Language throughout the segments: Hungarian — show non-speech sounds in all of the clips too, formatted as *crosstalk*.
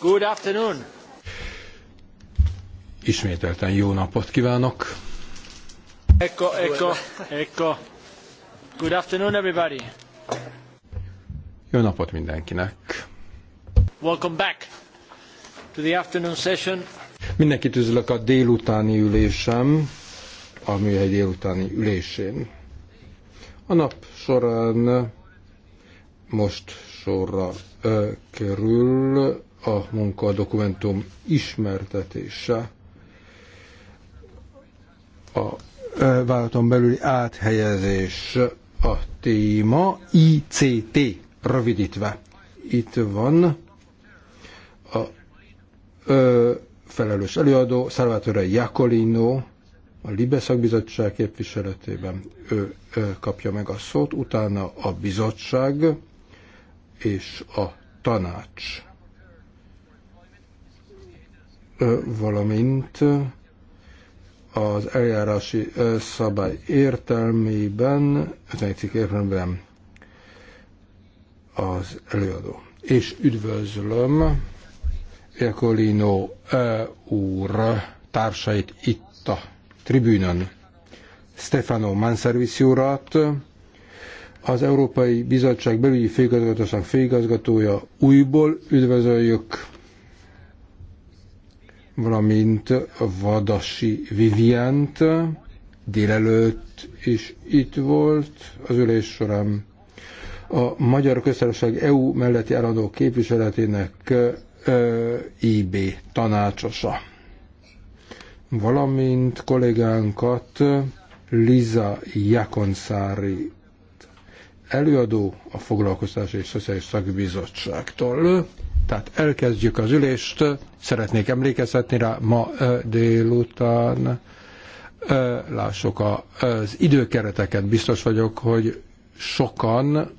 Good afternoon. Ismételten jó napot kívánok. Ecco, ecco, ecco. Good afternoon, everybody. Jó napot mindenkinek. Welcome back to the afternoon session. Mindenkit üzlök a délutáni ülésem, a műhely délutáni ülésén. A nap során most sorra ö, kerül a munka dokumentum ismertetése a e, vállalaton belüli áthelyezés a téma ICT rövidítve. Itt van a ö, e, felelős előadó, Szervátora Jakolino, a Libe szakbizottság képviseletében ő ö, e, kapja meg a szót, utána a bizottság és a tanács valamint az eljárási szabály értelmében, 50. cikk értelmében az előadó. És üdvözlöm e úr társait itt a tribűnön, Stefano Manservici urat, az Európai Bizottság belügyi főigazgatóság főigazgatója újból üdvözöljük valamint Vadasi Vivient délelőtt is itt volt az ülés során. A Magyar Köztársaság EU melletti állandó képviseletének ö, IB tanácsosa, valamint kollégánkat Liza Jakonszári előadó a Foglalkoztás és Szociális Szakbizottságtól. Tehát elkezdjük az ülést, szeretnék emlékeztetni rá, ma délután lássuk az időkereteket. Biztos vagyok, hogy sokan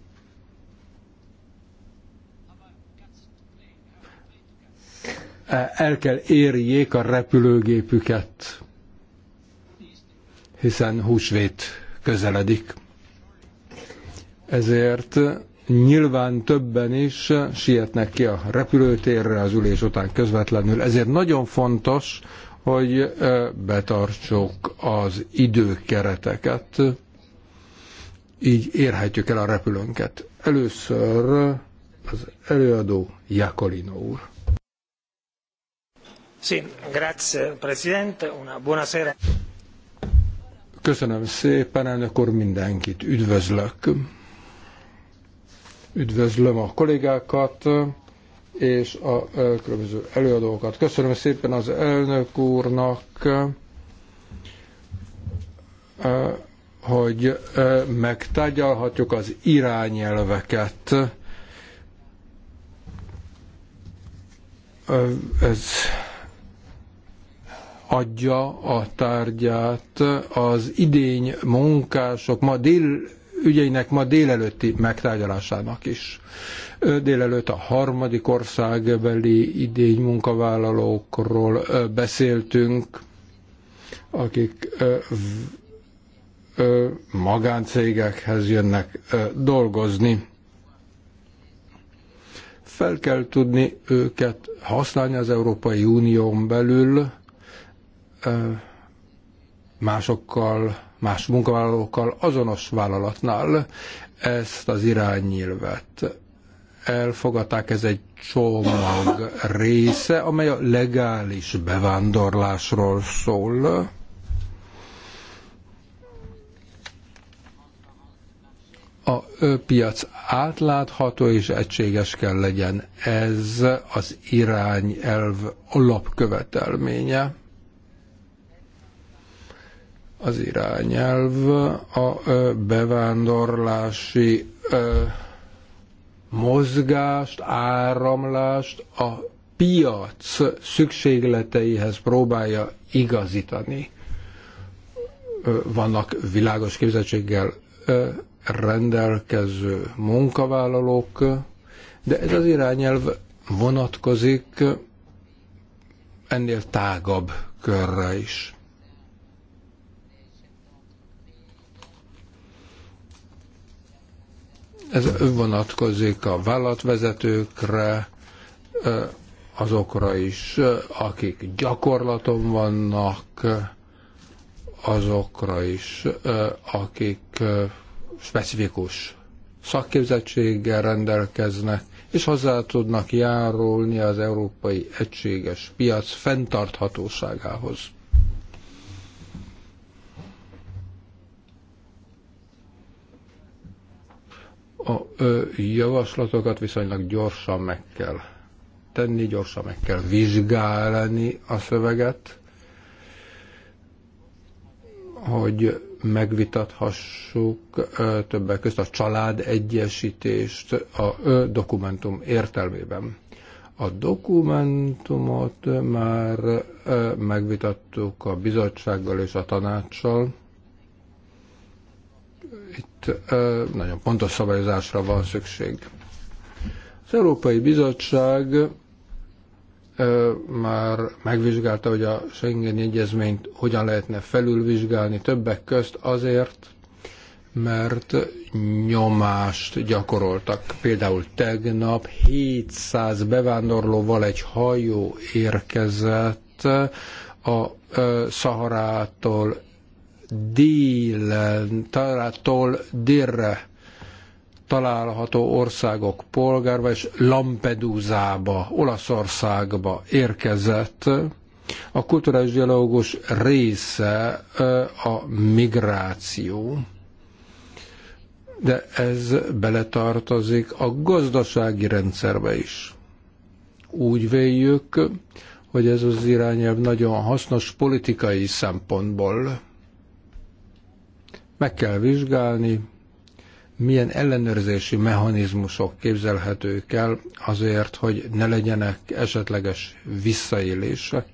el kell érjék a repülőgépüket, hiszen húsvét közeledik. Ezért nyilván többen is sietnek ki a repülőtérre az ülés után közvetlenül. Ezért nagyon fontos, hogy betartsuk az időkereteket, így érhetjük el a repülőnket. Először az előadó Jakolino úr. Sí, presidente. Una buona sera. Köszönöm szépen, elnök úr, mindenkit üdvözlök Üdvözlöm a kollégákat és a különböző előadókat. Köszönöm szépen az elnök úrnak, hogy megtárgyalhatjuk az irányelveket. Ez adja a tárgyát az idény munkások ma dél ügyeinek ma délelőtti megtárgyalásának is. Délelőtt a harmadik országbeli idény munkavállalókról beszéltünk, akik magáncégekhez jönnek dolgozni. Fel kell tudni őket használni az Európai Unión belül, másokkal más munkavállalókkal azonos vállalatnál ezt az iránynyilvet elfogadták, ez egy csomag része, amely a legális bevándorlásról szól. a piac átlátható és egységes kell legyen. Ez az irányelv alapkövetelménye. Az irányelv a bevándorlási mozgást, áramlást a piac szükségleteihez próbálja igazítani. Vannak világos képzettséggel rendelkező munkavállalók, de ez az irányelv vonatkozik ennél tágabb körre is. Ez vonatkozik a vállalatvezetőkre, azokra is, akik gyakorlaton vannak, azokra is, akik specifikus szakképzettséggel rendelkeznek, és hozzá tudnak járulni az európai egységes piac fenntarthatóságához. A javaslatokat viszonylag gyorsan meg kell tenni, gyorsan meg kell vizsgálni a szöveget, hogy megvitathassuk többek között a család egyesítést a dokumentum értelmében. A dokumentumot már megvitattuk a bizottsággal és a tanácssal, itt nagyon pontos szabályozásra van szükség. Az Európai Bizottság már megvizsgálta, hogy a Schengen egyezményt hogyan lehetne felülvizsgálni többek közt azért, mert nyomást gyakoroltak. Például tegnap 700 bevándorlóval egy hajó érkezett a Szaharától délen, Tarától délre található országok polgárba és Lampeduza-ba Olaszországba érkezett. A kulturális dialógus része a migráció, de ez beletartozik a gazdasági rendszerbe is. Úgy véljük, hogy ez az irányelv nagyon hasznos politikai szempontból meg kell vizsgálni, milyen ellenőrzési mechanizmusok képzelhetők el azért, hogy ne legyenek esetleges visszaélések.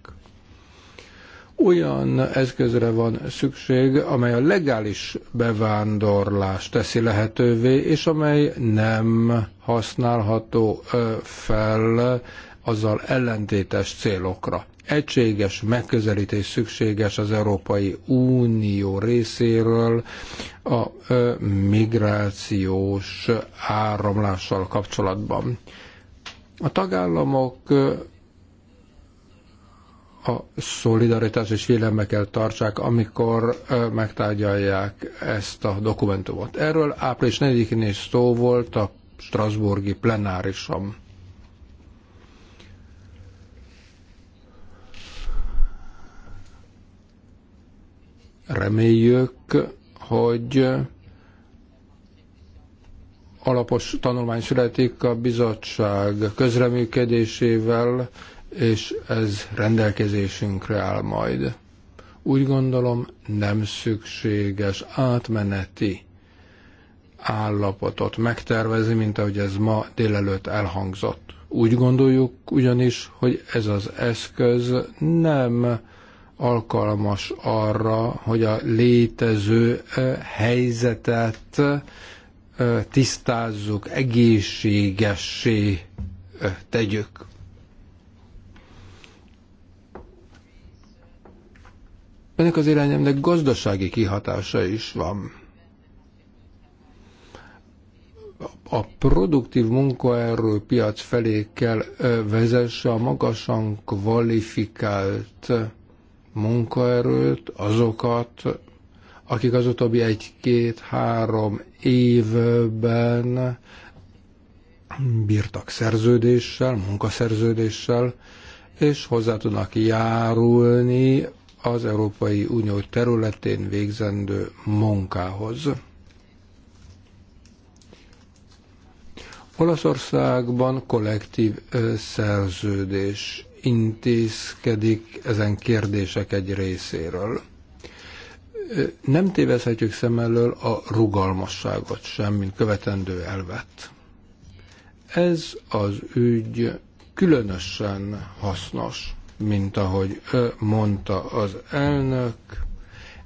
Olyan eszközre van szükség, amely a legális bevándorlást teszi lehetővé, és amely nem használható fel azzal ellentétes célokra egységes megközelítés szükséges az Európai Unió részéről a migrációs áramlással kapcsolatban. A tagállamok a szolidaritás és figyelembe kell tartsák, amikor megtárgyalják ezt a dokumentumot. Erről április 4-én is szó volt a Strasburgi plenárison. Reméljük, hogy alapos tanulmány születik a bizottság közreműködésével, és ez rendelkezésünkre áll majd. Úgy gondolom nem szükséges átmeneti állapotot megtervezni, mint ahogy ez ma délelőtt elhangzott. Úgy gondoljuk ugyanis, hogy ez az eszköz nem alkalmas arra, hogy a létező helyzetet tisztázzuk, egészségessé tegyük. Ennek az irányemnek gazdasági kihatása is van. A produktív piac felé kell vezesse a magasan kvalifikált munkaerőt, azokat, akik az utóbbi egy-két-három évben bírtak szerződéssel, munkaszerződéssel, és hozzá tudnak járulni az Európai Unió területén végzendő munkához. Olaszországban kollektív szerződés intézkedik ezen kérdések egy részéről. Nem tévezhetjük szem elől a rugalmasságot sem, mint követendő elvet. Ez az ügy különösen hasznos, mint ahogy mondta az elnök.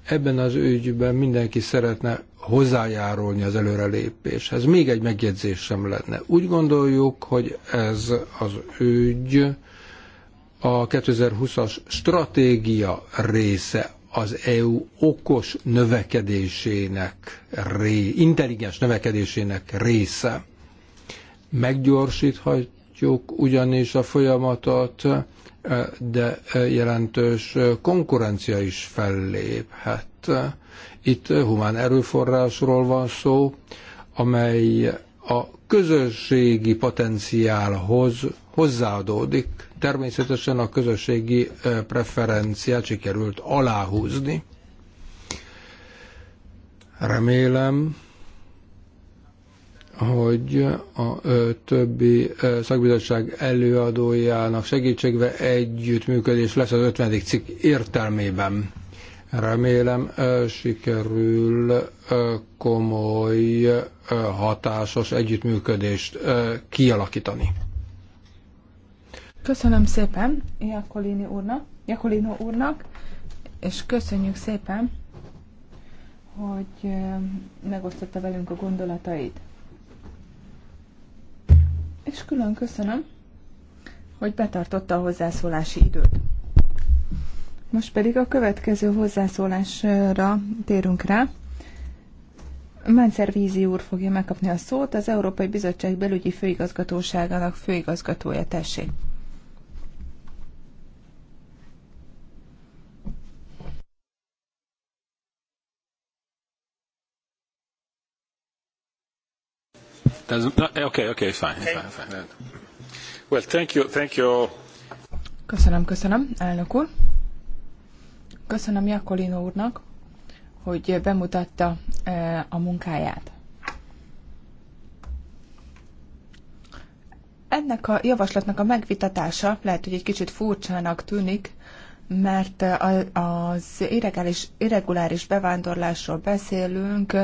Ebben az ügyben mindenki szeretne hozzájárulni az előrelépéshez. Még egy megjegyzésem lenne. Úgy gondoljuk, hogy ez az ügy a 2020-as stratégia része az EU okos növekedésének, ré, intelligens növekedésének része. Meggyorsíthatjuk ugyanis a folyamatot, de jelentős konkurencia is felléphet. Itt humán erőforrásról van szó, amely a közösségi potenciálhoz hozzáadódik Természetesen a közösségi preferenciát sikerült aláhúzni. Remélem, hogy a többi szakbizottság előadójának segítségve együttműködés lesz az 50. cikk értelmében. Remélem sikerül komoly, hatásos együttműködést kialakítani. Köszönöm szépen Jakolini úrnak, Jakolino úrnak, és köszönjük szépen, hogy megosztotta velünk a gondolatait. És külön köszönöm, hogy betartotta a hozzászólási időt. Most pedig a következő hozzászólásra térünk rá. Mányszer Vízi úr fogja megkapni a szót, az Európai Bizottság belügyi főigazgatóságának főigazgatója tessék. Doesn't, no, eh, okay, okay, fine, fine, fine. Well, thank you, thank you. Köszönöm, köszönöm, elnök úr. Köszönöm Jakolino úrnak, hogy bemutatta eh, a munkáját. Ennek a javaslatnak a megvitatása lehet, hogy egy kicsit furcsának tűnik, mert eh, az irreguláris bevándorlásról beszélünk,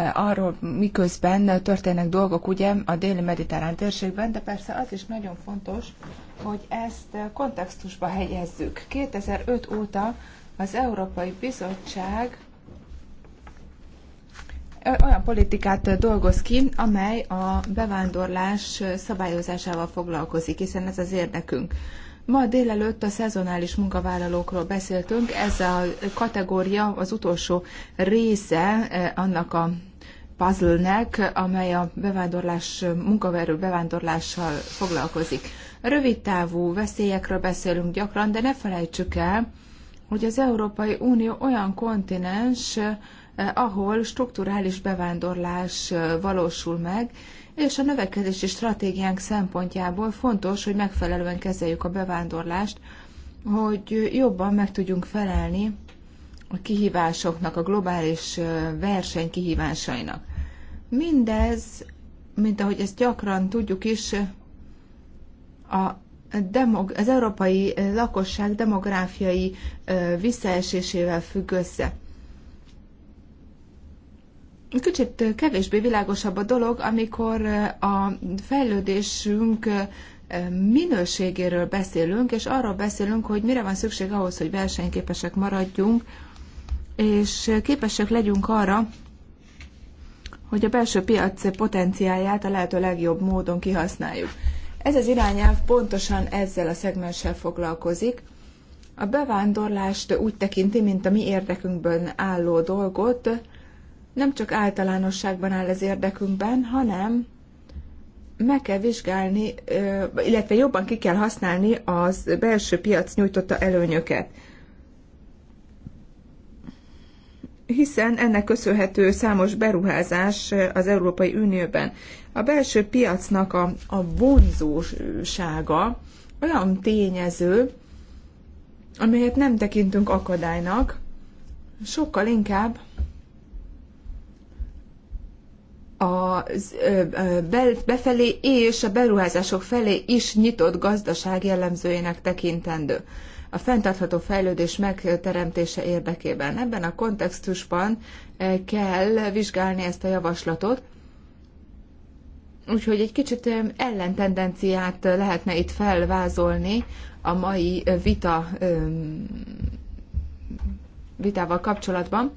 Eh, arról, miközben történnek dolgok ugye a déli mediterrán térségben, de persze az is nagyon fontos, hogy ezt eh, kontextusba helyezzük. 2005 óta az Európai Bizottság eh, olyan politikát dolgoz ki, amely a bevándorlás szabályozásával foglalkozik, hiszen ez az érdekünk. Ma délelőtt a szezonális munkavállalókról beszéltünk, ez a kategória az utolsó része annak a puzzle-nek, amely a bevándorlás, munkaverő bevándorlással foglalkozik. Rövid távú veszélyekről beszélünk gyakran, de ne felejtsük el, hogy az Európai Unió olyan kontinens, eh, ahol strukturális bevándorlás eh, valósul meg, és a növekedési stratégiánk szempontjából fontos, hogy megfelelően kezeljük a bevándorlást, hogy jobban meg tudjunk felelni a kihívásoknak, a globális eh, verseny kihívásainak. Mindez, mint ahogy ezt gyakran tudjuk is, a demog, az európai lakosság demográfiai visszaesésével függ össze. Kicsit kevésbé világosabb a dolog, amikor a fejlődésünk minőségéről beszélünk, és arról beszélünk, hogy mire van szükség ahhoz, hogy versenyképesek maradjunk, és képesek legyünk arra, hogy a belső piac potenciáját a lehető legjobb módon kihasználjuk. Ez az irányelv pontosan ezzel a szegmenssel foglalkozik. A bevándorlást úgy tekinti, mint a mi érdekünkben álló dolgot, nem csak általánosságban áll az érdekünkben, hanem meg kell vizsgálni, illetve jobban ki kell használni az belső piac nyújtotta előnyöket. hiszen ennek köszönhető számos beruházás az Európai Unióban. A belső piacnak a, a vonzósága olyan tényező, amelyet nem tekintünk akadálynak, sokkal inkább a befelé és a beruházások felé is nyitott gazdaság jellemzőjének tekintendő a fenntartható fejlődés megteremtése érdekében. Ebben a kontextusban eh, kell vizsgálni ezt a javaslatot, úgyhogy egy kicsit eh, ellentendenciát lehetne itt felvázolni a mai eh, vita vitával kapcsolatban,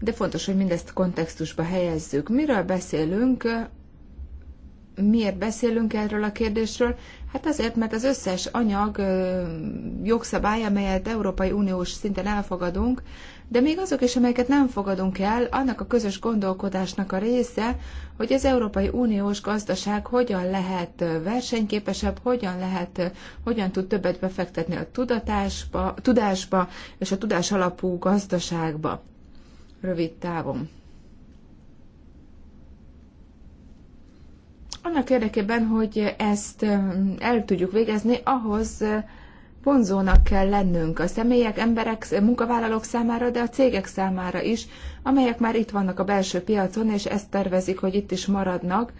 de fontos, hogy mindezt kontextusba helyezzük. Miről beszélünk? Miért beszélünk erről a kérdésről? Hát azért, mert az összes anyag, jogszabály, amelyet Európai Uniós szinten elfogadunk, de még azok is, amelyeket nem fogadunk el, annak a közös gondolkodásnak a része, hogy az Európai Uniós gazdaság hogyan lehet versenyképesebb, hogyan lehet, hogyan tud többet befektetni a tudatásba, tudásba és a tudás alapú gazdaságba rövid távon. Annak érdekében, hogy ezt el tudjuk végezni, ahhoz vonzónak kell lennünk a személyek, emberek, munkavállalók számára, de a cégek számára is, amelyek már itt vannak a belső piacon, és ezt tervezik, hogy itt is maradnak,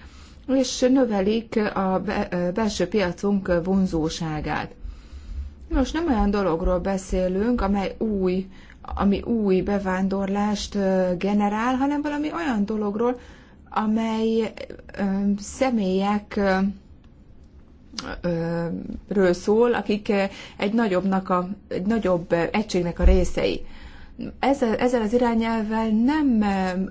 és növelik a belső piacunk vonzóságát. Most nem olyan dologról beszélünk, amely új, ami új bevándorlást generál, hanem valami olyan dologról, amely személyek ről szól, akik egy, nagyobbnak a, egy nagyobb egységnek a részei. Ezzel, ezzel az irányelvvel nem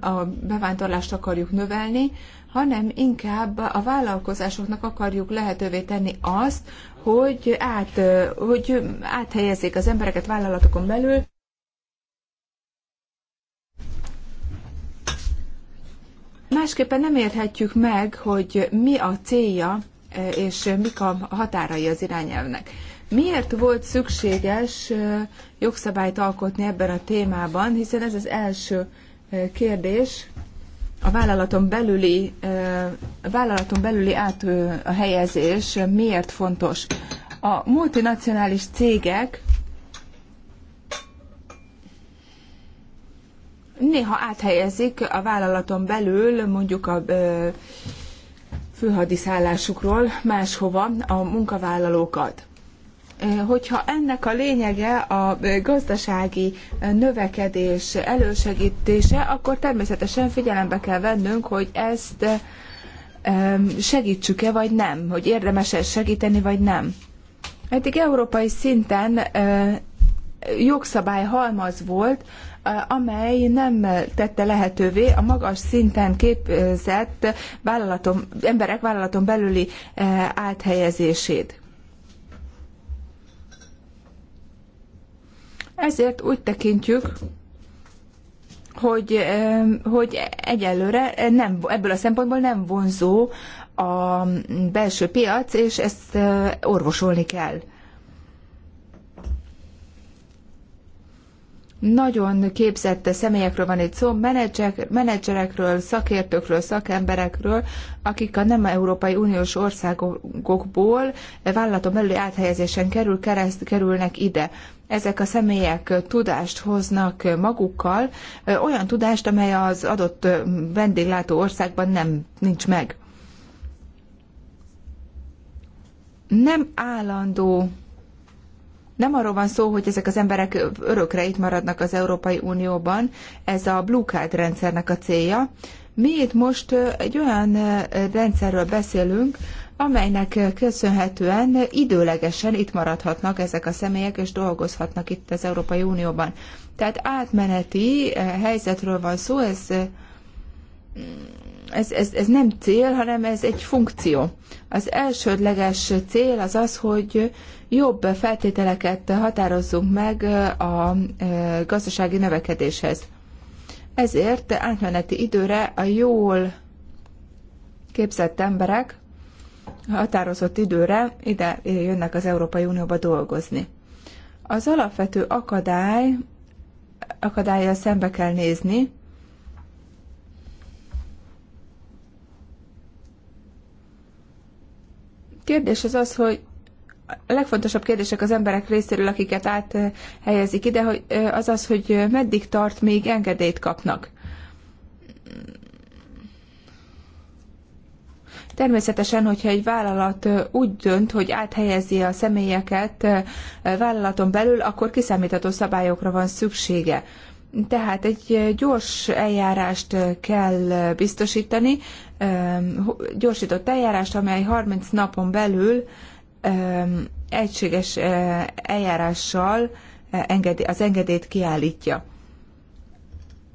a bevándorlást akarjuk növelni, hanem inkább a vállalkozásoknak akarjuk lehetővé tenni azt, hogy, át, hogy áthelyezzék az embereket vállalatokon belül, Másképpen nem érhetjük meg, hogy mi a célja e, és mik a határai az irányelvnek. Miért volt szükséges e, jogszabályt alkotni ebben a témában, hiszen ez az első e, kérdés a vállalaton belüli, a vállalaton belüli át a helyezés miért fontos. A multinacionális cégek Néha áthelyezik a vállalaton belül mondjuk a főhadiszállásukról máshova a munkavállalókat. Hogyha ennek a lényege a gazdasági növekedés elősegítése, akkor természetesen figyelembe kell vennünk, hogy ezt segítsük-e vagy nem, hogy érdemes -e segíteni vagy nem. Eddig európai szinten jogszabály halmaz volt, amely nem tette lehetővé a magas szinten képzett vállalaton, emberek vállalaton belüli eh, áthelyezését. Ezért úgy tekintjük, hogy, eh, hogy egyelőre nem, ebből a szempontból nem vonzó a belső piac, és ezt eh, orvosolni kell. Nagyon képzett személyekről van itt szó, menedzserekről, szakértőkről, szakemberekről, akik a nem Európai Uniós országokból eh, vállalaton belüli áthelyezésen kerül, kereszt, kerülnek ide. Ezek a személyek tudást hoznak magukkal, eh, olyan tudást, amely az adott eh, vendéglátó országban nem nincs meg. Nem állandó nem arról van szó, hogy ezek az emberek örökre itt maradnak az Európai Unióban, ez a Blue Card rendszernek a célja. Mi itt most egy olyan rendszerről beszélünk, amelynek köszönhetően időlegesen itt maradhatnak ezek a személyek, és dolgozhatnak itt az Európai Unióban. Tehát átmeneti helyzetről van szó, ez ez, ez, ez nem cél, hanem ez egy funkció. Az elsődleges cél az az, hogy jobb feltételeket határozzunk meg a e, gazdasági növekedéshez. Ezért átmeneti időre a jól képzett emberek határozott időre ide jönnek az Európai Unióba dolgozni. Az alapvető akadály, akadályjal szembe kell nézni, kérdés az az, hogy a legfontosabb kérdések az emberek részéről, akiket áthelyezik ide, hogy az az, hogy meddig tart, még engedélyt kapnak. Természetesen, hogyha egy vállalat úgy dönt, hogy áthelyezi a személyeket vállalaton belül, akkor kiszámítható szabályokra van szüksége. Tehát egy gyors eljárást kell biztosítani, gyorsított eljárást, amely 30 napon belül egységes eljárással az engedélyt kiállítja.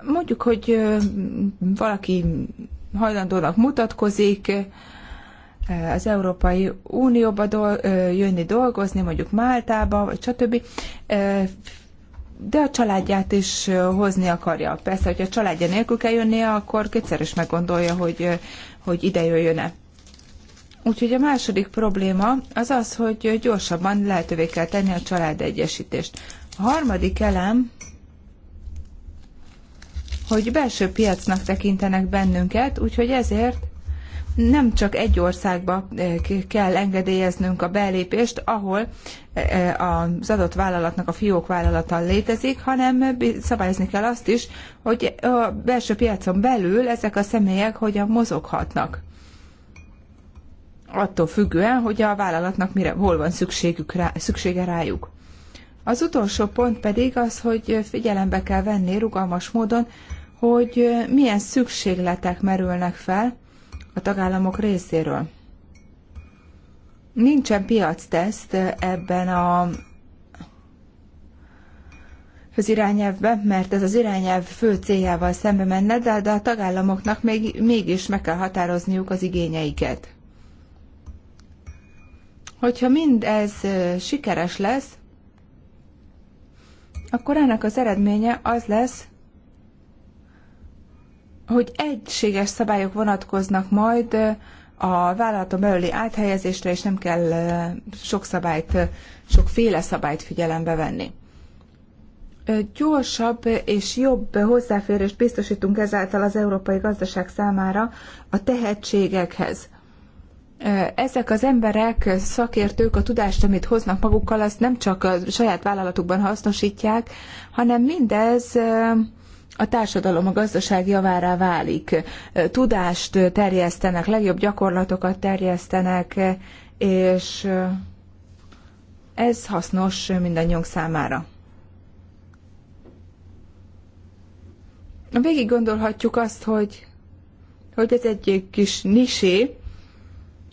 Mondjuk, hogy valaki hajlandónak mutatkozik, az Európai Unióba dol- jönni dolgozni, mondjuk Máltába, vagy stb de a családját is hozni akarja. Persze, hogyha a családja nélkül kell jönnie, akkor kétszer is meggondolja, hogy, hogy ide jöjjön-e. Úgyhogy a második probléma az az, hogy gyorsabban lehetővé kell tenni a család egyesítést. A harmadik elem, hogy belső piacnak tekintenek bennünket, úgyhogy ezért nem csak egy országba eh, kell engedélyeznünk a belépést, ahol eh, eh, az adott vállalatnak a fiók vállalata létezik, hanem szabályozni kell azt is, hogy a belső piacon belül ezek a személyek hogyan mozoghatnak. Attól függően, hogy a vállalatnak mire, hol van szükségük rá, szüksége rájuk. Az utolsó pont pedig az, hogy figyelembe kell venni rugalmas módon, hogy milyen szükségletek merülnek fel, a tagállamok részéről. Nincsen piacteszt ebben a az irányelvbe, mert ez az irányelv fő céljával szembe menne, de, de a tagállamoknak még, mégis meg kell határozniuk az igényeiket. Hogyha mindez sikeres lesz, akkor ennek az eredménye az lesz, hogy egységes szabályok vonatkoznak majd a vállalaton belüli áthelyezésre, és nem kell sok szabályt, sokféle szabályt figyelembe venni. Gyorsabb és jobb hozzáférést biztosítunk ezáltal az európai gazdaság számára a tehetségekhez. Ezek az emberek, szakértők a tudást, amit hoznak magukkal, azt nem csak a saját vállalatukban hasznosítják, hanem mindez a társadalom, a gazdaság javára válik. Tudást terjesztenek, legjobb gyakorlatokat terjesztenek, és ez hasznos mindannyiunk számára. Végig gondolhatjuk azt, hogy, hogy ez egy kis nisé,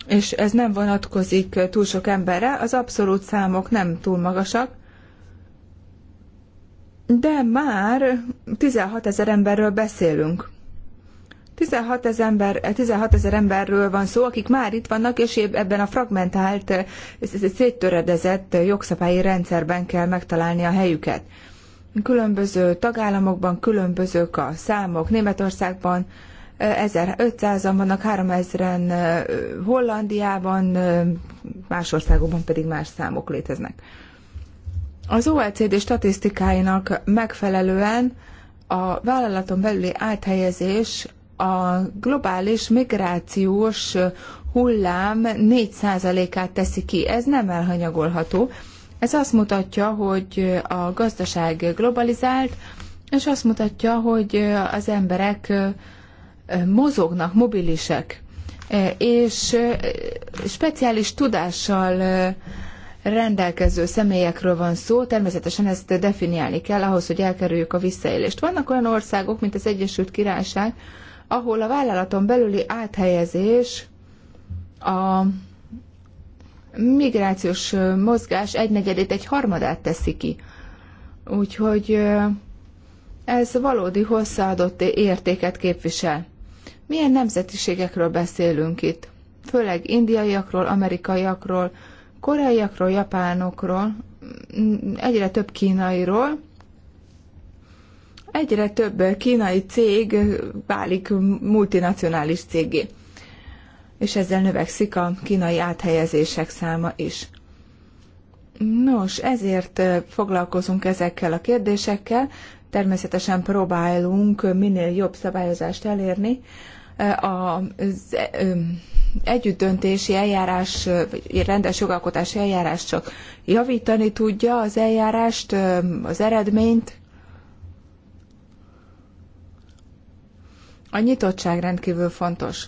és ez nem vonatkozik túl sok emberre, az abszolút számok nem túl magasak, de már 16 ezer emberről beszélünk. 16 ezer, ember, 16 ezer emberről van szó, akik már itt vannak, és ebben a fragmentált, eh, széttöredezett jogszabályi rendszerben kell megtalálni a helyüket. Különböző tagállamokban különbözők a számok. Németországban 1500-an eh, vannak, 3000-en eh, Hollandiában, más országokban pedig más számok léteznek. Az OECD statisztikáinak megfelelően a vállalaton belüli áthelyezés a globális migrációs hullám 4%-át teszi ki. Ez nem elhanyagolható. Ez azt mutatja, hogy a gazdaság globalizált, és azt mutatja, hogy az emberek mozognak, mobilisek, és speciális tudással rendelkező személyekről van szó, természetesen ezt definiálni kell ahhoz, hogy elkerüljük a visszaélést. Vannak olyan országok, mint az Egyesült Királyság, ahol a vállalaton belüli áthelyezés a migrációs mozgás egynegyedét, egy harmadát teszi ki. Úgyhogy ez valódi hozzáadott értéket képvisel. Milyen nemzetiségekről beszélünk itt? Főleg indiaiakról, amerikaiakról, koreaiakról, japánokról, egyre több kínairól, egyre több kínai cég válik multinacionális cégé, és ezzel növekszik a kínai áthelyezések száma is. Nos, ezért foglalkozunk ezekkel a kérdésekkel, természetesen próbálunk minél jobb szabályozást elérni, az együttdöntési eljárás, vagy rendes jogalkotási eljárás csak javítani tudja az eljárást, az eredményt. A nyitottság rendkívül fontos.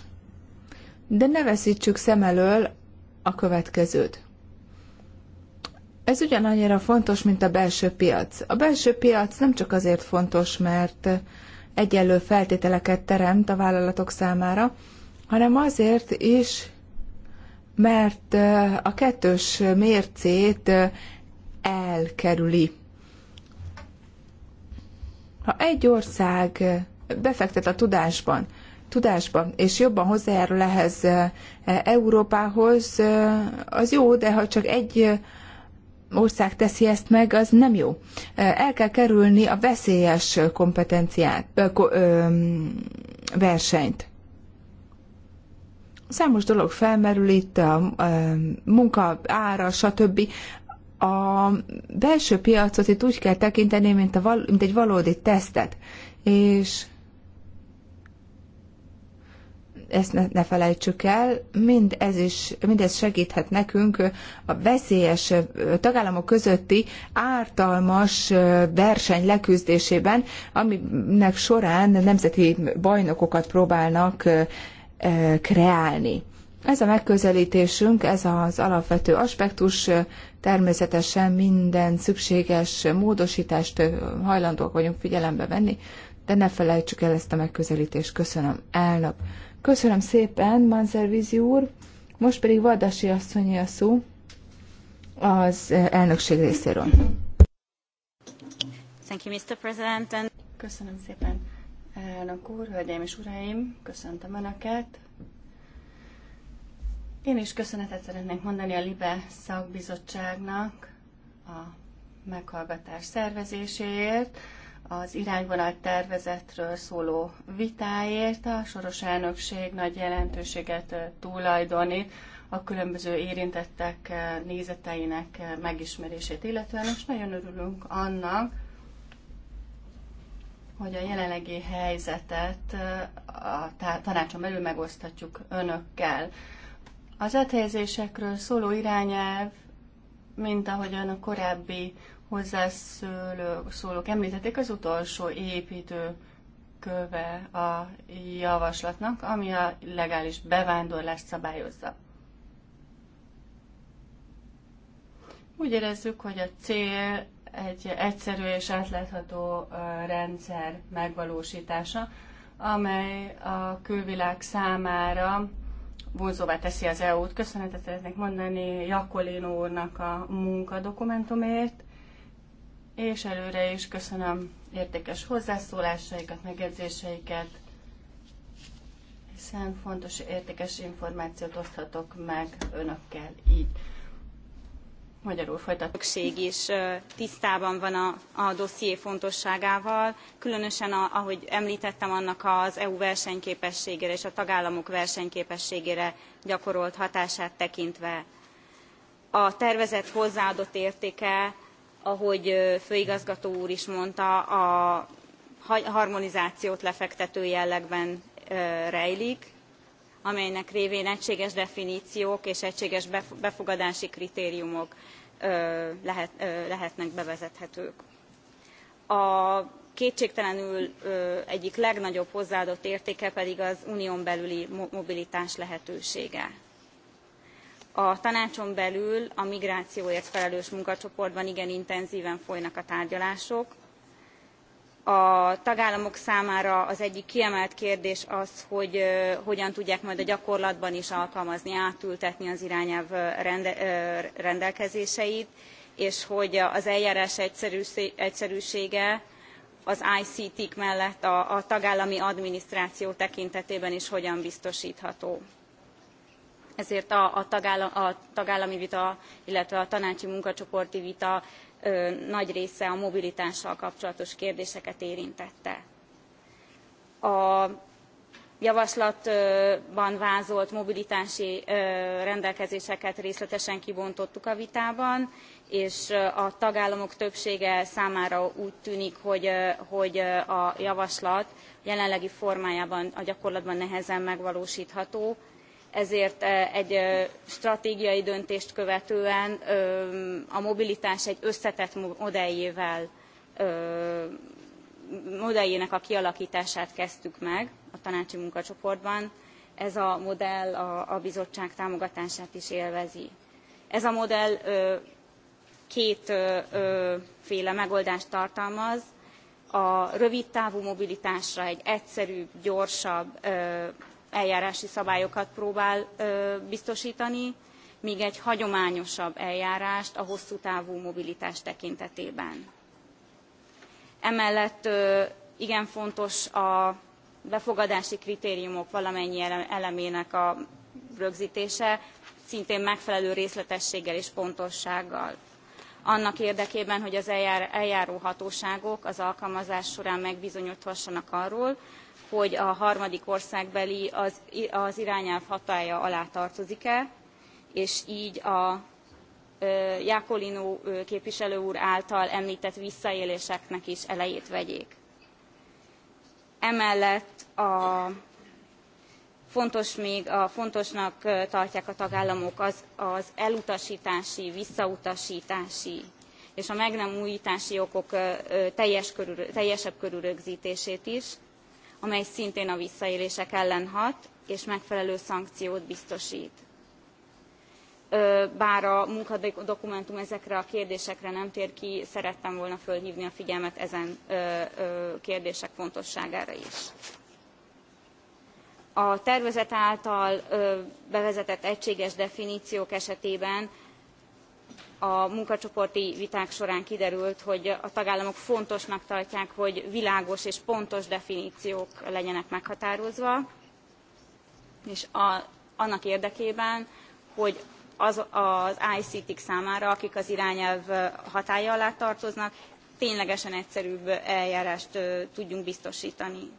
De ne veszítsük szem elől a következőt. Ez ugyanannyira fontos, mint a belső piac. A belső piac nem csak azért fontos, mert egyenlő feltételeket teremt a vállalatok számára, hanem azért is, mert eh, a kettős mércét eh, elkerüli. Ha egy ország eh, befektet a tudásban, tudásban és jobban hozzájárul ehhez Európához, az jó, de ha csak egy ország teszi ezt meg, az nem jó. El kell kerülni a veszélyes kompetenciát, ö, ö, versenyt. Számos dolog felmerül itt, a, a munka ára, stb. A belső piacot itt úgy kell tekinteni, mint, a, mint egy valódi tesztet. És ezt ne, ne felejtsük el, mind ez is, mindez segíthet nekünk a veszélyes tagállamok közötti ártalmas verseny leküzdésében, aminek során nemzeti bajnokokat próbálnak kreálni. Ez a megközelítésünk, ez az alapvető aspektus, természetesen minden szükséges módosítást hajlandóak vagyunk figyelembe venni, de ne felejtsük el ezt a megközelítést. Köszönöm, elnök. Köszönöm szépen, Manzer Vizi úr. Most pedig Vardasi asszonyi a szó az elnökség részéről. Thank you, Mr. President. And... Köszönöm szépen, elnök úr, hölgyeim és uraim, köszöntöm Önöket. Én is köszönetet szeretnék mondani a LIBE szakbizottságnak a meghallgatás szervezéséért, az irányvonal tervezetről szóló vitáért a soros elnökség nagy jelentőséget tulajdonít a különböző érintettek nézeteinek megismerését illetően, és nagyon örülünk annak, hogy a jelenlegi helyzetet a tanácson belül megosztatjuk önökkel. Az áthelyezésekről szóló irányelv, mint ahogyan a korábbi hozzászólók említették az utolsó építő köve a javaslatnak, ami a legális bevándorlást szabályozza. Úgy érezzük, hogy a cél egy egyszerű és átlátható rendszer megvalósítása, amely a külvilág számára vonzóvá teszi az EU-t. Köszönetet szeretnék mondani Jakolin úrnak a munkadokumentumért, és előre is köszönöm értékes hozzászólásaikat, megjegyzéseiket, hiszen fontos értékes információt oszthatok meg önökkel így. Magyarul folytatok. is tisztában van a, a dosszié fontosságával, különösen, a, ahogy említettem, annak az EU versenyképességére és a tagállamok versenyképességére gyakorolt hatását tekintve. A tervezett hozzáadott értéke ahogy főigazgató úr is mondta, a harmonizációt lefektető jellegben rejlik, amelynek révén egységes definíciók és egységes befogadási kritériumok lehet, lehetnek bevezethetők. A kétségtelenül egyik legnagyobb hozzáadott értéke pedig az unión belüli mobilitás lehetősége a tanácson belül a migrációért felelős munkacsoportban igen intenzven folynak a tárgyalások. a tagállamok számára az egyik kiemelt kérdés az hogy hogyan tudják majd a gyakorlatban is alkalmazni átültetni az irányelv rendelkezéseit és hogy az eljárás egyszerűsége az ict k mellett a tagállami adminisztráció tekintetében is hogyan biztostható ezért a, a, tagállam, a tagállami vita, illetve a tanácsi munkacsoporti vita ö, nagy része a mobilitással kapcsolatos kérdéseket érintette. A javaslatban vázolt mobilitási rendelkezéseket részletesen kibontottuk a vitában és a tagállamok többsége számára úgy tűnik hogy, hogy a javaslat jelenlegi formájában a gyakorlatban nehezen megvalóstható ezért egy stratégiai döntést követően a mobilitás egy összetett modelljével modelljének a kialaktását kezdtük meg a tanácsi munkacsoportban ez a modell a, a bizottság támogatását is élvezi. ez a modell kétféle megoldást tartalmaz a rövid távú mobilitásra egy egyszerűbb gyorsabb eljárási szabályokat próbál biztosítani, míg egy hagyományosabb eljárást a hosszú távú mobilitás tekintetében. Emellett igen fontos a befogadási kritériumok valamennyi elemének a rögzítése, szintén megfelelő részletességgel és pontossággal. Annak érdekében, hogy az eljáró hatóságok az alkalmazás során megbizonyodhassanak arról, hogy a harmadik országbeli az, az irányelv hatálya alá tartozik-e, és így a jákolinó képviselő úr által említett visszaéléseknek is elejét vegyék. Emellett a fontos még a fontosnak tartják a tagállamok az, az elutasítási, visszautasítási és a meg nem újítási okok teljes körül, teljesebb körű is, amely szintén a visszaélések ellen hat és megfelelő szankciót biztost. Bár a munkadokumentum ezekre a kérdésekre nem tér ki, szerettem volna fölhívni a figyelmet ezen kérdések fontosságára is. A tervezet által bevezetett egységes definíciók esetében a munkacsoporti viták során kiderült hogy a tagállamok fontosnak tartják hogy világos és pontos definciók legyenek meghatározva és a, annak érdekében hogy az, az ict k számára akik az irányelv hatálya alá tartoznak ténylegesen egyszerűbb eljárást tudjunk biztostani.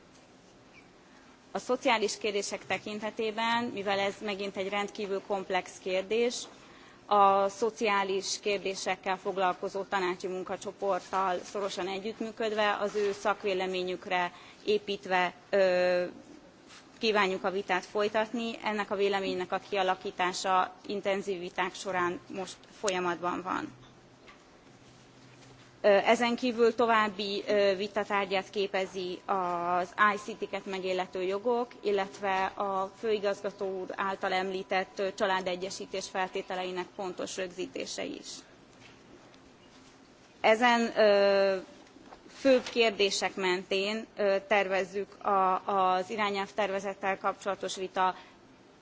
a szociális kérdések tekintetében mivel ez megint egy rendkvül komplex kérdés a szociális kérdésekkel foglalkozó tanácsi munkacsoporttal szorosan együttműködve az ő szakvéleményükre éptve kvánjuk a vitát folytatni ennek a véleménynek a kialaktása intenzv viták során most folyamatban van ezen kvül további vitatárgyát képezi az ict ket megillető jogok illetve a főigazgató úr által emltett családegyestés feltételeinek pontos rögztése is. ezen főbb kérdések mentén tervezzük az irányelvtervezettel kapcsolatos vita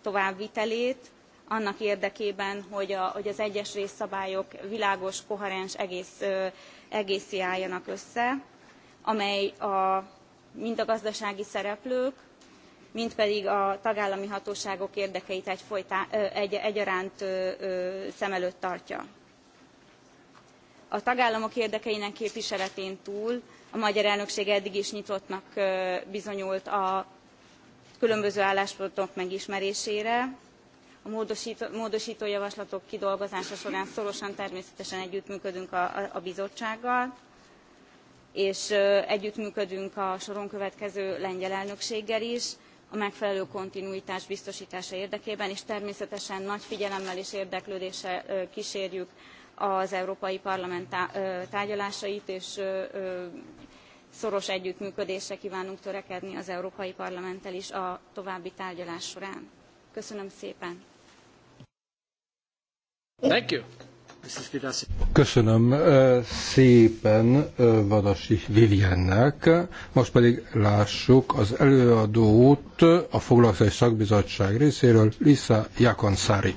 továbbvitelét annak érdekében hogy az egyes részszabályok világos koherens egész egészé álljanak össze amely a, mind a gazdasági szereplők mind pedig a tagállami hatóságok érdekeit egyfolytá, egy, egyaránt szem előtt tartja. a tagállamok érdekeinek képviseletén túl a magyar elnökség eddig is nyitottnak bizonyult a különböző álláspontok megismerésére a módosító, módosító javaslatok kidolgozása során szorosan természetesen együttműködünk a, a, a bizottsággal, és együttműködünk a soron következő lengyel elnökséggel is, a megfelelő kontinuitás biztosítása érdekében, és természetesen nagy figyelemmel és érdeklődéssel kísérjük az Európai Parlament tárgyalásait, és szoros együttműködésre kívánunk törekedni az Európai Parlamenttel is a további tárgyalás során. Köszönöm szépen! Köszönöm szépen Vadasi Viviennek. Most pedig lássuk az előadót a Foglalkozás Szakbizottság részéről, Lisa Jakonszári.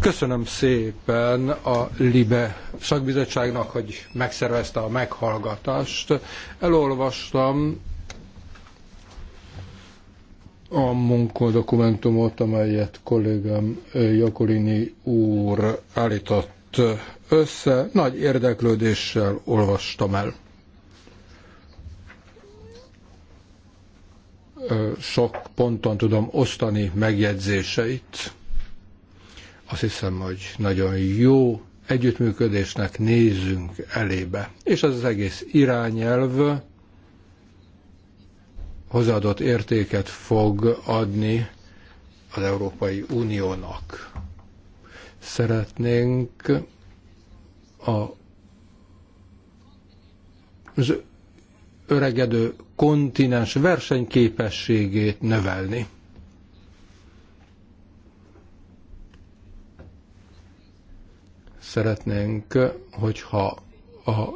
Köszönöm szépen a LIBE szakbizottságnak, hogy megszervezte a meghallgatást. Elolvastam a munkadokumentumot, amelyet kollégám Jakolini úr állított össze, nagy érdeklődéssel olvastam el. Sok ponton tudom osztani megjegyzéseit. Azt hiszem, hogy nagyon jó együttműködésnek nézünk elébe. És az, az egész irányelv hozzáadott értéket fog adni az Európai Uniónak. Szeretnénk a, az öregedő kontinens versenyképességét növelni. Szeretnénk, hogyha a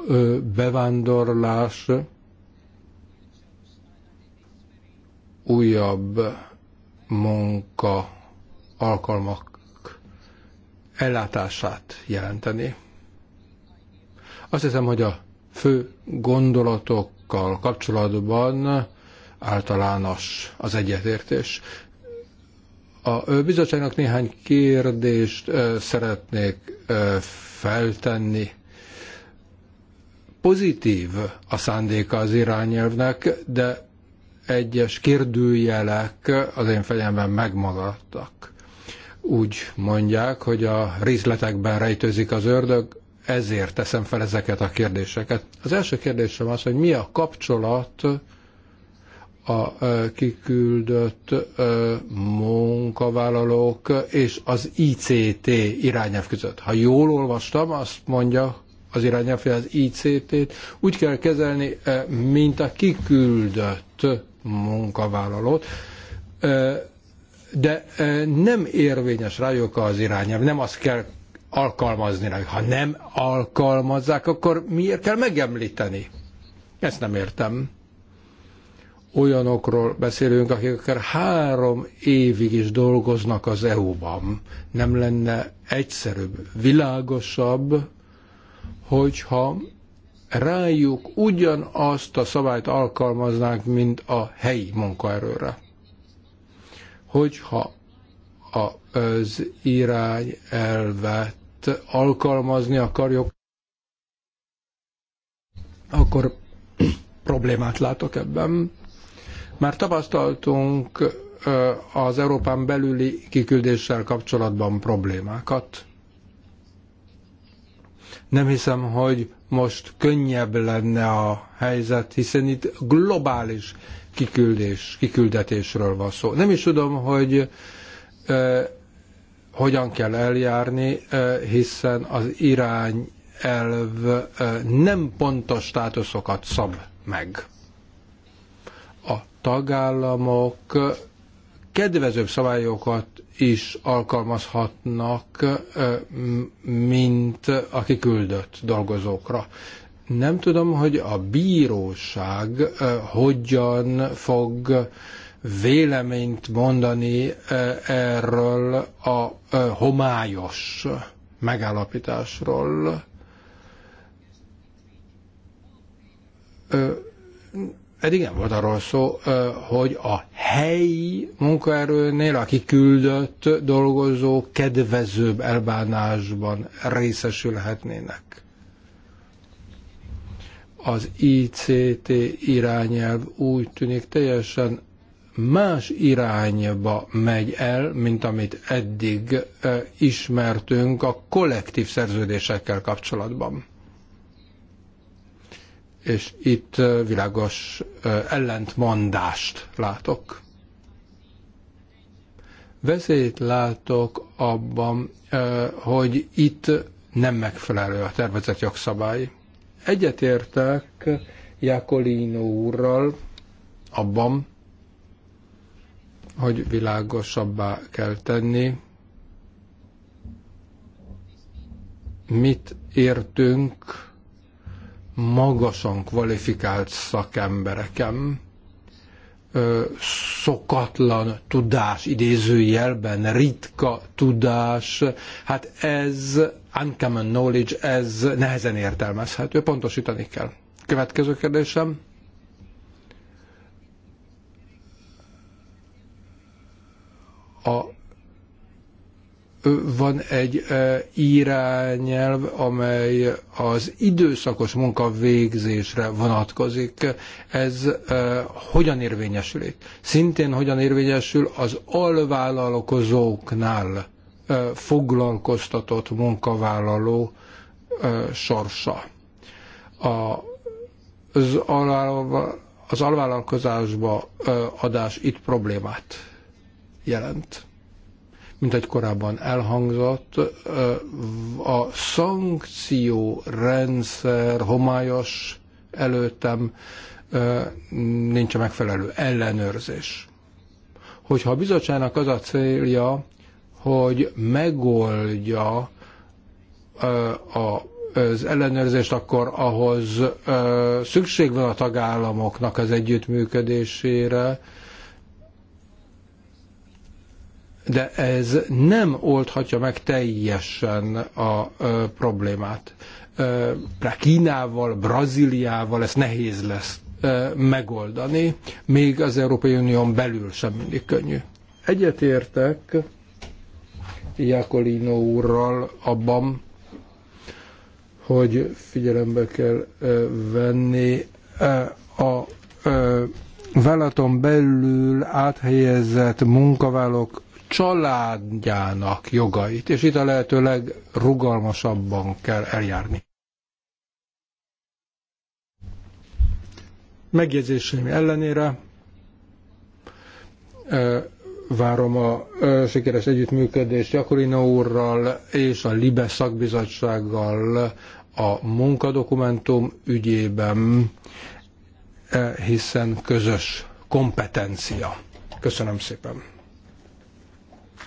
bevándorlás újabb munka alkalmak ellátását jelenteni. Azt hiszem, hogy a fő gondolatokkal kapcsolatban általános az egyetértés. A bizottságnak néhány kérdést szeretnék feltenni. Pozitív a szándéka az irányelvnek, de egyes kérdőjelek az én fejemben megmaradtak. Úgy mondják, hogy a részletekben rejtőzik az ördög, ezért teszem fel ezeket a kérdéseket. Az első kérdésem az, hogy mi a kapcsolat a kiküldött munkavállalók és az ICT irányelv között. Ha jól olvastam, azt mondja az irányelv, hogy az ICT-t úgy kell kezelni, mint a kiküldött munkavállalót, de nem érvényes rájuk az irányelv, nem azt kell alkalmazni rájuk. Ha nem alkalmazzák, akkor miért kell megemlíteni? Ezt nem értem. Olyanokról beszélünk, akik akár három évig is dolgoznak az EU-ban. Nem lenne egyszerűbb, világosabb, hogyha rájuk ugyanazt a szabályt alkalmaznánk, mint a helyi munkaerőre. Hogyha az irány elvet alkalmazni akarjuk, akkor *clears throat* problémát látok ebben. Már tapasztaltunk az Európán belüli kiküldéssel kapcsolatban problémákat. Nem hiszem, hogy most könnyebb lenne a helyzet, hiszen itt globális kiküldés, kiküldetésről van szó. Nem is tudom, hogy e, hogyan kell eljárni, e, hiszen az irány elv e, nem pontos státuszokat szab meg. A tagállamok kedvezőbb szabályokat is alkalmazhatnak, mint a kiküldött dolgozókra. Nem tudom, hogy a bíróság hogyan fog véleményt mondani erről a homályos megállapításról Eddig nem volt arról szó, hogy a helyi munkaerőnél, aki küldött dolgozó kedvezőbb elbánásban részesülhetnének. Az ICT irányelv úgy tűnik teljesen más irányba megy el, mint amit eddig ismertünk a kollektív szerződésekkel kapcsolatban és itt világos ellentmondást látok. Veszélyt látok abban, hogy itt nem megfelelő a tervezett jogszabály. Egyetértek Jakolino úrral abban, hogy világosabbá kell tenni, mit értünk magasan kvalifikált szakemberekem szokatlan tudás, idézőjelben ritka tudás, hát ez uncommon knowledge, ez nehezen értelmezhető, pontosítani kell. Következő kérdésem. A van egy e, irányelv, amely az időszakos munkavégzésre vonatkozik. Ez e, hogyan érvényesülik? Szintén hogyan érvényesül az alvállalkozóknál e, foglalkoztatott munkavállaló sorsa. Az, alvállalkozásba, az alvállalkozásba adás itt problémát jelent mint egy korábban elhangzott, a szankciórendszer homályos előttem nincs a megfelelő ellenőrzés. Hogyha a bizottságnak az a célja, hogy megoldja az ellenőrzést, akkor ahhoz szükség van a tagállamoknak az együttműködésére, de ez nem oldhatja meg teljesen a ö, problémát. Ö, Kínával, Brazíliával ezt nehéz lesz ö, megoldani, még az Európai Unión belül sem mindig könnyű. Egyetértek Jakolino úrral abban, hogy figyelembe kell ö, venni ö, a ö, belül áthelyezett munkavállalók családjának jogait, és itt a lehető legrugalmasabban kell eljárni. Megjegyzéseim ellenére várom a sikeres együttműködést Jakorina úrral és a Libe szakbizottsággal a munkadokumentum ügyében, hiszen közös kompetencia. Köszönöm szépen!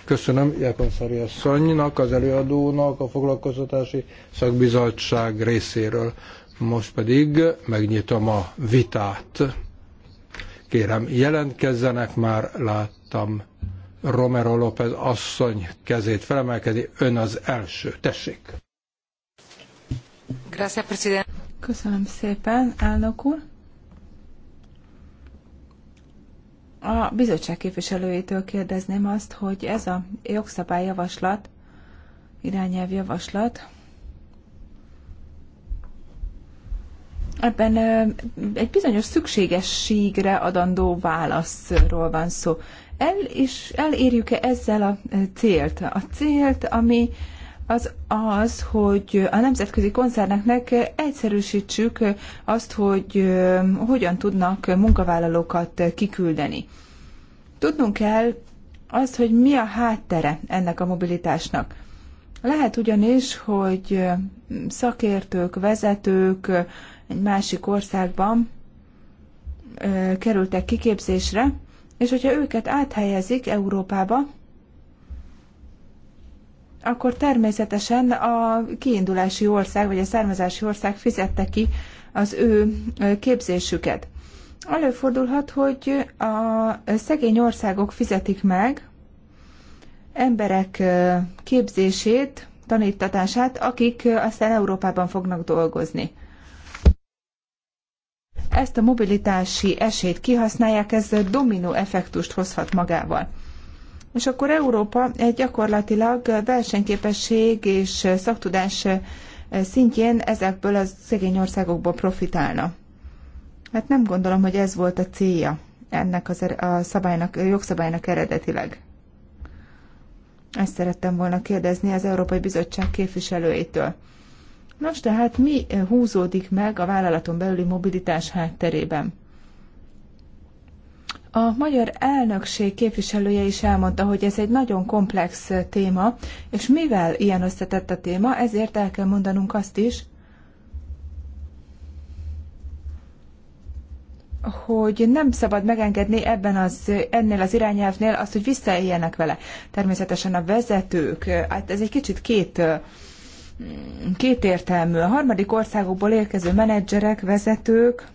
Köszönöm Jákonszári asszonynak, az előadónak, a foglalkoztatási szakbizottság részéről. Most pedig megnyitom a vitát. Kérem, jelentkezzenek már, láttam Romero López asszony kezét felemelkedi. Ön az első. Tessék! Köszönöm szépen, elnök úr. A bizottság képviselőjétől kérdezném azt, hogy ez a jogszabályjavaslat, irányelvjavaslat, ebben egy bizonyos szükségességre adandó válaszról van szó. El is, elérjük-e ezzel a célt? A célt, ami az az, hogy a nemzetközi koncerneknek egyszerűsítsük azt, hogy hogyan tudnak munkavállalókat kiküldeni. Tudnunk kell azt, hogy mi a háttere ennek a mobilitásnak. Lehet ugyanis, hogy szakértők, vezetők egy másik országban kerültek kiképzésre, és hogyha őket áthelyezik Európába, akkor természetesen a kiindulási ország, vagy a származási ország fizette ki az ő képzésüket. Előfordulhat, hogy a szegény országok fizetik meg emberek képzését, tanítatását, akik aztán Európában fognak dolgozni. Ezt a mobilitási esélyt kihasználják, ez dominó effektust hozhat magával. És akkor Európa egy gyakorlatilag versenyképesség és szaktudás eh, szintjén ezekből az szegény országokból profitálna. Hát nem gondolom, hogy ez volt a célja ennek az er- a szabálynak, a jogszabálynak eredetileg. Ezt szerettem volna kérdezni az Európai Bizottság képviselőitől. Nos, tehát mi eh, húzódik meg a vállalaton belüli mobilitás hátterében? A magyar elnökség képviselője is elmondta, hogy ez egy nagyon komplex téma, és mivel ilyen összetett a téma, ezért el kell mondanunk azt is, hogy nem szabad megengedni ebben az, ennél az irányelvnél azt, hogy visszaéljenek vele. Természetesen a vezetők, hát ez egy kicsit két mm, kétértelmű. A harmadik országokból érkező menedzserek, vezetők,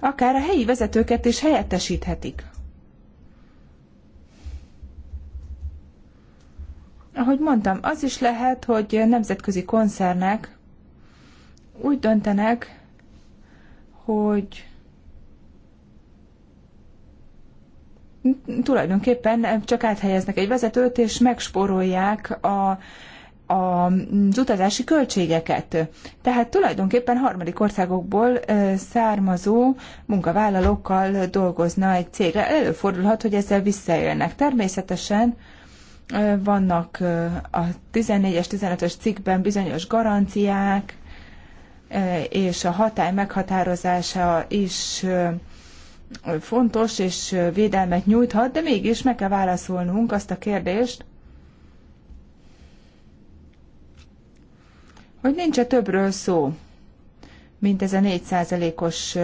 akár a helyi vezetőket is helyettesíthetik. Ahogy mondtam, az is lehet, hogy nemzetközi koncernek úgy döntenek, hogy tulajdonképpen csak áthelyeznek egy vezetőt, és megspórolják a az utazási költségeket. Tehát tulajdonképpen harmadik országokból származó munkavállalókkal dolgozna egy cég. Előfordulhat, hogy ezzel visszajönnek. Természetesen vannak a 14-es, 15-ös cikkben bizonyos garanciák, és a hatály meghatározása is fontos és védelmet nyújthat, de mégis meg kell válaszolnunk azt a kérdést, hogy nincs-e többről szó, mint ez a 4%-os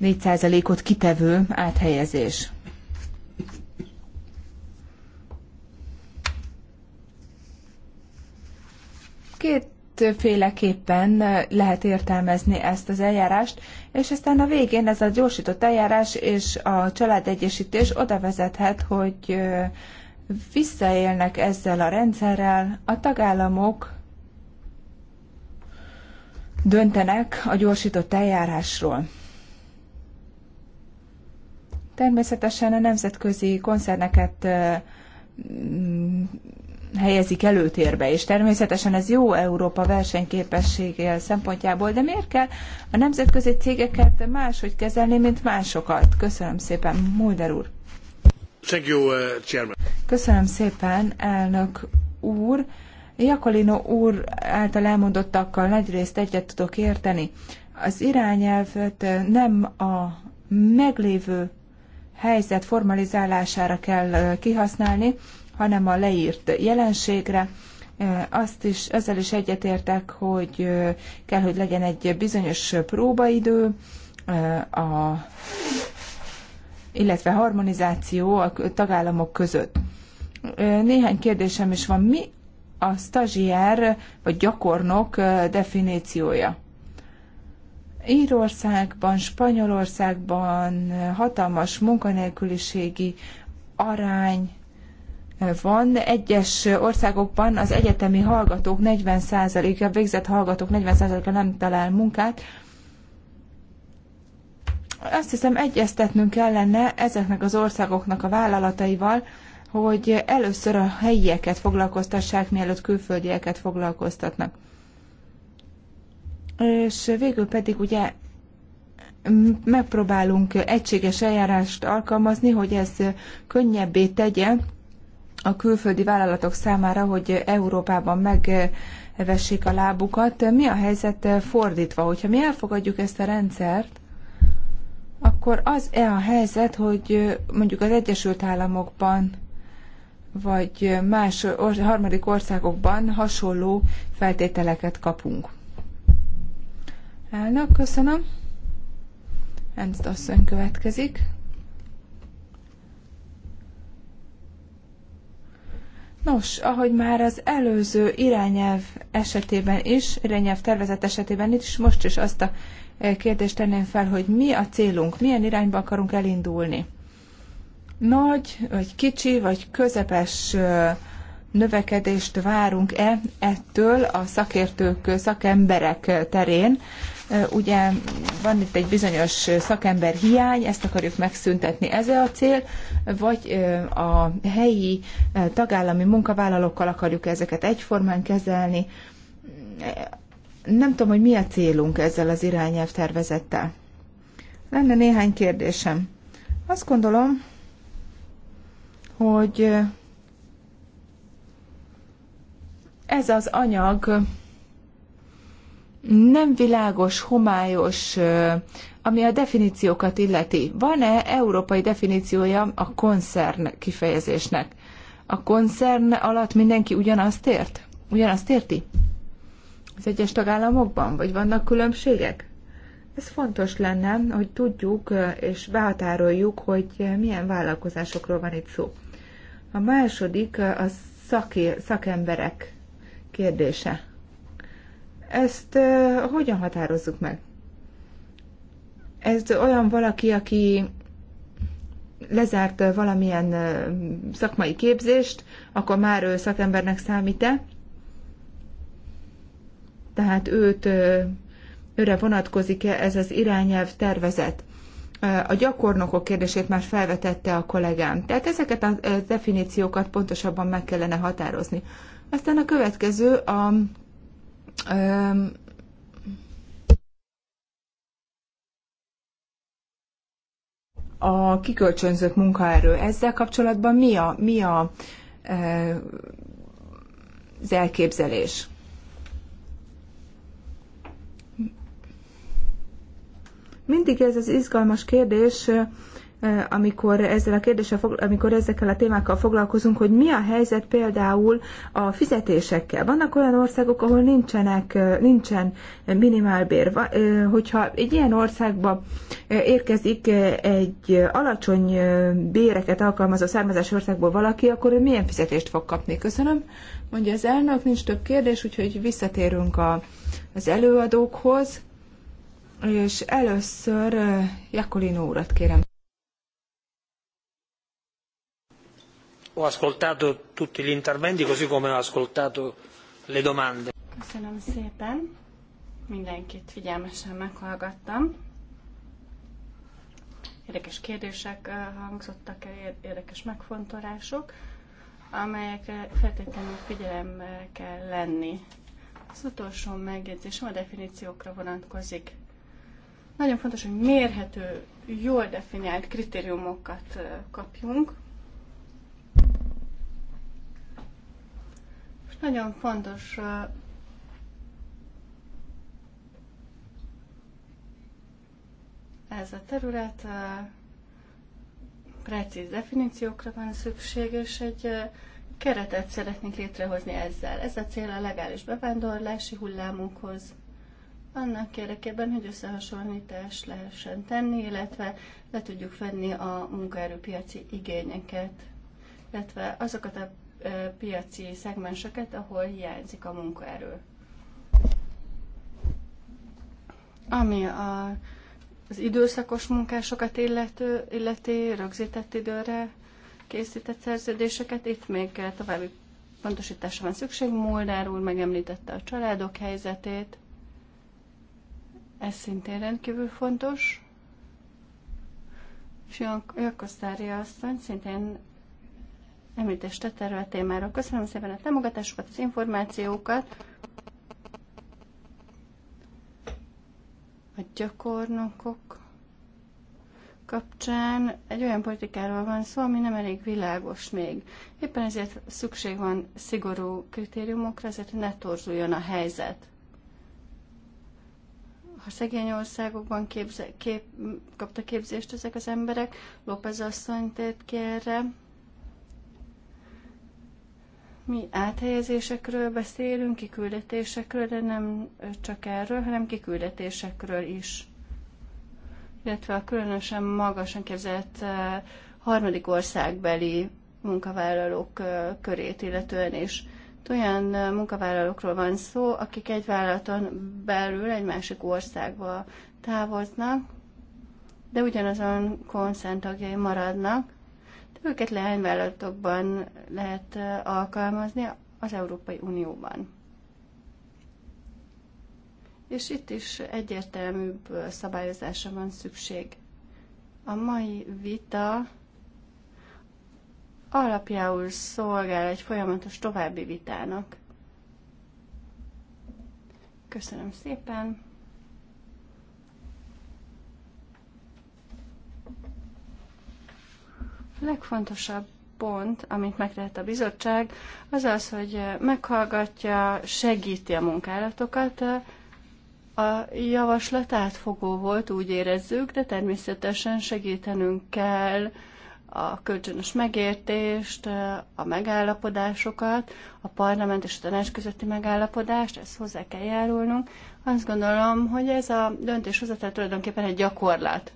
4%-ot kitevő áthelyezés. Kétféleképpen lehet értelmezni ezt az eljárást, és aztán a végén ez a gyorsított eljárás és a családegyesítés oda vezethet, hogy visszaélnek ezzel a rendszerrel a tagállamok, döntenek a gyorsított eljárásról. Természetesen a nemzetközi koncerneket mm, helyezik előtérbe, és természetesen ez jó Európa versenyképessége szempontjából, de miért kell a nemzetközi cégeket máshogy kezelni, mint másokat? Köszönöm szépen, Mulder úr. Thank you, uh, Köszönöm szépen, elnök úr. Jakalino úr által elmondottakkal nagyrészt egyet tudok érteni. Az irányelvet nem a meglévő helyzet formalizálására kell kihasználni, hanem a leírt jelenségre. Azt is, ezzel is egyetértek, hogy kell, hogy legyen egy bizonyos próbaidő, a, illetve harmonizáció a tagállamok között. Néhány kérdésem is van. Mi a stagiár vagy gyakornok definíciója. Írországban, Spanyolországban hatalmas munkanélküliségi arány van. Egyes országokban az egyetemi hallgatók 40%-a, végzett hallgatók 40%-a nem talál munkát. Azt hiszem, egyeztetnünk kellene ezeknek az országoknak a vállalataival, hogy először a helyieket foglalkoztassák, mielőtt külföldieket foglalkoztatnak. És végül pedig ugye megpróbálunk egységes eljárást alkalmazni, hogy ez könnyebbé tegye a külföldi vállalatok számára, hogy Európában megvessék a lábukat. Mi a helyzet fordítva? Hogyha mi elfogadjuk ezt a rendszert, akkor az-e a helyzet, hogy mondjuk az Egyesült Államokban vagy más harmadik országokban hasonló feltételeket kapunk. Elnök, köszönöm. Ernst asszony következik. Nos, ahogy már az előző irányelv esetében is, irányelv tervezet esetében is, most is azt a eh, kérdést tenném fel, hogy mi a célunk, milyen irányba akarunk elindulni nagy, vagy kicsi, vagy közepes növekedést várunk-e ettől a szakértők, szakemberek terén. Ugye van itt egy bizonyos szakember hiány, ezt akarjuk megszüntetni. Ez a cél, vagy a helyi tagállami munkavállalókkal akarjuk ezeket egyformán kezelni. Nem tudom, hogy mi a célunk ezzel az irányelv tervezettel. Lenne néhány kérdésem. Azt gondolom, hogy ez az anyag nem világos, homályos, ami a definíciókat illeti. Van-e európai definíciója a koncern kifejezésnek? A koncern alatt mindenki ugyanazt ért? Ugyanazt érti? Az egyes tagállamokban? Vagy vannak különbségek? Ez fontos lenne, hogy tudjuk és behatároljuk, hogy milyen vállalkozásokról van itt szó. A második a szaké, szakemberek kérdése. Ezt uh, hogyan határozzuk meg? Ez olyan valaki, aki lezárt valamilyen szakmai képzést, akkor már ő szakembernek számít-e? Tehát őt, őre vonatkozik-e ez az irányelv tervezet? a gyakornokok kérdését már felvetette a kollégám. Tehát ezeket a e, definíciókat pontosabban meg kellene határozni. Aztán a következő a a kikölcsönzött munkaerő. Ezzel kapcsolatban mi a, mi a e, az elképzelés? Mindig ez az izgalmas kérdés, amikor ezzel a kérdéssel, amikor ezekkel a témákkal foglalkozunk, hogy mi a helyzet például a fizetésekkel. Vannak olyan országok, ahol nincsenek, nincsen minimálbér. Hogyha egy ilyen országba érkezik egy alacsony béreket alkalmazó származási országból valaki, akkor ő milyen fizetést fog kapni? Köszönöm. Mondja az elnök, nincs több kérdés, úgyhogy visszatérünk a, az előadókhoz és először Jakolino urat kérem. Ho ascoltato tutti gli interventi, così come ho ascoltato le domande. Köszönöm szépen. Mindenkit figyelmesen meghallgattam. Érdekes kérdések hangzottak el, érdekes megfontolások, amelyekre feltétlenül figyelemmel kell lenni. Az utolsó megjegyzésem a definíciókra vonatkozik. Nagyon fontos, hogy mérhető, jól definiált kritériumokat kapjunk. És nagyon fontos ez a terület, precíz definíciókra van szükség, és egy keretet szeretnénk létrehozni ezzel. Ez a cél a legális bevándorlási hullámunkhoz annak érdekében, hogy összehasonlítást lehessen tenni, illetve le tudjuk fedni a munkaerőpiaci igényeket, illetve azokat a piaci szegmenseket, ahol hiányzik a munkaerő. Ami a, az időszakos munkásokat illető, illeti rögzített időre készített szerződéseket, itt még további pontosításra van szükség. Molnár úr megemlítette a családok helyzetét, ez szintén rendkívül fontos. Jökkosztári asszony szintén említést tett erről a témáról. Köszönöm szépen a támogatásokat, az információkat. A gyakornokok kapcsán egy olyan politikáról van szó, ami nem elég világos még. Éppen ezért szükség van szigorú kritériumokra, ezért ne torzuljon a helyzet a szegény országokban képze, kép, kapta képzést ezek az emberek. López asszony tért ki erre. Mi áthelyezésekről beszélünk, kiküldetésekről, de nem csak erről, hanem kiküldetésekről is. Illetve a különösen magasan képzett eh, harmadik országbeli munkavállalók eh, körét illetően is. Itt olyan munkavállalókról van szó, akik egy vállalaton belül egy másik országba távoznak, de ugyanazon konszent tagjai maradnak, de őket leányvállalatokban lehet alkalmazni az Európai Unióban. És itt is egyértelműbb szabályozásra van szükség. A mai vita alapjául szolgál egy folyamatos további vitának. Köszönöm szépen! A legfontosabb pont, amit megtehet a bizottság, az az, hogy meghallgatja, segíti a munkálatokat. A javaslat átfogó volt, úgy érezzük, de természetesen segítenünk kell a kölcsönös megértést, a megállapodásokat, a parlament és a tanács közötti megállapodást, ezt hozzá kell járulnunk. Azt gondolom, hogy ez a döntéshozatal tulajdonképpen egy gyakorlat.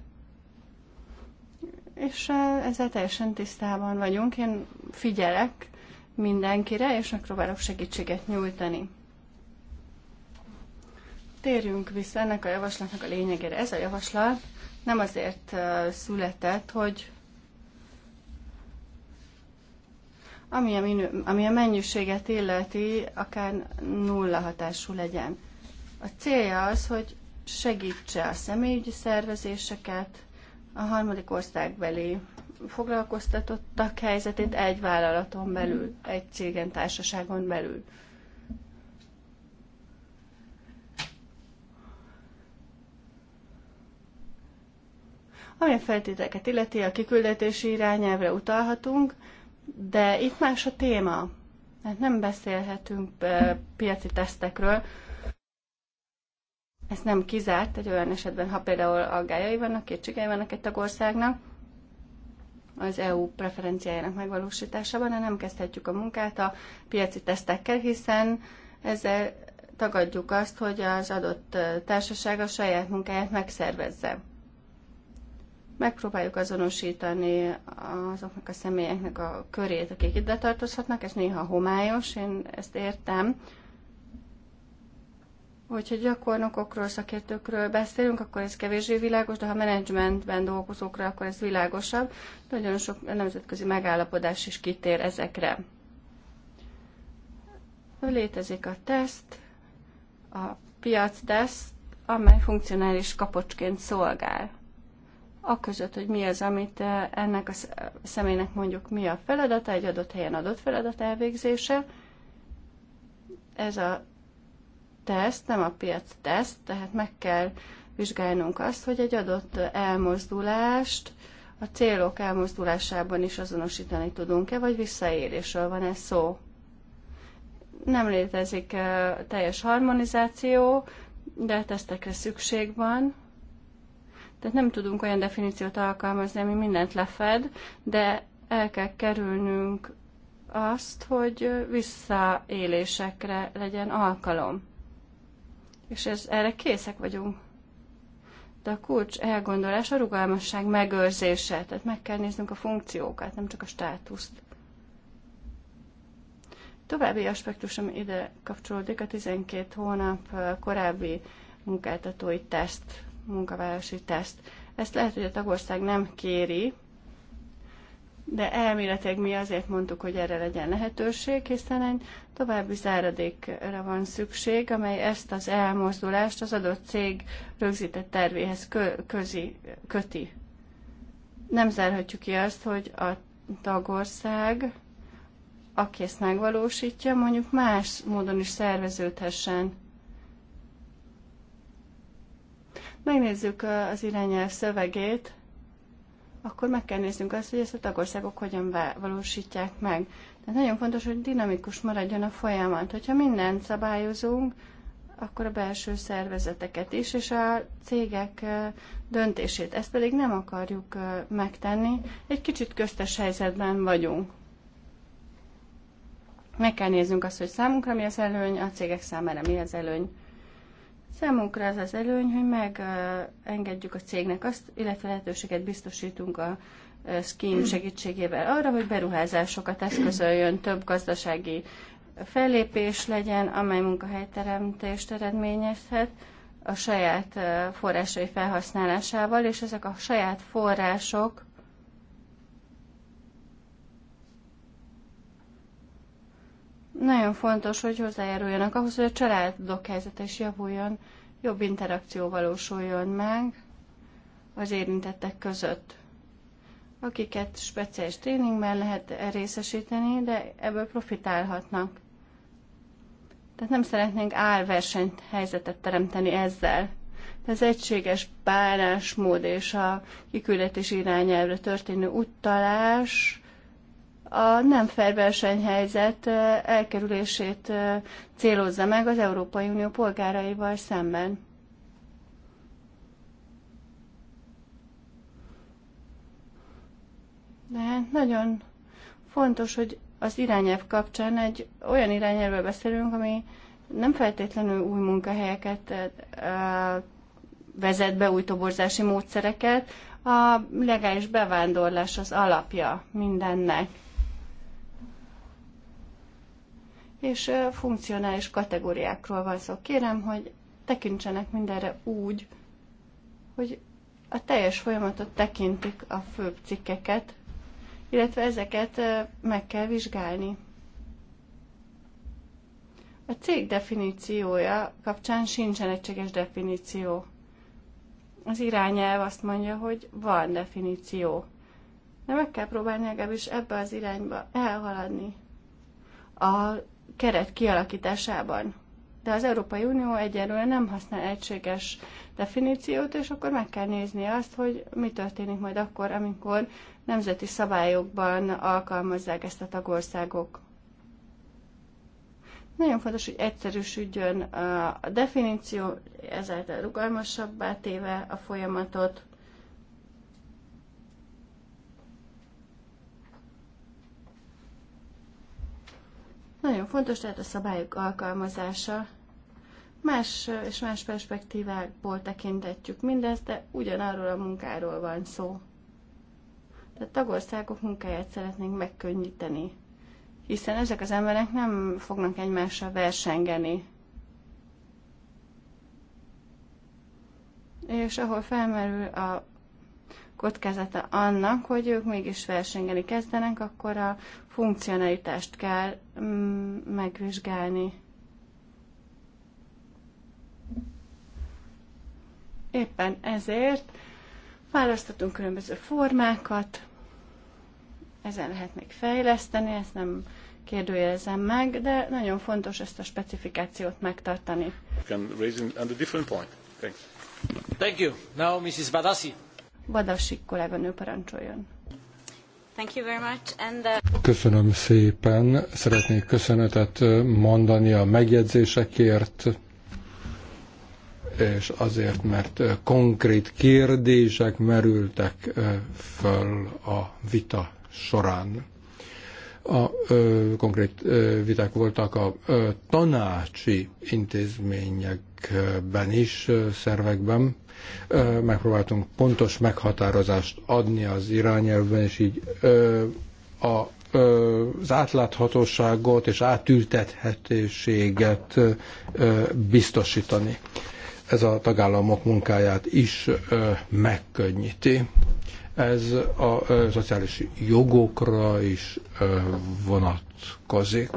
És ezzel teljesen tisztában vagyunk. Én figyelek mindenkire, és megpróbálok segítséget nyújtani. Térjünk vissza ennek a javaslatnak a lényegére. Ez a javaslat nem azért született, hogy ami a, minő, ami a mennyiséget illeti, akár nulla hatású legyen. A célja az, hogy segítse a személyügyi szervezéseket, a harmadik országbeli foglalkoztatottak helyzetét egy vállalaton belül, egy cégen, társaságon belül. Ami a feltételeket illeti, a kiküldetési irányelvre utalhatunk, de itt más a téma. Mert hát nem beszélhetünk piaci tesztekről. Ez nem kizárt egy olyan esetben, ha például aggályai vannak, kétségei vannak egy tagországnak, az EU preferenciájának megvalósításában, de nem kezdhetjük a munkát a piaci tesztekkel, hiszen ezzel tagadjuk azt, hogy az adott társaság a saját munkáját megszervezze. Megpróbáljuk azonosítani azoknak a személyeknek a körét, akik ide tartozhatnak, ez néha homályos, én ezt értem. Hogyha gyakornokokról, szakértőkről beszélünk, akkor ez kevésbé világos, de ha menedzsmentben dolgozókra, akkor ez világosabb. Nagyon sok nemzetközi megállapodás is kitér ezekre. Létezik a teszt, a piac teszt, amely funkcionális kapocsként szolgál a között, hogy mi az, amit eh, ennek a személynek mondjuk mi a feladata, egy adott helyen adott feladat elvégzése. Ez a teszt, nem a piac teszt, tehát meg kell vizsgálnunk azt, hogy egy adott elmozdulást a célok elmozdulásában is azonosítani tudunk-e, vagy visszaérésről van-e szó. Nem létezik eh, teljes harmonizáció, de tesztekre szükség van, tehát nem tudunk olyan definíciót alkalmazni, ami mindent lefed, de el kell kerülnünk azt, hogy visszaélésekre legyen alkalom. És ez, erre készek vagyunk. De a kulcs elgondolás a rugalmasság megőrzése, tehát meg kell néznünk a funkciókat, nem csak a státuszt. További aspektus, ami ide kapcsolódik, a 12 hónap korábbi munkáltatói teszt munkavállalási teszt. Ezt lehet, hogy a tagország nem kéri, de elméletileg mi azért mondtuk, hogy erre legyen lehetőség, hiszen egy további záradékra van szükség, amely ezt az elmozdulást az adott cég rögzített tervéhez kö- közi, köti. Nem zárhatjuk ki azt, hogy a tagország, aki ezt megvalósítja, mondjuk más módon is szerveződhessen. megnézzük az irányelv szövegét, akkor meg kell néznünk azt, hogy ezt a tagországok hogyan valósítják meg. Tehát nagyon fontos, hogy dinamikus maradjon a folyamat. Hogyha mindent szabályozunk, akkor a belső szervezeteket is, és a cégek döntését. Ezt pedig nem akarjuk megtenni. Egy kicsit köztes helyzetben vagyunk. Meg kell néznünk azt, hogy számunkra mi az előny, a cégek számára mi az előny. Számunkra az az előny, hogy megengedjük a cégnek azt, illetve lehetőséget biztosítunk a Skin segítségével arra, hogy beruházásokat eszközöljön, több gazdasági fellépés legyen, amely munkahelyteremtést eredményezhet a saját forrásai felhasználásával, és ezek a saját források Nagyon fontos, hogy hozzájáruljanak ahhoz, hogy a családok helyzete is javuljon, jobb interakció valósuljon meg az érintettek között, akiket speciális tréningben lehet részesíteni, de ebből profitálhatnak. Tehát nem szeretnénk álversenyt helyzetet teremteni ezzel. De az egységes bánásmód és a kiküldetés irányelvre történő utalás a nem fair versenyhelyzet elkerülését célozza meg az Európai Unió polgáraival szemben. De nagyon fontos, hogy az irányelv kapcsán egy olyan irányelvről beszélünk, ami nem feltétlenül új munkahelyeket vezet be, új toborzási módszereket. A legális bevándorlás az alapja mindennek. és funkcionális kategóriákról van szó. Kérem, hogy tekintsenek mindenre úgy, hogy a teljes folyamatot tekintik a főbb cikkeket, illetve ezeket meg kell vizsgálni. A cég definíciója kapcsán sincsen egységes definíció. Az irányelv azt mondja, hogy van definíció. De meg kell próbálni legalábbis ebbe az irányba elhaladni. A keret kialakításában. De az Európai Unió egyelőre nem használ egységes definíciót, és akkor meg kell nézni azt, hogy mi történik majd akkor, amikor nemzeti szabályokban alkalmazzák ezt a tagországok. Nagyon fontos, hogy egyszerűsüljön a definíció, ezáltal rugalmasabbá téve a folyamatot, Nagyon fontos tehát a szabályok alkalmazása. Más és más perspektívákból tekintetjük mindezt, de ugyanarról a munkáról van szó. Tehát tagországok munkáját szeretnénk megkönnyíteni, hiszen ezek az emberek nem fognak egymással versengeni. És ahol felmerül a kockázata annak, hogy ők mégis versengeni kezdenek, akkor a funkcionalitást kell mm, megvizsgálni. Éppen ezért választhatunk különböző formákat, ezen lehet még fejleszteni, ezt nem kérdőjelezem meg, de nagyon fontos ezt a specifikációt megtartani. Thank you. Now Mrs. Badassi. Vadasik kolléganő parancsoljon. Thank you very much. And, uh... Köszönöm szépen. Szeretnék köszönetet mondani a megjegyzésekért, és azért, mert konkrét kérdések merültek föl a vita során a ö, konkrét ö, viták voltak a ö, tanácsi intézményekben is, ö, szervekben. Megpróbáltunk pontos meghatározást adni az irányelvben, és így a az átláthatóságot és átültethetőséget biztosítani. Ez a tagállamok munkáját is megkönnyíti. Ez a szociális jogokra is vonatkozik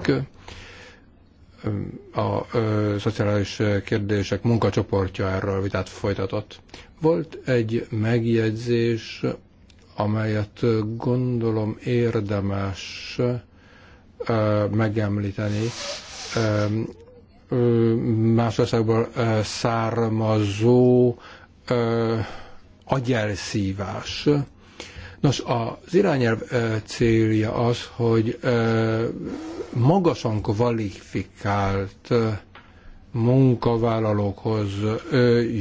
a szociális kérdések munkacsoportja erről vitát folytatott. Volt egy megjegyzés, amelyet gondolom érdemes megemlíteni. Más országból származó agyelszívás Nos, az irányelv célja az, hogy magasan kvalifikált munkavállalókhoz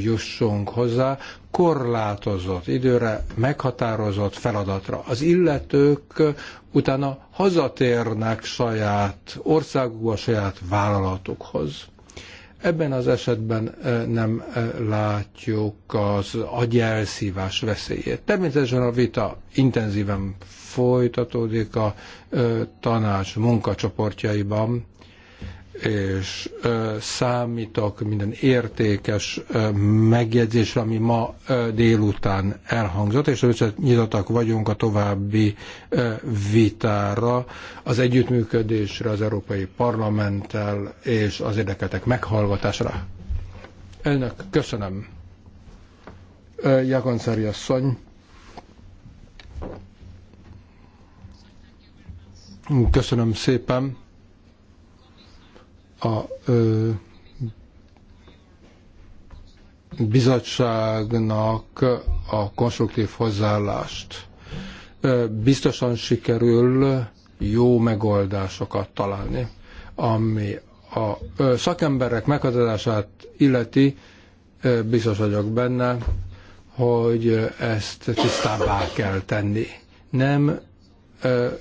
jussunk hozzá, korlátozott időre, meghatározott feladatra. Az illetők utána hazatérnek saját országukba, saját vállalatukhoz. Ebben az esetben eh, nem eh, látjuk az agyelszívás veszélyét. Természetesen a vita intenzíven folytatódik a eh, tanács munkacsoportjaiban, és számítok minden értékes megjegyzésre, ami ma délután elhangzott, és nyitottak vagyunk a további vitára, az együttműködésre az Európai Parlamenttel és az érdekeltek meghallgatásra. Elnök, köszönöm. Jakonszári asszony. Köszönöm szépen a ö, bizottságnak a konstruktív hozzáállást. Biztosan sikerül jó megoldásokat találni, ami a szakemberek meghatározását illeti, biztos vagyok benne, hogy ezt tisztábbá kell tenni. Nem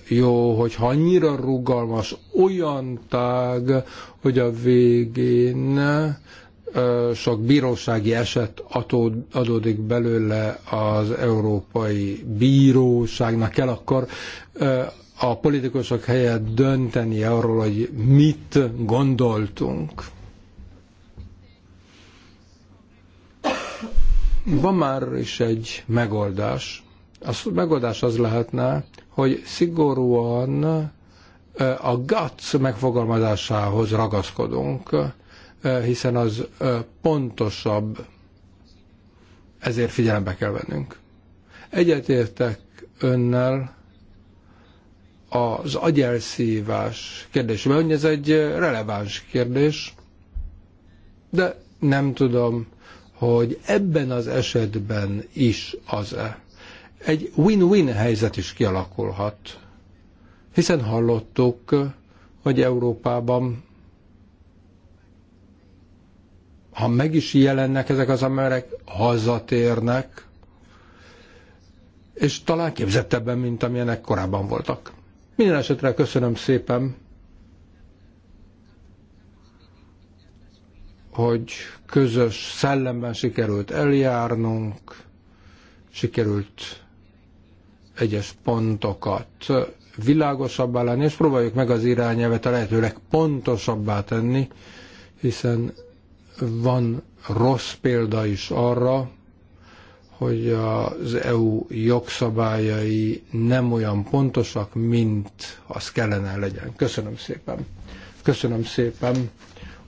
jó, hogy annyira rugalmas, olyan tág, hogy a végén sok bírósági eset adódik belőle az Európai Bíróságnak kell, akkor a politikusok helyett dönteni arról, hogy mit gondoltunk. Van már is egy megoldás, a megoldás az lehetne, hogy szigorúan a GATS megfogalmazásához ragaszkodunk, hiszen az pontosabb, ezért figyelembe kell vennünk. Egyetértek önnel az agyelszívás kérdésében, hogy ez egy releváns kérdés, de nem tudom, hogy ebben az esetben is az-e egy win-win helyzet is kialakulhat. Hiszen hallottuk, hogy Európában ha meg is jelennek ezek az emberek, hazatérnek, és talán képzettebben, mint amilyenek korábban voltak. Minden esetre köszönöm szépen, hogy közös szellemben sikerült eljárnunk, sikerült egyes pontokat világosabbá lenni, és próbáljuk meg az irányelvet a lehető pontosabbá tenni, hiszen van rossz példa is arra, hogy az EU jogszabályai nem olyan pontosak, mint az kellene legyen. Köszönöm szépen. Köszönöm szépen.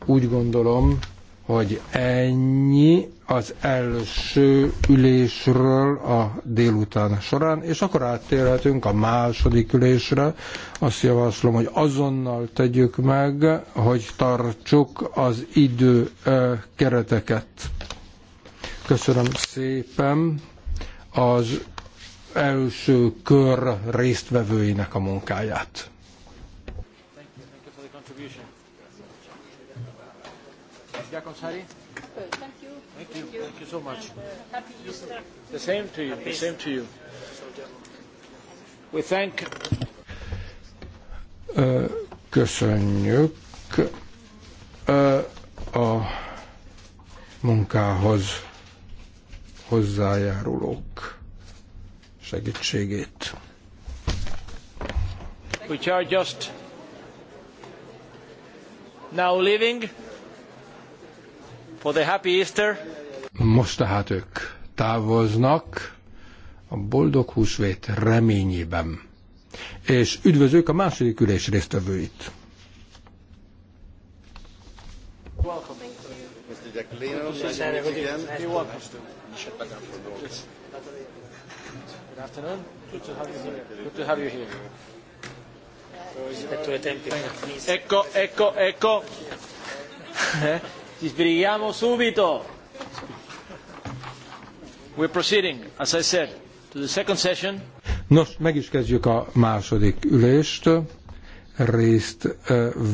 Úgy gondolom, hogy ennyi az első ülésről a délután során, és akkor áttérhetünk a második ülésre. Azt javaslom, hogy azonnal tegyük meg, hogy tartsuk az idő kereteket. Köszönöm szépen az első kör résztvevőinek a munkáját. Thank you. Thank you. Thank you, so much. And, uh, happy Easter. The same to you. The same to you. We thank... Uh, köszönjük uh, a munkához hozzájárulók segítségét. Which are just now living. For the happy Easter. Most tehát ők távoznak a boldog húsvét reményében. És üdvözlők a második ülés résztvevőit. Good afternoon. Good to have you here. Good to have you here. Ecco, ecco, ecco. Eh? Ci subito. We're proceeding, as I said, to the second session. Nos, meg is kezdjük a második ülést. Részt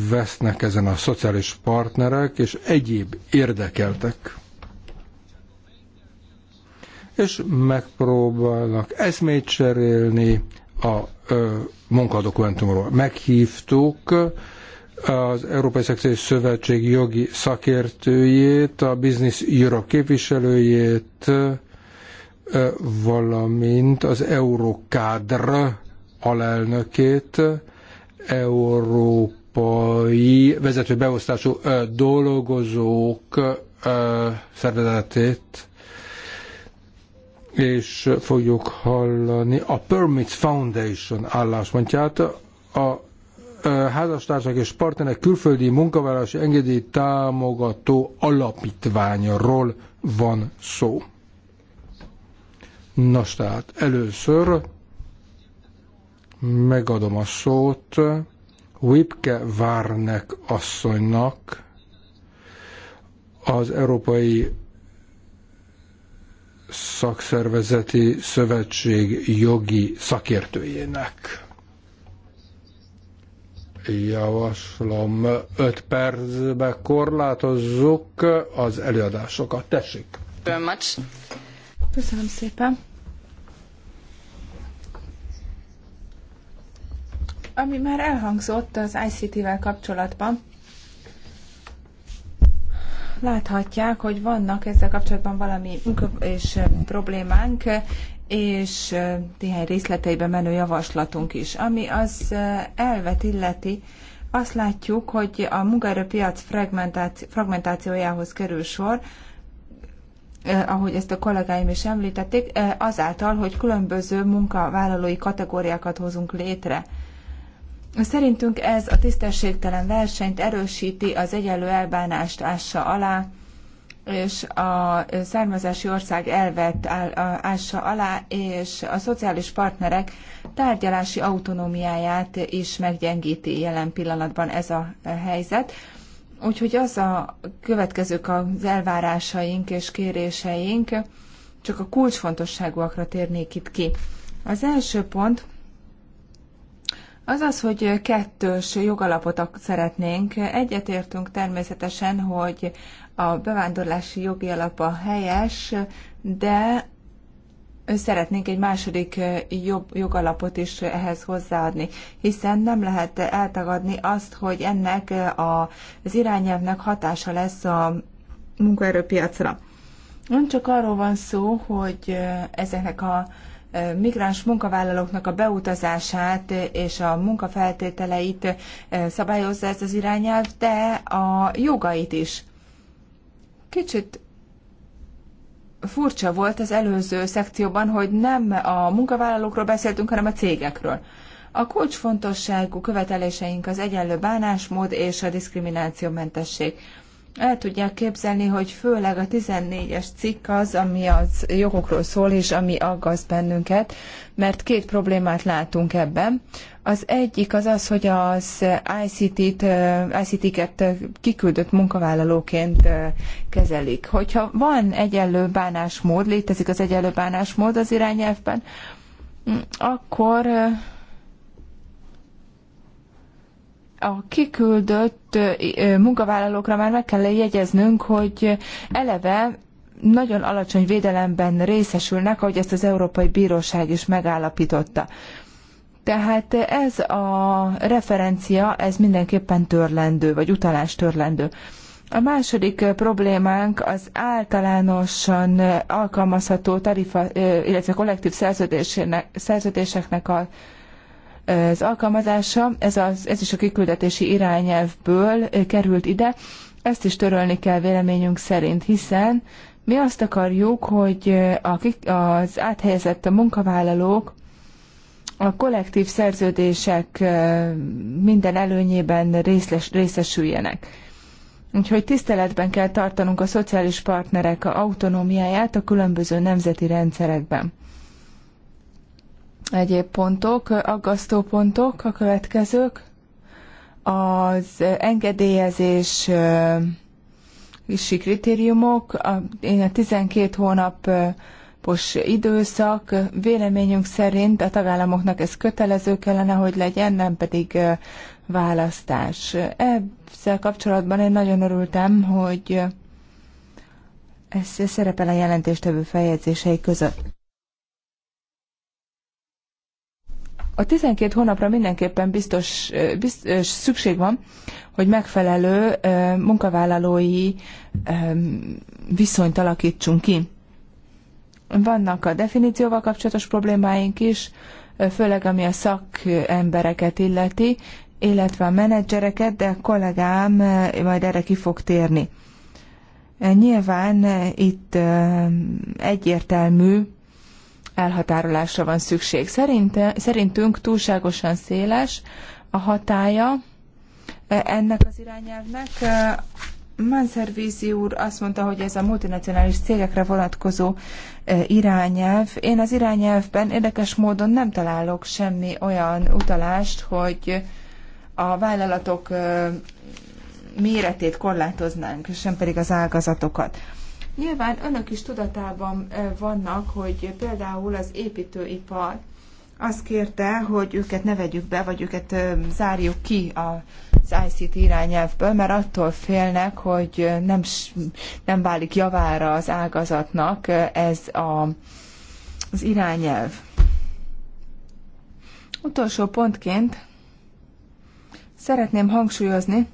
vesznek ezen a szociális partnerek és egyéb érdekeltek. És megpróbálnak eszmét cserélni a munkadokumentumról. Meghívtuk az Európai Szexuális Szövetség jogi szakértőjét, a Business Europe képviselőjét, valamint az Eurokádr alelnökét, európai vezető beosztású dolgozók szervezetét, és fogjuk hallani a Permits Foundation álláspontját, a házastársak és partnerek külföldi munkavállalási engedély támogató alapítványról van szó. Nos, tehát először megadom a szót Wipke Várnek asszonynak, az Európai Szakszervezeti Szövetség jogi szakértőjének javaslom 5 percbe korlátozzuk az előadásokat. Tessék! Köszönöm szépen! Ami már elhangzott az ICT-vel kapcsolatban, láthatják, hogy vannak ezzel kapcsolatban valami és eh, problémánk, és néhány részleteiben menő javaslatunk is. Ami az elvet illeti, azt látjuk, hogy a munkaerőpiac fragmentációjához kerül sor, ahogy ezt a kollégáim is említették, azáltal, hogy különböző munkavállalói kategóriákat hozunk létre. Szerintünk ez a tisztességtelen versenyt erősíti, az egyenlő elbánást ássa alá, és a származási ország elvett ássa alá, és a szociális partnerek tárgyalási autonómiáját is meggyengíti jelen pillanatban ez a helyzet. Úgyhogy az a következők az elvárásaink és kéréseink, csak a kulcsfontosságúakra térnék itt ki. Az első pont az az, hogy kettős jogalapot szeretnénk. Egyetértünk természetesen, hogy a bevándorlási jogi alapa helyes, de szeretnénk egy második eh, jobb jogalapot is ehhez hozzáadni, hiszen nem lehet eltagadni azt, hogy ennek eh, az irányelvnek hatása lesz a munkaerőpiacra. Nem csak arról van szó, hogy eh, ezeknek a migráns munkavállalóknak a beutazását és a munkafeltételeit szabályozza ez az irányelv, de a jogait is Kicsit furcsa volt az előző szekcióban, hogy nem a munkavállalókról beszéltünk, hanem a cégekről. A kulcsfontosságú követeléseink az egyenlő bánásmód és a diszkriminációmentesség. mentesség el tudják képzelni, hogy főleg a 14-es cikk az, ami az jogokról szól, és ami aggaszt bennünket, mert két problémát látunk ebben. Az egyik az az, hogy az ICT-t, eh, ICT-ket eh, kiküldött munkavállalóként eh, kezelik. Hogyha van egyenlő bánásmód, létezik az egyenlő bánásmód az irányelvben, mm, akkor a kiküldött munkavállalókra már meg kell jegyeznünk, hogy eleve nagyon alacsony védelemben részesülnek, ahogy ezt az Európai Bíróság is megállapította. Tehát ez a referencia, ez mindenképpen törlendő, vagy utalás törlendő. A második problémánk az általánosan alkalmazható tarifa, illetve kollektív szerződéseknek a az alkalmazása. Ez, az, ez is a kiküldetési irányelvből került ide. Ezt is törölni kell véleményünk szerint, hiszen mi azt akarjuk, hogy az áthelyezett munkavállalók a kollektív szerződések minden előnyében részles, részesüljenek. Úgyhogy tiszteletben kell tartanunk a szociális partnerek autonómiáját a különböző nemzeti rendszerekben. Egyéb pontok, aggasztó pontok a következők. Az engedélyezés kritériumok, a, a 12 hónapos időszak véleményünk szerint a tagállamoknak ez kötelező kellene, hogy legyen, nem pedig választás. Ezzel kapcsolatban én nagyon örültem, hogy ez szerepel a jelentéstevő feljegyzései között. A 12 hónapra mindenképpen biztos, biztos szükség van, hogy megfelelő munkavállalói viszonyt alakítsunk ki. Vannak a definícióval kapcsolatos problémáink is, főleg ami a szakembereket illeti, illetve a menedzsereket, de a kollégám majd erre ki fog térni. Nyilván itt egyértelmű elhatárolásra van szükség. Szerinte, szerintünk túlságosan széles a hatája e, ennek az irányelvnek. E, Vízi úr azt mondta, hogy ez a multinacionális cégekre vonatkozó e, irányelv. Én az irányelvben érdekes módon nem találok semmi olyan utalást, hogy a vállalatok méretét korlátoznánk, sem pedig az ágazatokat. Nyilván önök is tudatában vannak, hogy például az építőipar azt kérte, hogy őket ne vegyük be, vagy őket zárjuk ki az ICT irányelvből, mert attól félnek, hogy nem, nem válik javára az ágazatnak ez a, az irányelv. Utolsó pontként szeretném hangsúlyozni,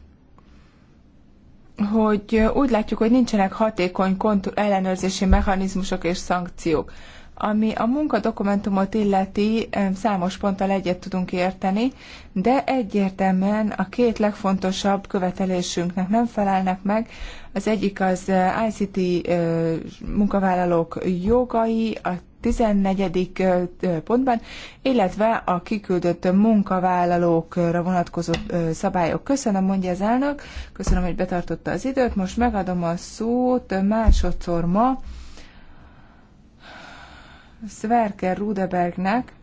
hogy úgy látjuk, hogy nincsenek hatékony ellenőrzési mechanizmusok és szankciók. Ami a munkadokumentumot illeti, számos ponttal egyet tudunk érteni, de egyértelműen a két legfontosabb követelésünknek nem felelnek meg. Az egyik az ICT munkavállalók jogai, a 14. pontban, illetve a kiküldött munkavállalókra vonatkozó szabályok. Köszönöm, mondja az elnök, köszönöm, hogy betartotta az időt, most megadom a szót másodszor ma Sverker Rudebergnek,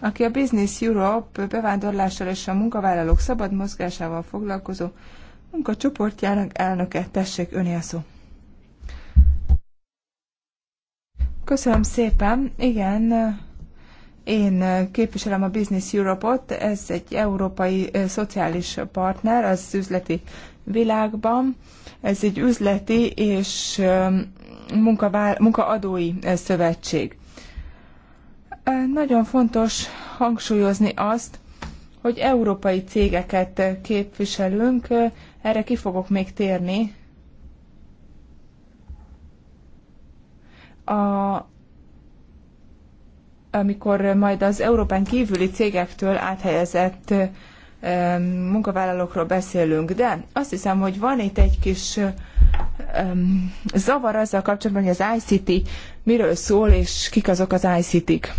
aki a Business Europe bevándorlással és a munkavállalók szabad mozgásával foglalkozó munkacsoportjának elnöke. Tessék, öné a szó. Köszönöm szépen. Igen, én képviselem a Business Europe-ot, ez egy európai szociális partner az üzleti világban. Ez egy üzleti és munkavá- munkaadói szövetség. Nagyon fontos hangsúlyozni azt, hogy európai cégeket képviselünk, erre ki fogok még térni a, amikor majd az Európán kívüli cégektől áthelyezett munkavállalókról beszélünk, de azt hiszem, hogy van itt egy kis zavar azzal kapcsolatban, hogy az ICT miről szól, és kik azok az ICT-k.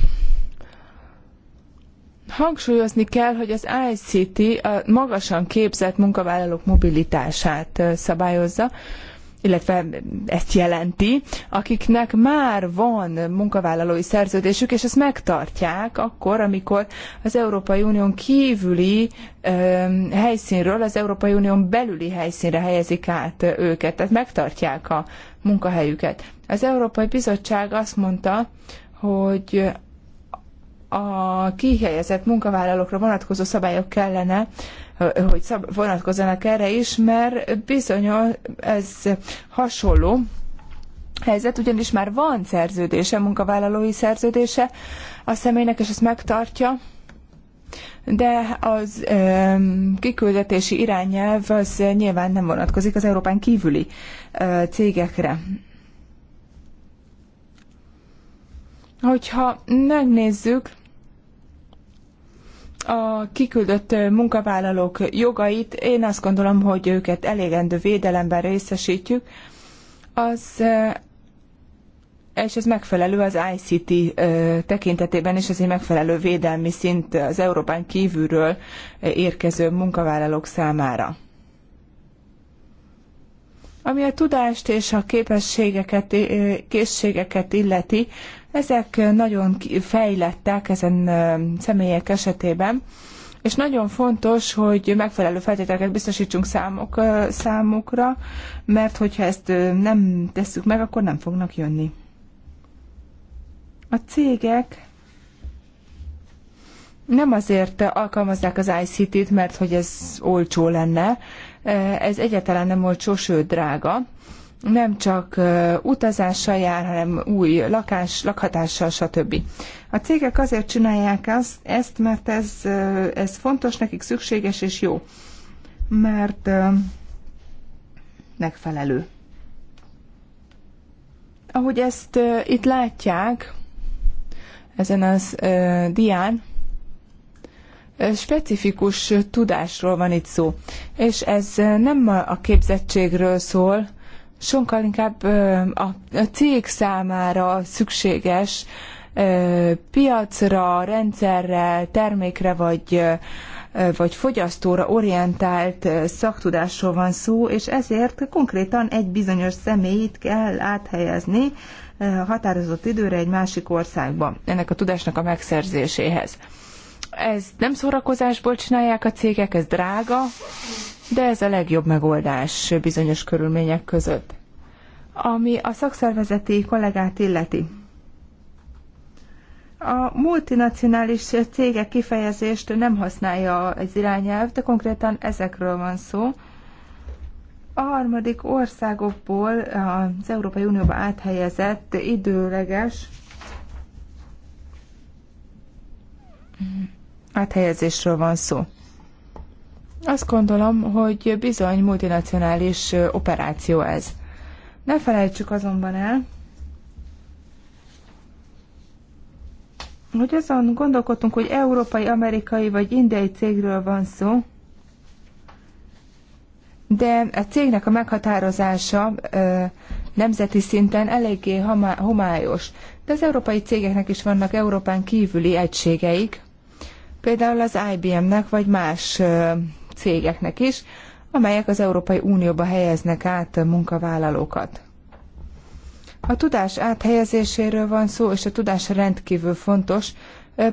Hangsúlyozni kell, hogy az ICT a magasan képzett munkavállalók mobilitását szabályozza, illetve ezt jelenti, akiknek már van munkavállalói szerződésük, és ezt megtartják akkor, amikor az Európai Unión kívüli ö, helyszínről az Európai Unión belüli helyszínre helyezik át őket, tehát megtartják a munkahelyüket. Az Európai Bizottság azt mondta, hogy a kihelyezett munkavállalókra vonatkozó szabályok kellene hogy vonatkozzanak erre is, mert bizony ez hasonló helyzet, ugyanis már van szerződése, munkavállalói szerződése a személynek, és ezt megtartja, de az kiküldetési irányelv az nyilván nem vonatkozik az Európán kívüli cégekre. Hogyha megnézzük, a kiküldött munkavállalók jogait, én azt gondolom, hogy őket elégendő védelemben részesítjük, az, és ez megfelelő az ICT tekintetében, és ez egy megfelelő védelmi szint az Európán kívülről érkező munkavállalók számára. Ami a tudást és a képességeket, készségeket illeti, ezek nagyon fejlettek ezen személyek esetében, és nagyon fontos, hogy megfelelő feltételeket biztosítsunk számok, számukra, mert hogyha ezt nem tesszük meg, akkor nem fognak jönni. A cégek nem azért alkalmazzák az ICT-t, mert hogy ez olcsó lenne, ez egyáltalán nem olcsó, sőt drága nem csak utazással jár, hanem új lakás, lakhatással, stb. A cégek azért csinálják ezt, mert ez, ez fontos, nekik szükséges és jó, mert megfelelő. Ahogy ezt itt látják, ezen az dián, specifikus tudásról van itt szó, és ez nem a képzettségről szól, sokkal inkább a cég számára szükséges piacra, rendszerre, termékre vagy, vagy fogyasztóra orientált szaktudásról van szó, és ezért konkrétan egy bizonyos személyt kell áthelyezni határozott időre egy másik országba ennek a tudásnak a megszerzéséhez ez nem szórakozásból csinálják a cégek, ez drága, de ez a legjobb megoldás bizonyos körülmények között. Ami a szakszervezeti kollégát illeti. A multinacionális cégek kifejezést nem használja az irányelv, de konkrétan ezekről van szó. A harmadik országokból az Európai Unióba áthelyezett időleges áthelyezésről van szó. Azt gondolom, hogy bizony multinacionális operáció ez. Ne felejtsük azonban el, hogy azon gondolkodtunk, hogy európai, amerikai vagy indiai cégről van szó, de a cégnek a meghatározása nemzeti szinten eléggé homályos. De az európai cégeknek is vannak Európán kívüli egységeik, például az IBM-nek vagy más cégeknek is, amelyek az Európai Unióba helyeznek át munkavállalókat. A tudás áthelyezéséről van szó, és a tudás rendkívül fontos.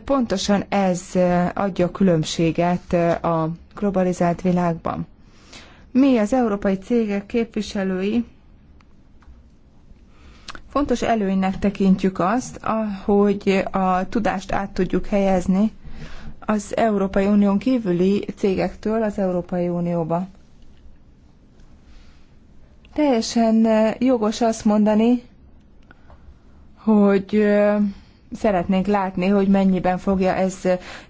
Pontosan ez adja különbséget a globalizált világban. Mi az európai cégek képviselői fontos előnynek tekintjük azt, hogy a tudást át tudjuk helyezni az Európai Unión kívüli cégektől az Európai Unióba. Teljesen jogos azt mondani, hogy szeretnénk látni, hogy mennyiben fogja ez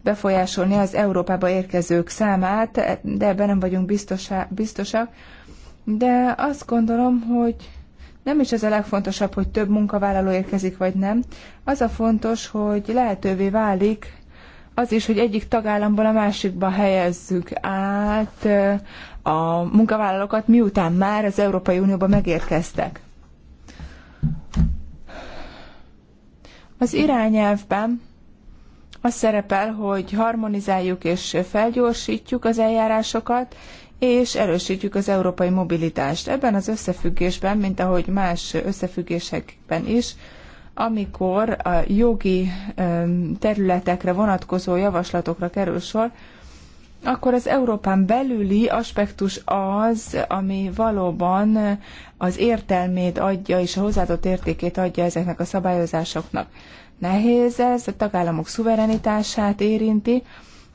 befolyásolni az Európába érkezők számát, de ebben nem vagyunk biztosak. De azt gondolom, hogy nem is ez a legfontosabb, hogy több munkavállaló érkezik, vagy nem. Az a fontos, hogy lehetővé válik az is, hogy egyik tagállamból a másikba helyezzük át a munkavállalókat, miután már az Európai Unióba megérkeztek. Az irányelvben az szerepel, hogy harmonizáljuk és felgyorsítjuk az eljárásokat, és erősítjük az európai mobilitást. Ebben az összefüggésben, mint ahogy más összefüggésekben is, amikor a jogi területekre vonatkozó javaslatokra kerül sor, akkor az Európán belüli aspektus az, ami valóban az értelmét adja és a hozzáadott értékét adja ezeknek a szabályozásoknak. Nehéz ez, a tagállamok szuverenitását érinti,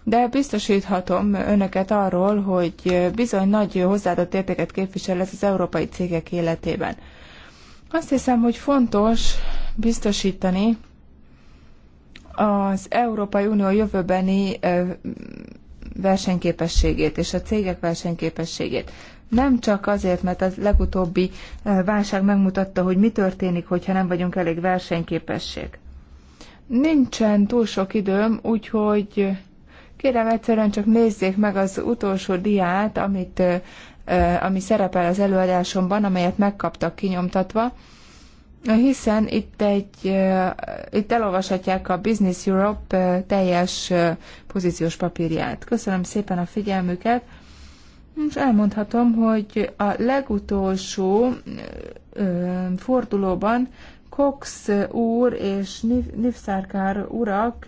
de biztosíthatom önöket arról, hogy bizony nagy hozzáadott értéket képvisel ez az európai cégek életében. Azt hiszem, hogy fontos biztosítani az Európai Unió jövőbeni versenyképességét és a cégek versenyképességét. Nem csak azért, mert a legutóbbi válság megmutatta, hogy mi történik, hogyha nem vagyunk elég versenyképesség. Nincsen túl sok időm, úgyhogy kérem egyszerűen csak nézzék meg az utolsó diát, amit, ami szerepel az előadásomban, amelyet megkaptak kinyomtatva hiszen itt egy, itt elolvashatják a Business Europe teljes pozíciós papírját. Köszönöm szépen a figyelmüket, és elmondhatom, hogy a legutolsó fordulóban Cox úr és Nivszárkár urak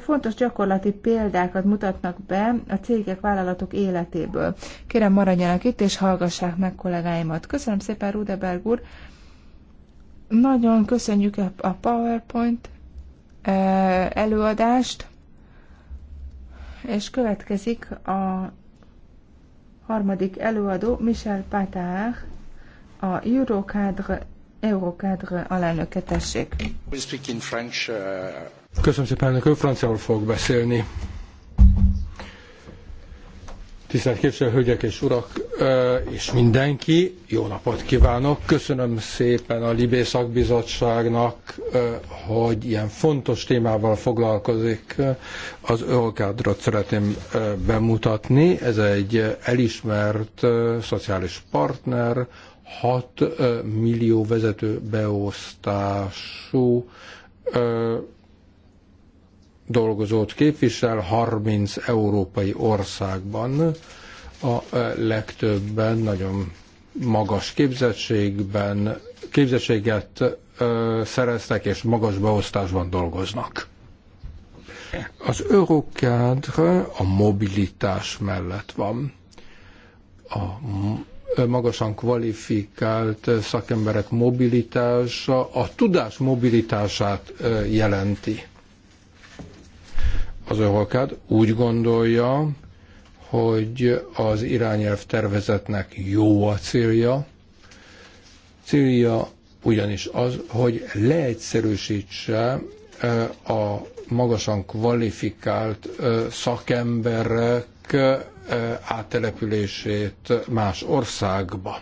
fontos gyakorlati példákat mutatnak be a cégek, vállalatok életéből. Kérem maradjanak itt, és hallgassák meg kollégáimat. Köszönöm szépen, Rudeberg úr! Nagyon köszönjük a PowerPoint eh, előadást, és következik a harmadik előadó, Michel Patár, a Eurocadre, Eurocadre alelnöke, tessék. Uh, Köszönöm szépen, hogy franciául fogok beszélni. Tisztelt képviselő, hölgyek és urak, és mindenki, jó napot kívánok! Köszönöm szépen a Libé szakbizottságnak, hogy ilyen fontos témával foglalkozik. Az Ölkádrot szeretném bemutatni. Ez egy elismert szociális partner, 6 millió vezető beosztású dolgozót képvisel 30 európai országban, a e, legtöbben nagyon magas képzettségben, képzettséget ö, e, szereztek és magas beosztásban dolgoznak. Az Eurocadre a mobilitás mellett van. A magasan kvalifikált szakemberek mobilitása a tudás mobilitását e, jelenti az önholkád úgy gondolja, hogy az irányelv tervezetnek jó a célja. Célja ugyanis az, hogy leegyszerűsítse eh, a magasan kvalifikált eh, szakemberek eh, áttelepülését más országba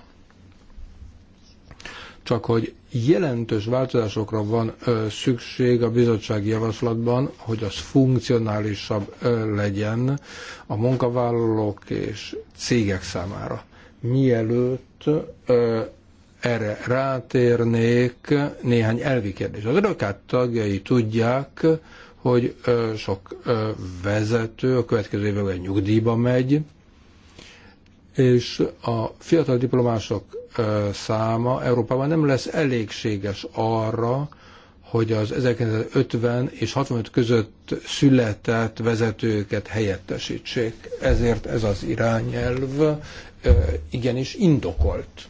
csak hogy jelentős változásokra van ö, szükség a bizottsági javaslatban, hogy az funkcionálisabb ö, legyen a munkavállalók és cégek számára. Mielőtt ö, erre rátérnék, néhány elvi kérdés. Az örökát tagjai tudják, hogy ö, sok ö, vezető a következő években nyugdíjba megy, és a fiatal diplomások száma Európában nem lesz elégséges arra, hogy az 1950 és 65 között született vezetőket helyettesítsék. Ezért ez az irányelv igenis indokolt.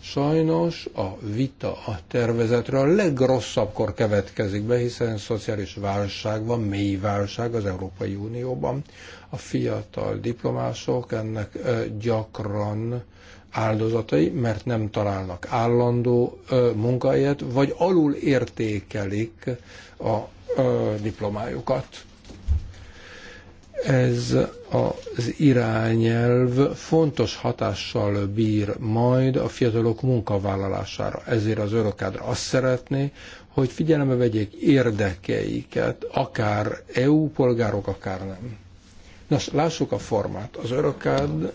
Sajnos a vita a tervezetre a legrosszabbkor következik be, hiszen szociális válság van, mély válság az Európai Unióban. A fiatal diplomások ennek gyakran áldozatai, mert nem találnak állandó munkahelyet, vagy alul értékelik a diplomájukat. Ez az irányelv fontos hatással bír majd a fiatalok munkavállalására. Ezért az örökádra azt szeretné, hogy figyelembe vegyék érdekeiket, akár EU polgárok, akár nem. Nos, lássuk a formát. Az örökád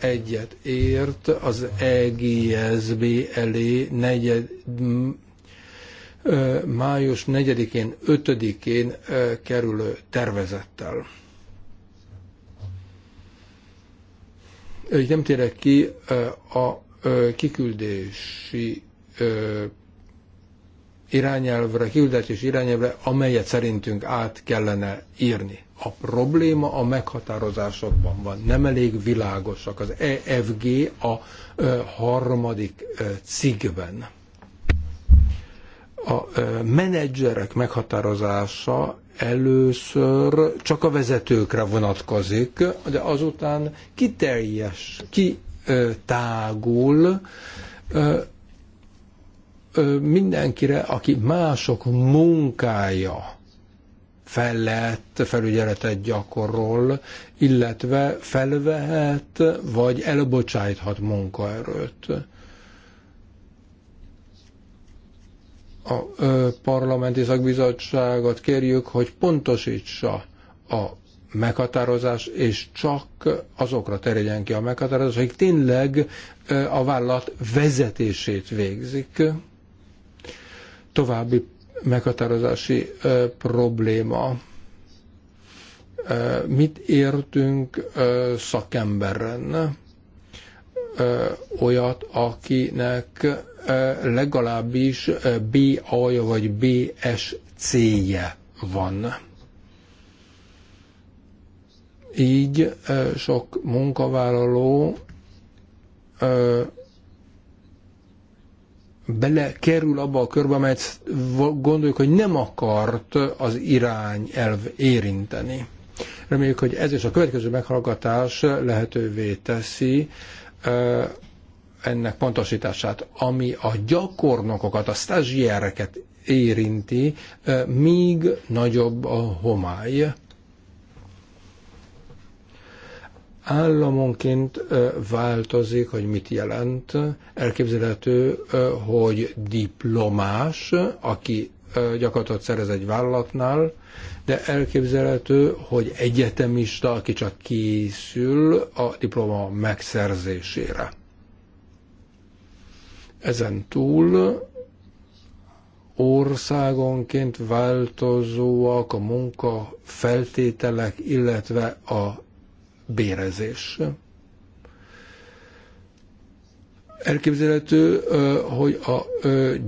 egyet ért az EGSB elé negyed, május 4-én, 5-én kerülő tervezettel. Így nem térek ki a kiküldési irányelvre, kiküldetés irányelvre, amelyet szerintünk át kellene írni. A probléma a meghatározásokban van, nem elég világosak. Az EFG a harmadik cikkben. A menedzserek meghatározása először csak a vezetőkre vonatkozik, de azután kiterjes, kitágul mindenkire, aki mások munkája felett felügyeletet gyakorol, illetve felvehet vagy elbocsájthat munkaerőt. A parlamenti szakbizottságot kérjük, hogy pontosítsa a meghatározás, és csak azokra terjedjen ki a meghatározás, akik tényleg a vállalat vezetését végzik. További meghatározási probléma. Mit értünk szakemberen? Olyat, akinek legalábbis BA-ja vagy BSC-je van. Így sok munkavállaló belekerül abba a körbe, amelyet gondoljuk, hogy nem akart az irányelv érinteni. Reméljük, hogy ez is a következő meghallgatás lehetővé teszi ennek pontosítását, ami a gyakornokokat, a stagiáreket érinti, míg nagyobb a homály Államonként változik, hogy mit jelent. Elképzelhető, hogy diplomás, aki gyakorlatot szerez egy vállalatnál, de elképzelhető, hogy egyetemista, aki csak készül a diploma megszerzésére. Ezen túl országonként változóak a munka feltételek, illetve a bérezés. Elképzelhető, hogy a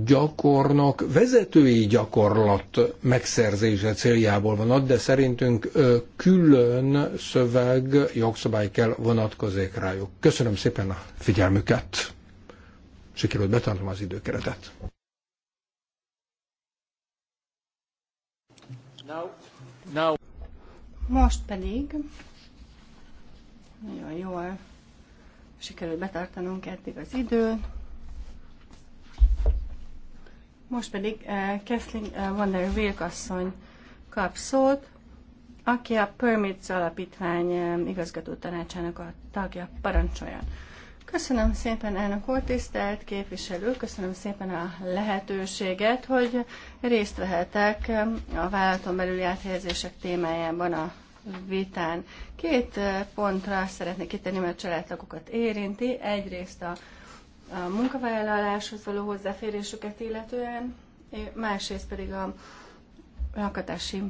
gyakornok vezetői gyakorlat megszerzése céljából van ott, de szerintünk külön szöveg, jogszabály kell vonatkozik rájuk. Köszönöm szépen a figyelmüket. Sikerült betartom az időkeretet. Now, Most pedig nagyon jól sikerült betartanunk eddig az időt. Most pedig uh, Kathleen uh, eh, Wonder Wilk asszony kap szót, aki a Permits Alapítvány uh, igazgató tanácsának a tagja. parancsolja. Köszönöm szépen, elnök úr, tisztelt képviselő, köszönöm szépen a lehetőséget, hogy részt vehetek a vállalaton belüli áthelyezések témájában a vitán. Két eh, pontra szeretnék kitenni, mert a családtagokat érinti. Egyrészt a, a munkavállaláshoz való hozzáférésüket illetően, másrészt pedig a lakatási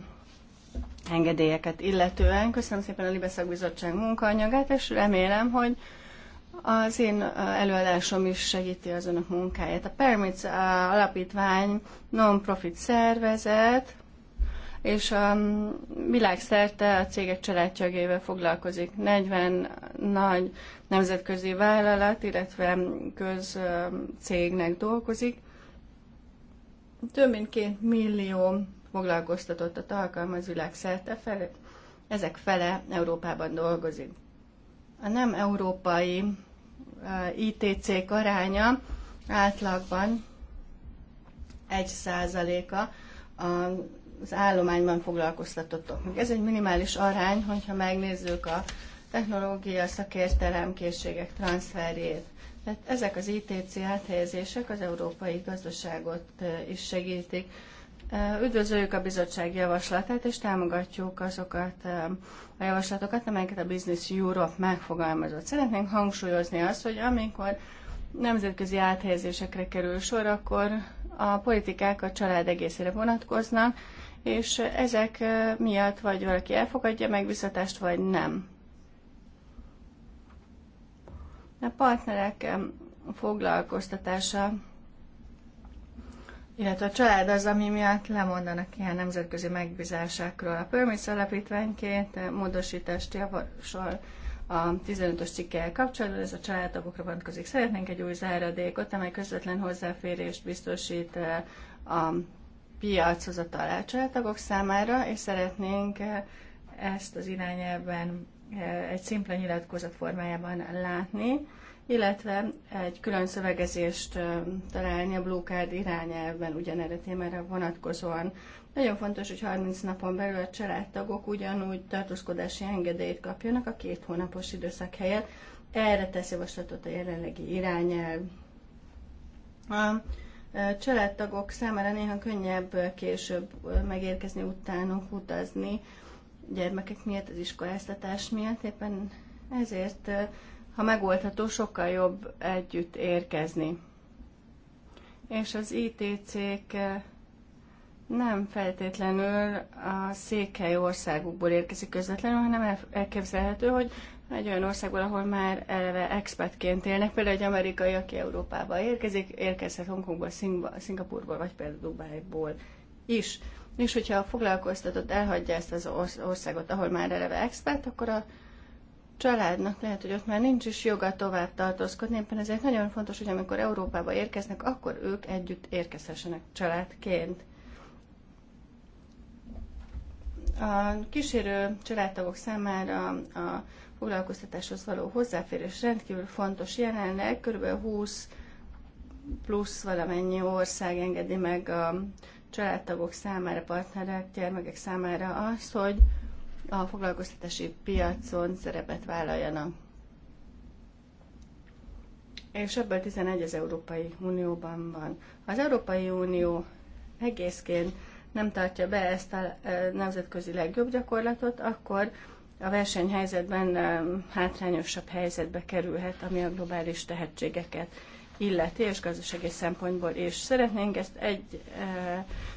engedélyeket illetően. Köszönöm szépen a Libeszak Bizottság munkaanyagát, és remélem, hogy az én eh, előadásom is segíti az önök munkáját. A Permits eh, Alapítvány non-profit szervezet, és a világszerte a cégek családjogével foglalkozik. 40 nagy nemzetközi vállalat, illetve közcégnek dolgozik. Több mint két millió foglalkoztatottat alkalmaz világszerte, felé. ezek fele Európában dolgozik. A nem európai ITC aránya átlagban egy százaléka a az állományban foglalkoztatottaknak. Ez egy minimális arány, hogyha megnézzük a technológia, szakértelem, készségek transferjét. Tehát ezek az ITC áthelyezések az európai gazdaságot is segítik. Üdvözöljük a bizottság javaslatát, és támogatjuk azokat a javaslatokat, amelyeket a Business Europe megfogalmazott. Szeretnénk hangsúlyozni azt, hogy amikor nemzetközi áthelyezésekre kerül sor, akkor a politikák a család egészére vonatkoznak, és ezek miatt vagy valaki elfogadja megbízatást, vagy nem. A partnerek foglalkoztatása, illetve a család az, ami miatt lemondanak ilyen nemzetközi megbízásákról. A Pörmész alapítványként módosítást javasol a 15-ös cikkel kapcsolatban, ez a családtagokra vonatkozik. Szeretnénk egy új záradékot, amely közvetlen hozzáférést biztosít a piachoz a családtagok számára, és szeretnénk eh, ezt az irányelben eh, egy szimpla nyilatkozat formájában látni, illetve egy külön szövegezést eh, találni a Blue Card irányelben ugyanerre témára vonatkozóan. Nagyon fontos, hogy 30 napon belül a családtagok ugyanúgy tartózkodási engedélyt kapjanak a két hónapos időszak helyett. Erre tesz javaslatot a jelenlegi irányelv családtagok számára néha könnyebb később megérkezni utánuk, utazni gyermekek miatt, az iskoláztatás miatt. Éppen ezért, eh, ha megoldható, sokkal jobb együtt érkezni. És az ITC-k eh, nem feltétlenül a székhely országukból érkezik közvetlenül, hanem elképzelhető, hogy egy olyan országból, ahol már eleve expertként élnek, például egy amerikai, aki Európába érkezik, érkezhet Hongkongból, Szingapurból, vagy például Dubájból is. És hogyha a foglalkoztatott elhagyja ezt az országot, ahol már eleve expert, akkor a családnak lehet, hogy ott már nincs is joga tovább tartózkodni, éppen ezért nagyon fontos, hogy amikor Európába érkeznek, akkor ők együtt érkezhessenek családként. A kísérő családtagok számára a foglalkoztatáshoz való hozzáférés rendkívül fontos. Jelenleg kb. 20 plusz valamennyi ország engedi meg a családtagok számára, partnerek, gyermekek számára az, hogy a foglalkoztatási piacon szerepet vállaljanak. És ebből 11 az Európai Unióban van. az Európai Unió egészként nem tartja be ezt a eh, nemzetközi legjobb gyakorlatot, akkor a versenyhelyzetben hátrányosabb helyzetbe kerülhet, ami a globális tehetségeket illeti, és gazdasági szempontból is. Szeretnénk ezt e,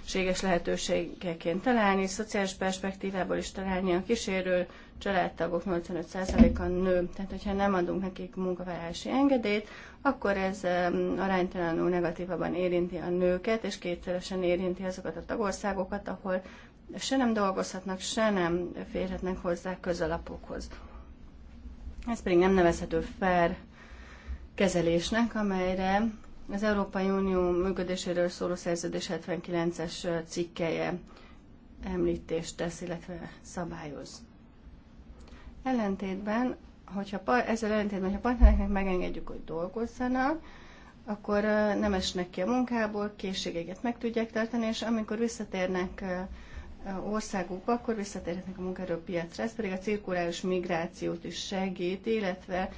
egységes lehetőségeként találni, szociális perspektívából is találni a kísérő családtagok 85%-a nő. Tehát, hogyha nem adunk nekik munkavállalási engedélyt, akkor ez aránytalanul negatívabban érinti a nőket, és kétszeresen érinti azokat a tagországokat, ahol se nem dolgozhatnak, se nem férhetnek hozzá közalapokhoz. Ez pedig nem nevezhető fair kezelésnek, amelyre az Európai Unió működéséről szóló szerződés 79-es cikkeje említést tesz, illetve szabályoz. Ellentétben, hogyha, ezzel ellentétben, hogyha a partnereknek megengedjük, hogy dolgozzanak, akkor nem esnek ki a munkából, készségeket meg tudják tartani, és amikor visszatérnek országukba, akkor visszatérhetnek a munkaerőpiacra. Ez pedig a cirkuláris migrációt is segít, illetve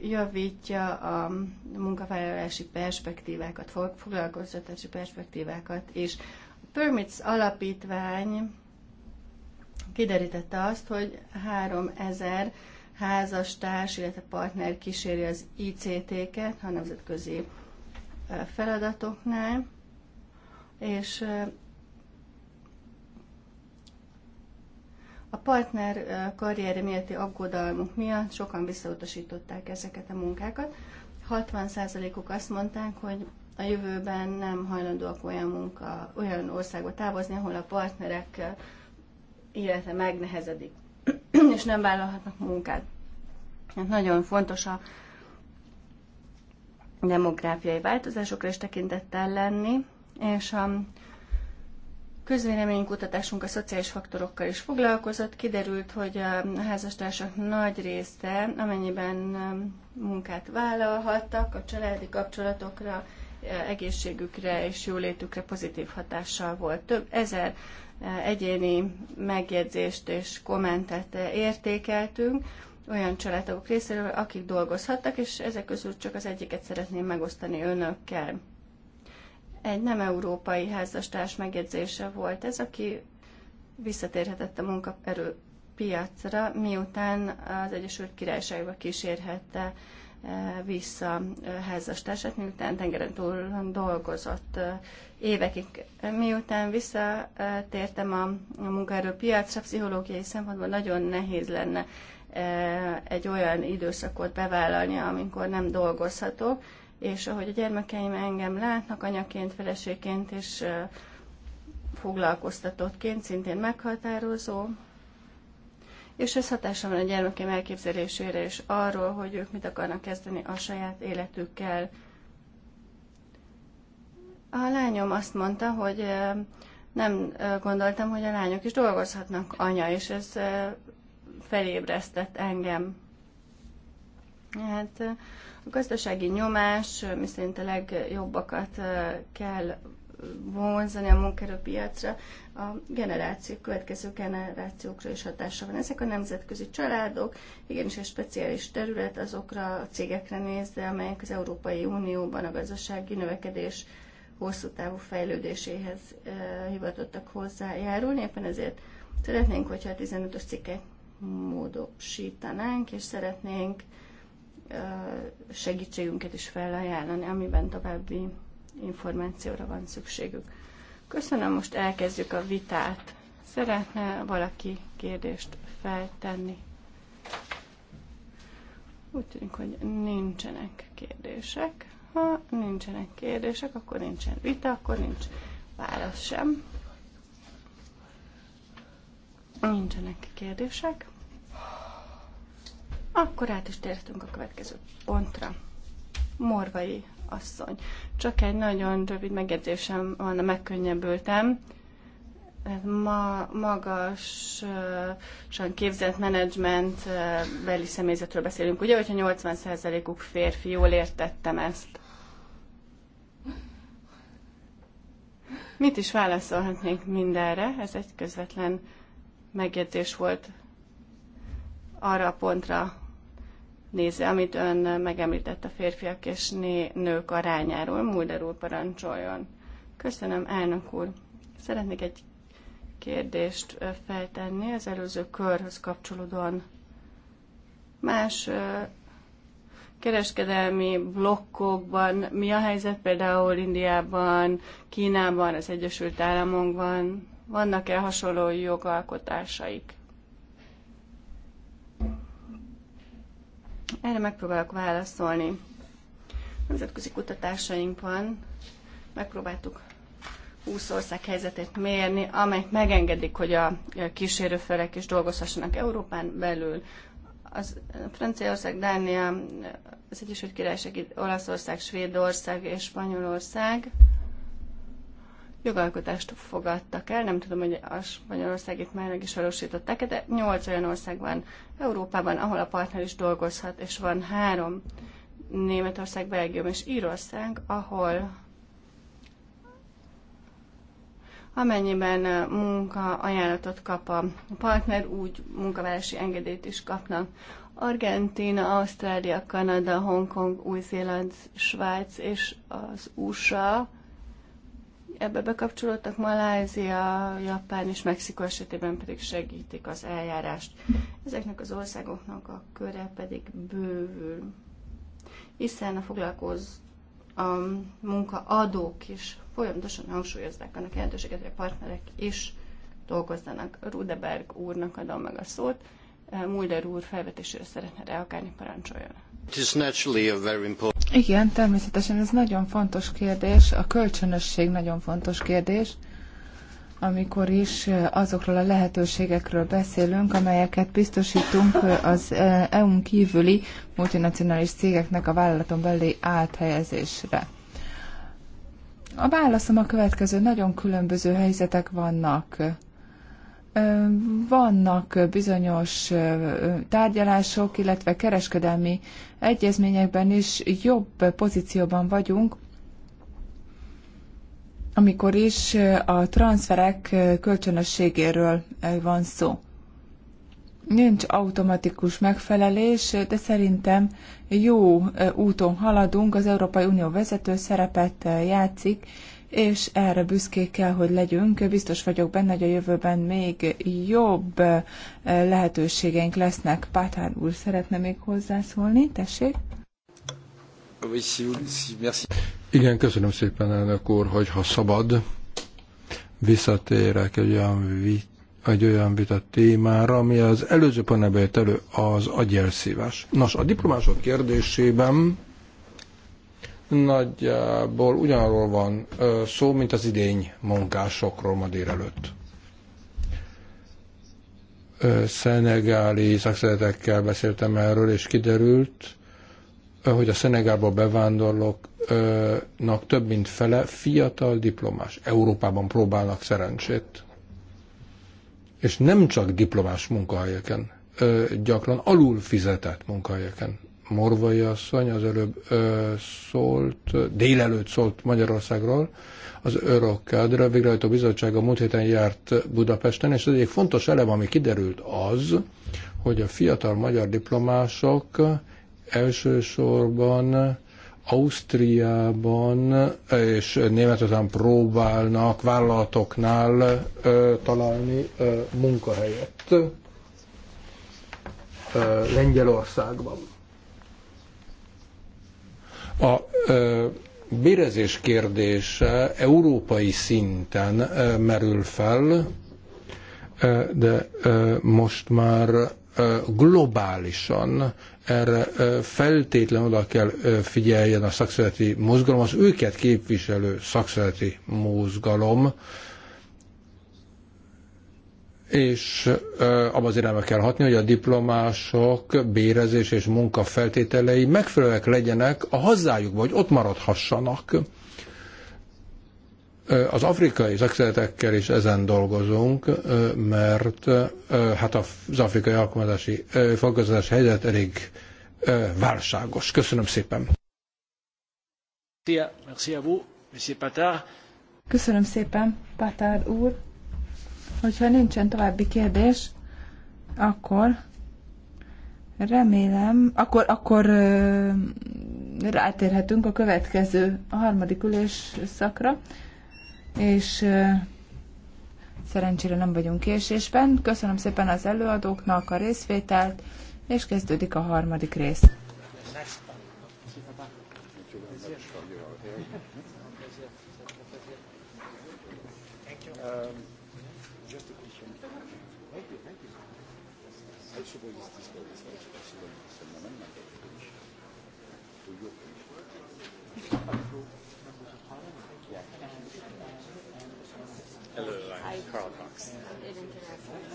javítja a munkavállalási perspektívákat, foglalkoztatási perspektívákat, és a Permits alapítvány kiderítette azt, hogy 3000 házastárs, illetve partner kíséri az ICT-ket a nemzetközi feladatoknál, és A partner karrier miatti aggodalmuk miatt sokan visszautasították ezeket a munkákat. 60%-uk azt mondták, hogy a jövőben nem hajlandóak olyan, munka, olyan országba távozni, ahol a partnerek élete megnehezedik, *clears throat* és nem vállalhatnak munkát. Hát nagyon fontos a demográfiai változásokra is tekintettel lenni, és a Közvéleménykutatásunk a szociális faktorokkal is foglalkozott. Kiderült, hogy a házastársak nagy része, amennyiben um, munkát vállalhattak, a családi kapcsolatokra, e, egészségükre és jólétükre pozitív hatással volt. Több ezer e, egyéni megjegyzést és kommentet e, értékeltünk olyan családtagok részéről, akik dolgozhattak, és ezek közül csak az egyiket szeretném megosztani önökkel egy nem európai házastárs megjegyzése volt ez, aki visszatérhetett a munkaerő piacra, miután az Egyesült Királyságba kísérhette eh, vissza eh, házastársát, miután tengeren túl dolgozott eh, évekig. Miután visszatértem a munkaerőpiacra, pszichológiai szempontból nagyon nehéz lenne egy olyan időszakot bevállalni, amikor nem dolgozhatok, és ahogy a gyermekeim engem látnak, anyaként, feleségként és foglalkoztatottként, szintén meghatározó, és ez hatása van a gyermekeim elképzelésére és arról, hogy ők mit akarnak kezdeni a saját életükkel. A lányom azt mondta, hogy nem gondoltam, hogy a lányok is dolgozhatnak anya, és ez felébresztett engem. Hát a gazdasági nyomás, miszerint a legjobbakat kell vonzani a munkerőpiacra, a generációk, következő generációkra is hatása van. Ezek a nemzetközi családok, igenis egy speciális terület azokra a cégekre nézve, amelyek az Európai Unióban a gazdasági növekedés hosszú távú fejlődéséhez hivatottak hozzájárulni. Éppen ezért szeretnénk, hogyha a 15-ös cikket módosítanánk, és szeretnénk segítségünket is felajánlani, amiben további információra van szükségük. Köszönöm, most elkezdjük a vitát. Szeretne valaki kérdést feltenni? Úgy tűnik, hogy nincsenek kérdések. Ha nincsenek kérdések, akkor nincsen vita, akkor nincs válasz sem. Nincsenek kérdések. Akkor át is tértünk a következő pontra. Morvai asszony. Csak egy nagyon rövid megjegyzésem van, megkönnyebbültem. Ma, magasan képzett menedzsment eh, beli személyzetről beszélünk, ugye, hogyha 80%-uk férfi, jól értettem ezt. Mit is válaszolhatnék mindenre? Ez egy közvetlen megjegyzés volt arra a pontra, nézi, amit ön megemlített a férfiak és né- nők arányáról. Mulder úr parancsoljon. Köszönöm, elnök úr. Szeretnék egy kérdést feltenni az előző körhöz kapcsolódóan. Más kereskedelmi blokkokban mi a helyzet például Indiában, Kínában, az Egyesült Államokban? Vannak-e hasonló jogalkotásaik? Erre megpróbálok válaszolni. Nemzetközi kutatásainkban megpróbáltuk 20 ország helyzetét mérni, amely megengedik, hogy a kísérőfelek is dolgozhassanak Európán belül. Az Franciaország, Dánia, az Egyesült Királyság, Olaszország, Svédország és Spanyolország jogalkotást fogadtak el. Nem tudom, hogy a Magyarország itt már meg is valósították de nyolc olyan ország van Európában, ahol a partner is dolgozhat, és van három Németország, Belgium és Írország, ahol amennyiben munka ajánlatot kap a partner, úgy munkavállalási engedélyt is kapnak. Argentina, Ausztrália, Kanada, Hongkong, Új-Zéland, Svájc és az USA ebbe bekapcsolódtak, Malázia, Japán és Mexikó esetében pedig segítik az eljárást. Ezeknek az országoknak a köre pedig bővül, hiszen a foglalkoz a munkaadók is folyamatosan hangsúlyozzák annak jelentőséget, hogy a partnerek is dolgozzanak. Rudeberg úrnak adom meg a szót, Mulder úr felvetésére szeretne reagálni, parancsoljon. Igen, természetesen ez nagyon fontos kérdés, a kölcsönösség nagyon fontos kérdés, amikor is azokról a lehetőségekről beszélünk, amelyeket biztosítunk az EU-n kívüli multinacionális cégeknek a vállalaton belüli áthelyezésre. A válaszom a következő, nagyon különböző helyzetek vannak vannak bizonyos tárgyalások, illetve kereskedelmi egyezményekben is jobb pozícióban vagyunk, amikor is a transferek kölcsönösségéről van szó. Nincs automatikus megfelelés, de szerintem jó úton haladunk, az Európai Unió vezető szerepet játszik, és erre büszkék kell, hogy legyünk. Biztos vagyok benne, hogy a jövőben még jobb eh, lehetőségeink lesznek. Pátán úr szeretne még hozzászólni, tessék. Igen, köszönöm szépen, elnök úr, hogy ha szabad, visszatérek egy olyan, vit, egy olyan vita témára, ami az előző panelbe elő, az agyelszívás. Nos, a diplomások kérdésében Nagyjából ugyanarról van szó, mint az idény munkásokról ma délelőtt. Szenegáli szakszeretekkel beszéltem erről, és kiderült, hogy a Szenegálból bevándorlóknak több mint fele fiatal diplomás. Európában próbálnak szerencsét. És nem csak diplomás munkahelyeken, gyakran alul fizetett munkahelyeken Morvai asszony az előbb ö, szólt, délelőtt szólt Magyarországról, az Eurocadre végrehajtó bizottság a múlt héten járt Budapesten, és az egyik fontos elem, ami kiderült az, hogy a fiatal magyar diplomások elsősorban Ausztriában és Németországban próbálnak vállalatoknál ö, találni ö, munkahelyet Lengyelországban. A bérezés kérdése európai szinten merül fel, de most már globálisan erre feltétlenül oda kell figyeljen a szakszereti mozgalom, az őket képviselő szakszereti mozgalom, és abban az irányba kell hatni, hogy a diplomások bérezés és munkafeltételei megfelelőek legyenek a hazájukba, hogy ott maradhassanak. Az afrikai szakszeretekkel is ezen dolgozunk, mert hát az afrikai alkalmazási foglalkozás helyzet elég válságos. Köszönöm szépen. Köszönöm szépen, Patár úr. Hogyha nincsen további kérdés, akkor remélem, akkor, akkor rátérhetünk a következő, a harmadik ülés szakra, és szerencsére nem vagyunk késésben. Köszönöm szépen az előadóknak a részvételt, és kezdődik a harmadik rész.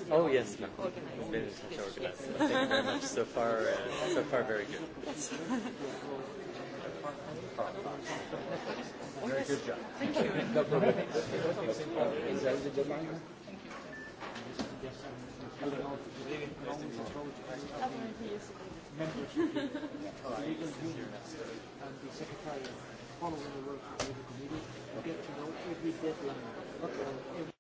Oh yes, organized. Been such organized. Thank you very much. So far, uh, so far, very good. Yes. Very good job. Thank you. No problem. following the work of the committee get to know every deadline.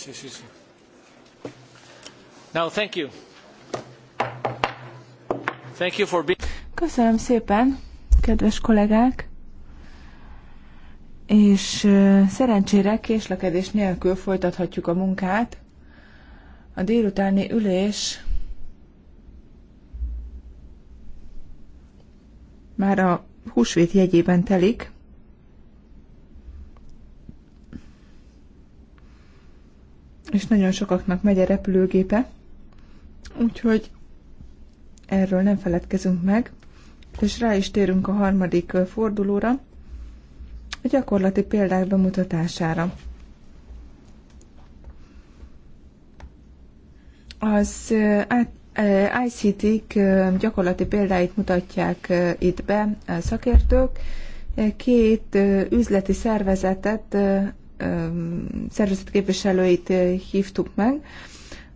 Sí, sí, sí. Now, thank you. Thank you for being... Köszönöm szépen, kedves kollégák! És szerencsére késlekedés nélkül folytathatjuk a munkát. A délutáni ülés már a húsvét jegyében telik, és nagyon sokaknak megy a repülőgépe, úgyhogy erről nem feledkezünk meg, és rá is térünk a harmadik fordulóra, a gyakorlati példák bemutatására. Az ICT-k gyakorlati példáit mutatják itt be a szakértők. Két üzleti szervezetet szervezet képviselőit hívtuk meg.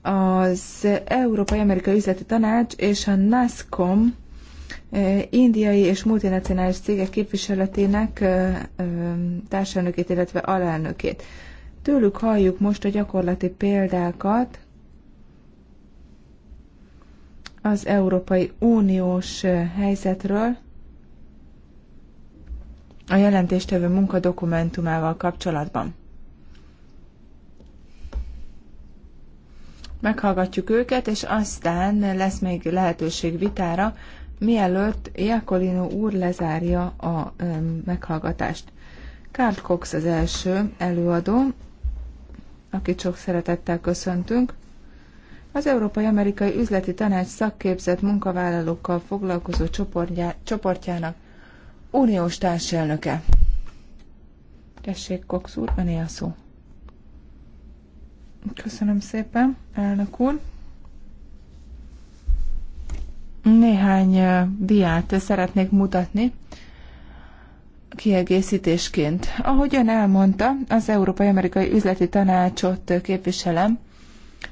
Az Európai Amerikai Üzleti Tanács és a NASCOM indiai és multinacionális cégek képviseletének társelnökét, illetve alelnökét. Tőlük halljuk most a gyakorlati példákat az Európai Uniós helyzetről, a jelentéstevő dokumentumával kapcsolatban. Meghallgatjuk őket, és aztán lesz még lehetőség vitára, mielőtt Jakolino úr lezárja a meghallgatást. Carl Cox az első előadó, akit sok szeretettel köszöntünk. Az Európai Amerikai Üzleti Tanács szakképzett munkavállalókkal foglalkozó csoportjának uniós társelnöke. Tessék, Cox úr, öné a szó. Köszönöm szépen, elnök úr. Néhány diát szeretnék mutatni kiegészítésként. Ahogy ön elmondta, az Európai-Amerikai Üzleti Tanácsot képviselem.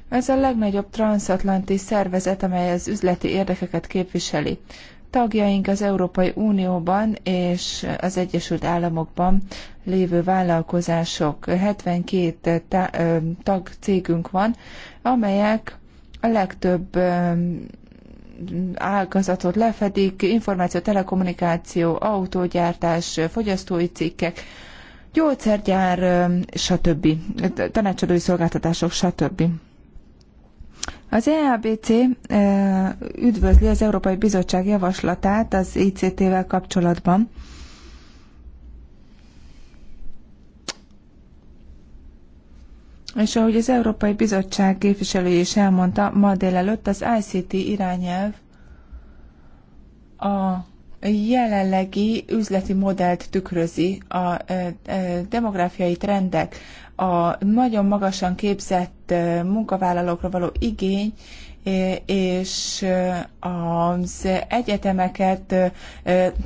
Ez a legnagyobb transatlanti szervezet, amely az üzleti érdekeket képviseli tagjaink az Európai Unióban és az Egyesült Államokban lévő vállalkozások. 72 tag cégünk van, amelyek a legtöbb ágazatot lefedik, információ, telekommunikáció, autógyártás, fogyasztói cikkek, gyógyszergyár, stb. tanácsadói szolgáltatások, stb. Az EABC üdvözli az Európai Bizottság javaslatát az ICT-vel kapcsolatban. És ahogy az Európai Bizottság képviselője is elmondta, ma délelőtt az ICT irányelv a jelenlegi üzleti modellt tükrözi a demográfiai trendek, a nagyon magasan képzett munkavállalókra való igény, és az egyetemeket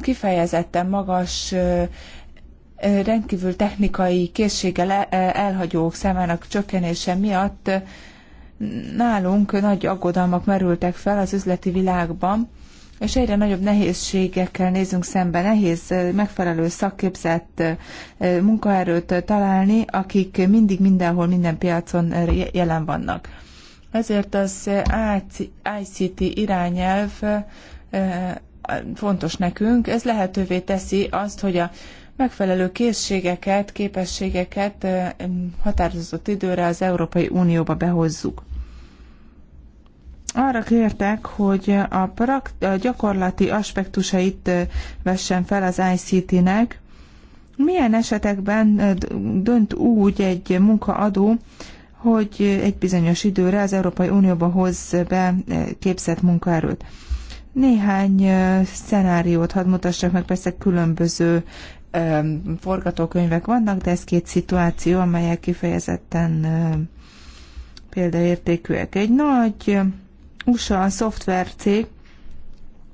kifejezetten magas rendkívül technikai készséggel elhagyók számának csökkenése miatt nálunk nagy aggodalmak merültek fel az üzleti világban, és egyre nagyobb nehézségekkel nézünk szembe. Nehéz megfelelő szakképzett munkaerőt találni, akik mindig mindenhol, minden piacon jelen vannak. Ezért az ICT irányelv fontos nekünk. Ez lehetővé teszi azt, hogy a megfelelő készségeket, képességeket határozott időre az Európai Unióba behozzuk arra kértek, hogy a, prakt, a gyakorlati aspektusait vessen fel az ICT-nek. Milyen esetekben dönt úgy egy munkaadó, hogy egy bizonyos időre az Európai Unióba hoz be képzett munkaerőt? Néhány szenáriót hadd mutassak meg, persze különböző forgatókönyvek vannak, de ez két szituáció, amelyek kifejezetten példaértékűek. Egy nagy USA szoftvercég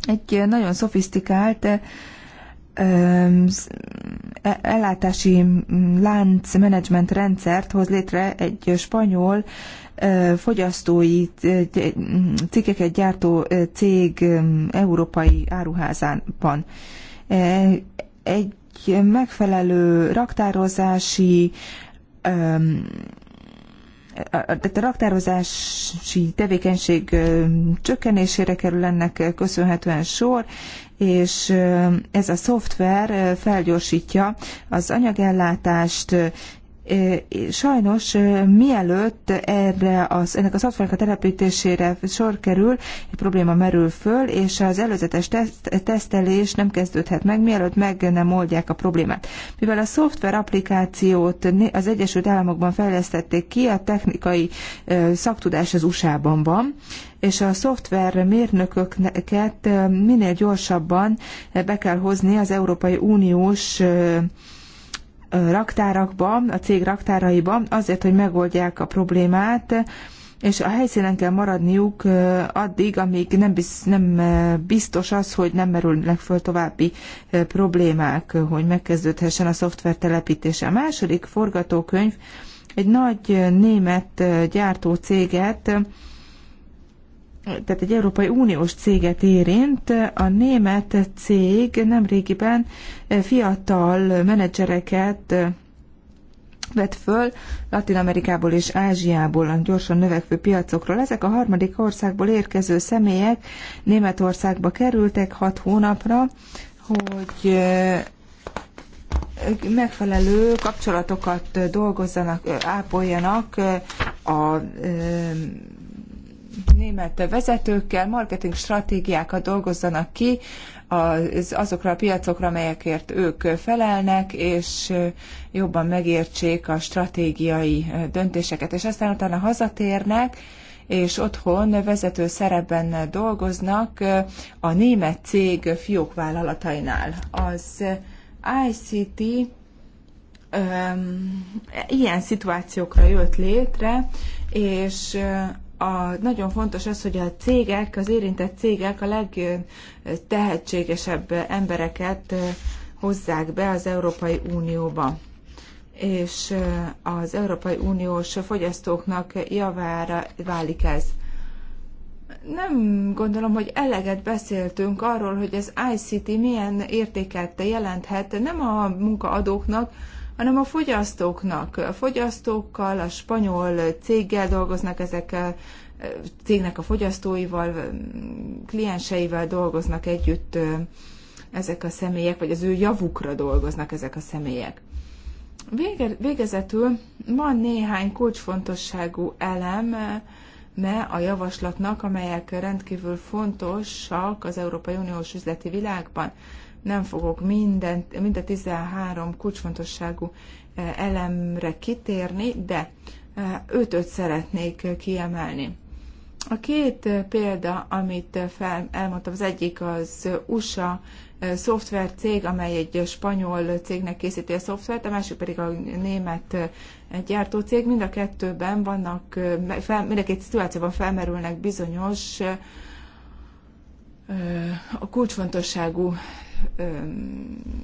egy nagyon szofisztikált e, ellátási lánc menedzsment rendszert hoz létre egy spanyol fogyasztói cikkeket gyártó cég európai áruházában. E, egy megfelelő raktározási a raktározási tevékenység csökkenésére kerül ennek köszönhetően sor, és ez a szoftver felgyorsítja az anyagellátást, Sajnos mielőtt erre az, ennek a szoftvernek a telepítésére sor kerül, egy probléma merül föl, és az előzetes teszt, tesztelés nem kezdődhet meg, mielőtt meg nem oldják a problémát. Mivel a szoftver applikációt az Egyesült Államokban fejlesztették ki, a technikai szaktudás az USA-ban van, és a szoftver mérnököket minél gyorsabban be kell hozni az Európai Uniós raktárakban, a cég raktáraiban, azért, hogy megoldják a problémát, és a helyszínen kell maradniuk addig, amíg nem, biz, nem biztos az, hogy nem merülnek föl további problémák, hogy megkezdődhessen a szoftver telepítése. A második forgatókönyv egy nagy német gyártó céget tehát egy Európai Uniós céget érint. A német cég nemrégiben eh, fiatal menedzsereket eh, vett föl Latin Amerikából és Ázsiából, a gyorsan növekvő piacokról. Ezek a harmadik országból érkező személyek Németországba kerültek hat hónapra, hogy eh, megfelelő kapcsolatokat dolgozzanak, ápoljanak a német vezetőkkel marketing stratégiákat dolgozzanak ki az, azokra a piacokra, amelyekért ők felelnek, és jobban megértsék a stratégiai döntéseket, és aztán utána hazatérnek, és otthon vezető szerepben dolgoznak a német cég fiókvállalatainál. Az ICT ilyen szituációkra jött létre, és a, nagyon fontos az, hogy a cégek, az érintett cégek a legtehetségesebb embereket hozzák be az Európai Unióba és az Európai Uniós fogyasztóknak javára válik ez. Nem gondolom, hogy eleget beszéltünk arról, hogy az ICT milyen értéket jelenthet nem a munkaadóknak, hanem a fogyasztóknak. A fogyasztókkal, a spanyol céggel dolgoznak ezekkel, cégnek a fogyasztóival, klienseivel dolgoznak együtt ezek a személyek, vagy az ő javukra dolgoznak ezek a személyek. Vége, végezetül van néhány kulcsfontosságú elem me a javaslatnak, amelyek rendkívül fontosak az Európai Uniós üzleti világban nem fogok minden, mind a 13 kulcsfontosságú eh, elemre kitérni, de ötöt eh, szeretnék kiemelni. A két eh, példa, amit fel, elmondtam, az egyik az USA szoftvercég, amely egy spanyol cégnek készíti a szoftvert, a másik pedig a német gyártócég. Mind a kettőben vannak, fel, mind a két szituációban felmerülnek bizonyos a kulcsfontosságú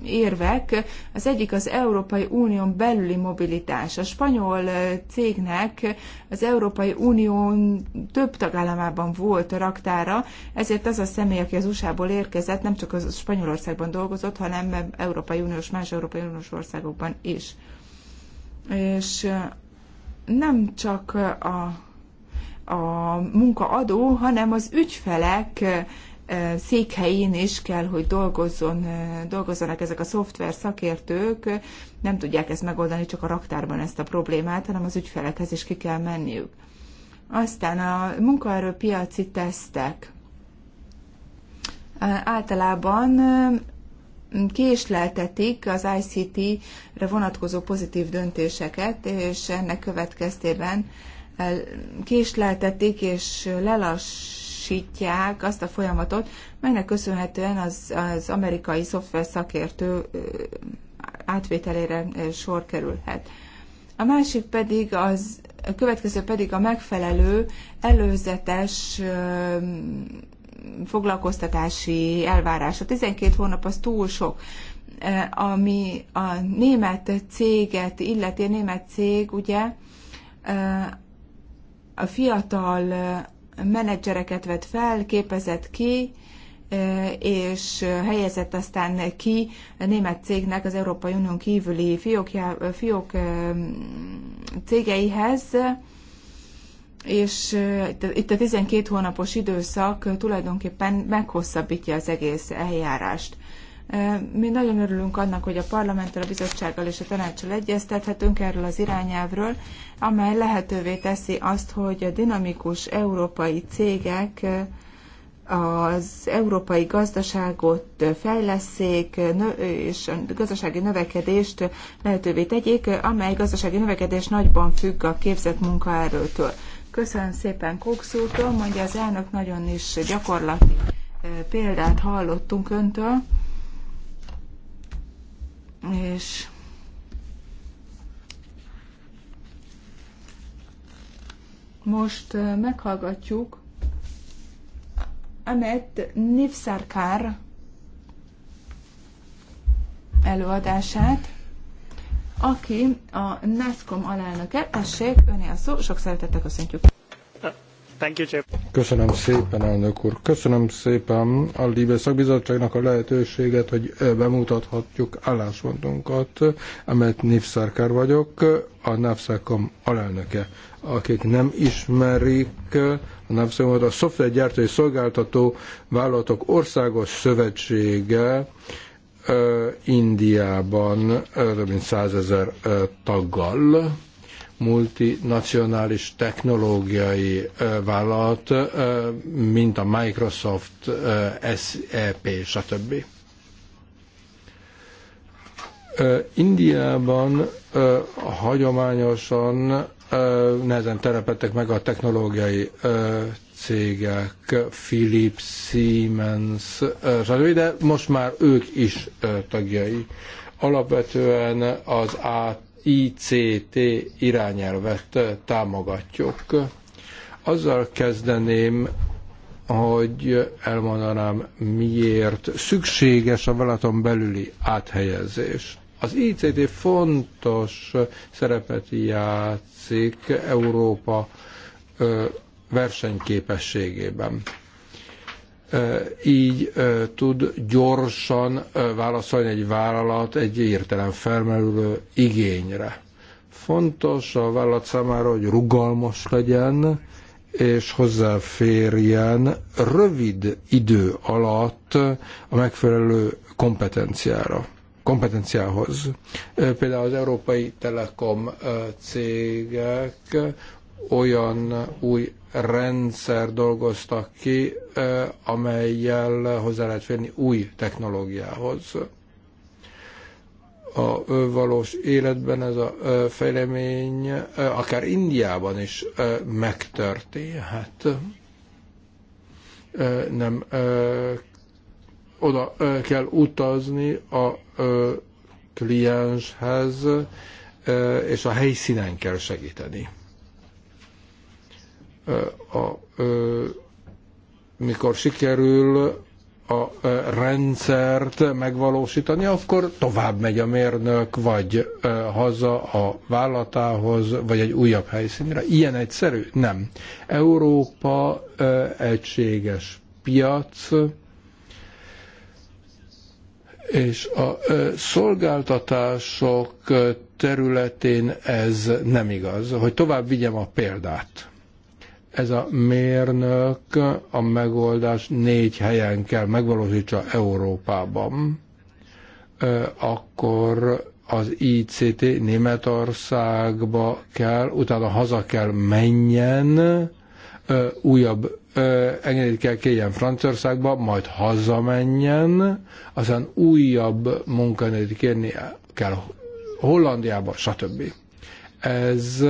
érvek. Az egyik az Európai Unión belüli mobilitás. A spanyol cégnek az Európai Unión több tagállamában volt a raktára, ezért az a személy, aki az USA-ból érkezett, nem csak az Spanyolországban dolgozott, hanem Európai Uniós, más Európai Uniós országokban is. És nem csak a a munkaadó, hanem az ügyfelek székhelyén is kell, hogy dolgozzon, dolgozzanak ezek a szoftver szakértők, nem tudják ezt megoldani csak a raktárban ezt a problémát, hanem az ügyfelekhez is ki kell menniük. Aztán a munkaerőpiaci tesztek. Általában késleltetik az ICT-re vonatkozó pozitív döntéseket, és ennek következtében késleltetik és lelass gyorsítják azt a folyamatot, melynek köszönhetően az, az amerikai szoftver szakértő átvételére sor kerülhet. A másik pedig az, a következő pedig a megfelelő előzetes foglalkoztatási elvárás. A 12 hónap az túl sok ami a német céget illeti, a német cég ugye a fiatal menedzsereket vett fel, képezett ki, és helyezett aztán ki a német cégnek az Európai Unión kívüli fiókjá, fiók cégeihez, és itt a 12 hónapos időszak tulajdonképpen meghosszabbítja az egész eljárást. Mi nagyon örülünk annak, hogy a parlamenttel, a bizottsággal és a tanácssal egyeztethetünk erről az irányelvről, amely lehetővé teszi azt, hogy a dinamikus európai cégek az európai gazdaságot fejleszék, és a gazdasági növekedést lehetővé tegyék, amely gazdasági növekedés nagyban függ a képzett munkaerőtől. Köszönöm szépen Cox úrtól, mondja az elnök, nagyon is gyakorlati példát hallottunk öntől és most meghallgatjuk Amet Nivsarkar előadását, aki a NASCOM alelnöke. Tessék, öné a szó, sok szeretettel köszöntjük. Köszönöm szépen, elnök úr. Köszönöm szépen a Libe szakbizottságnak a lehetőséget, hogy bemutathatjuk álláspontunkat, amelyet Nivszárkár vagyok, a NAVSZAKOM alelnöke. Akik nem ismerik a NAVSZAKOMot, a szoftvergyártói szolgáltató vállalatok országos szövetsége, Indiában több mint százezer taggal multinacionális technológiai vállalat, mint a Microsoft, SEP, stb. Indiában hagyományosan nehezen telepettek meg a technológiai cégek, Philips, Siemens, stb., de most már ők is tagjai. Alapvetően az át ICT irányelvet támogatjuk. Azzal kezdeném, hogy elmondanám, miért szükséges a Balaton belüli áthelyezés. Az ICT fontos szerepet játszik Európa versenyképességében így tud gyorsan válaszolni egy vállalat egy értelem felmerülő igényre. Fontos a vállalat számára, hogy rugalmas legyen, és hozzáférjen rövid idő alatt a megfelelő kompetenciára kompetenciához. Például az európai telekom cégek olyan új rendszer dolgoztak ki, amelyel hozzá lehet férni új technológiához. A valós életben ez a fejlemény akár Indiában is megtörténhet. Nem oda kell utazni a klienshez, és a helyszínen kell segíteni a, mikor sikerül a rendszert megvalósítani, akkor tovább megy a mérnök, vagy haza a vállatához, vagy egy újabb helyszínre. Ilyen egyszerű? Nem. Európa egységes piac, és a szolgáltatások területén ez nem igaz. Hogy tovább vigyem a példát ez a mérnök a megoldás négy helyen kell megvalósítsa Európában, akkor az ICT Németországba kell, utána haza kell menjen, újabb engedélyt kell kérjen Franciaországba, majd hazamenjen, aztán újabb munkaengedélyt kérni kell Hollandiába, stb. Ez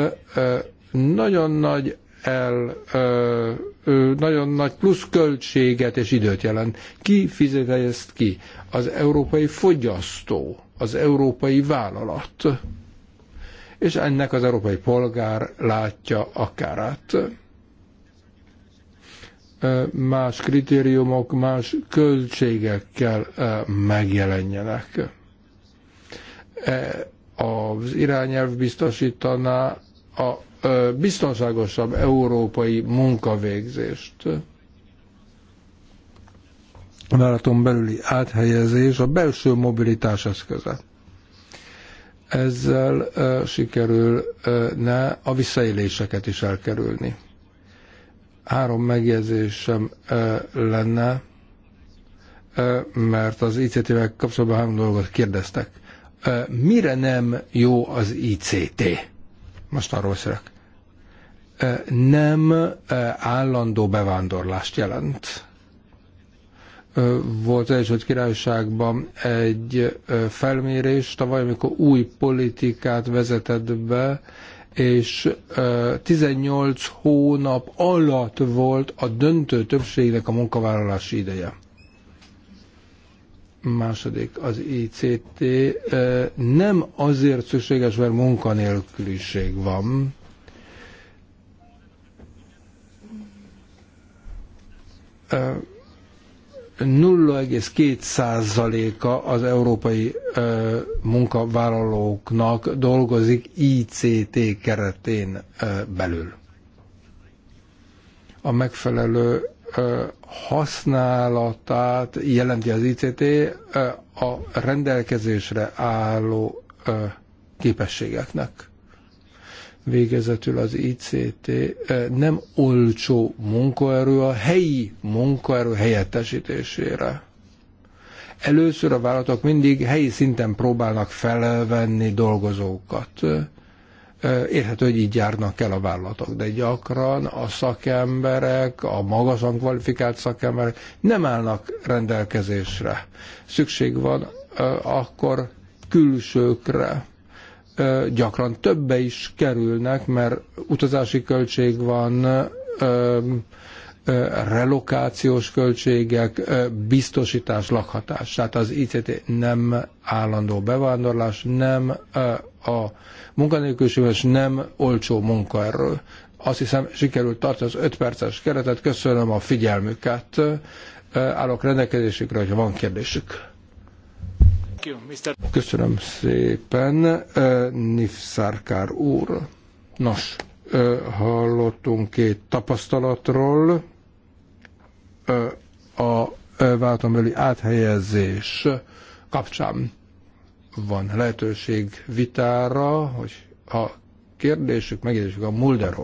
nagyon nagy el ö, ö, nagyon nagy plusz költséget és időt jelent. Ki fizeti ezt ki? Az európai fogyasztó, az európai vállalat. És ennek az európai polgár látja a kárát. Más kritériumok, más költségekkel megjelenjenek. E, az irányelv biztosítaná a biztonságosabb európai munkavégzést. A vállalaton belüli áthelyezés a belső mobilitás eszköze. Ezzel sikerülne a visszaéléseket is elkerülni. Három megjegyzésem lenne, mert az ICT-vel kapcsolatban három dolgot kérdeztek. Mire nem jó az ICT? Most arról szerek nem állandó bevándorlást jelent. Volt az Egyesült Királyságban egy felmérés tavaly, amikor új politikát vezetett be, és 18 hónap alatt volt a döntő többségnek a munkavállalási ideje. Második az ICT. Nem azért szükséges, mert munkanélküliség van, 0,2%-a az európai munkavállalóknak dolgozik ICT keretén belül. A megfelelő használatát jelenti az ICT a rendelkezésre álló képességeknek. Végezetül az ICT eh, nem olcsó munkaerő a helyi munkaerő helyettesítésére. Először a vállalatok mindig helyi szinten próbálnak felvenni dolgozókat. Eh, Érhető, hogy így járnak el a vállalatok, de gyakran a szakemberek, a magasan kvalifikált szakemberek nem állnak rendelkezésre. Szükség van eh, akkor külsőkre gyakran többe is kerülnek, mert utazási költség van, relokációs költségek, biztosítás, lakhatás. Tehát az ICT nem állandó bevándorlás, nem a munkanélküliség, és nem olcsó munkaerő. Azt hiszem, sikerült tartani az 5 perces keretet. Köszönöm a figyelmüket. Állok rendelkezésükre, hogyha van kérdésük. Köszönöm szépen, Nifszárkár úr. Nos, hallottunk két tapasztalatról. A váltombeli áthelyezés kapcsán van lehetőség vitára, hogy a kérdésük, megjegyezzük a Mulder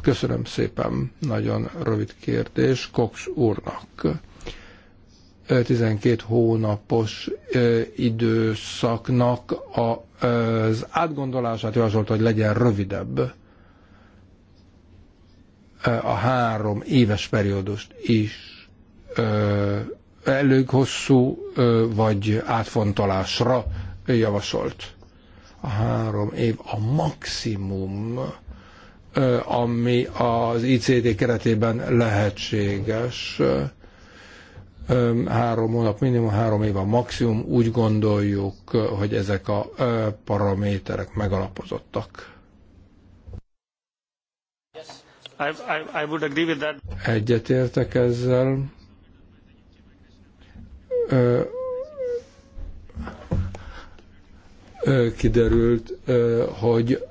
Köszönöm szépen, nagyon rövid kérdés Cox úrnak 12 hónapos időszaknak az átgondolását javasolta, hogy legyen rövidebb a három éves periódust is elég hosszú vagy átfontolásra javasolt. A három év a maximum, ami az ICT keretében lehetséges három hónap, minimum három év a maximum, úgy gondoljuk, hogy ezek a paraméterek megalapozottak. Egyetértek ezzel. kiderült, hogy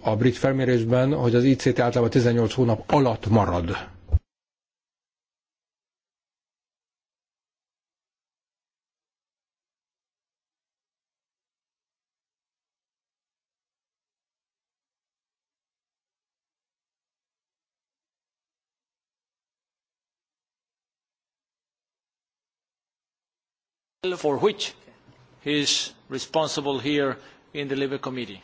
a brit felmérésben, hogy az ICT általában 18 hónap alatt marad for which he is responsible here in the LIBE Committee.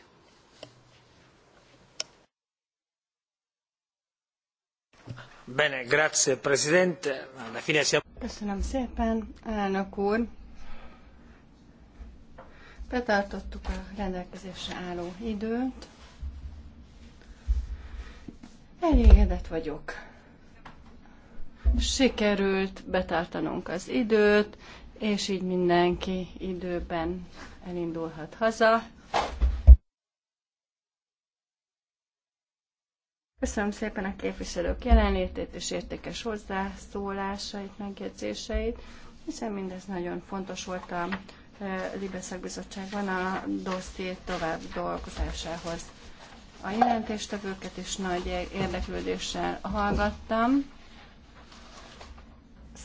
Bene, grazie Presidente. Alla fine siamo... Köszönöm szépen, elnök úr. Betartottuk a rendelkezésre álló időt. Elégedett vagyok. Sikerült betartanunk az időt, és így mindenki időben elindulhat haza. Köszönöm szépen a képviselők jelenlétét és értékes hozzászólásait, megjegyzéseit, hiszen mindez nagyon fontos volt a e, Libe Szakbizottságban a dosszié tovább dolgozásához. A jelentéstevőket is nagy érdeklődéssel hallgattam.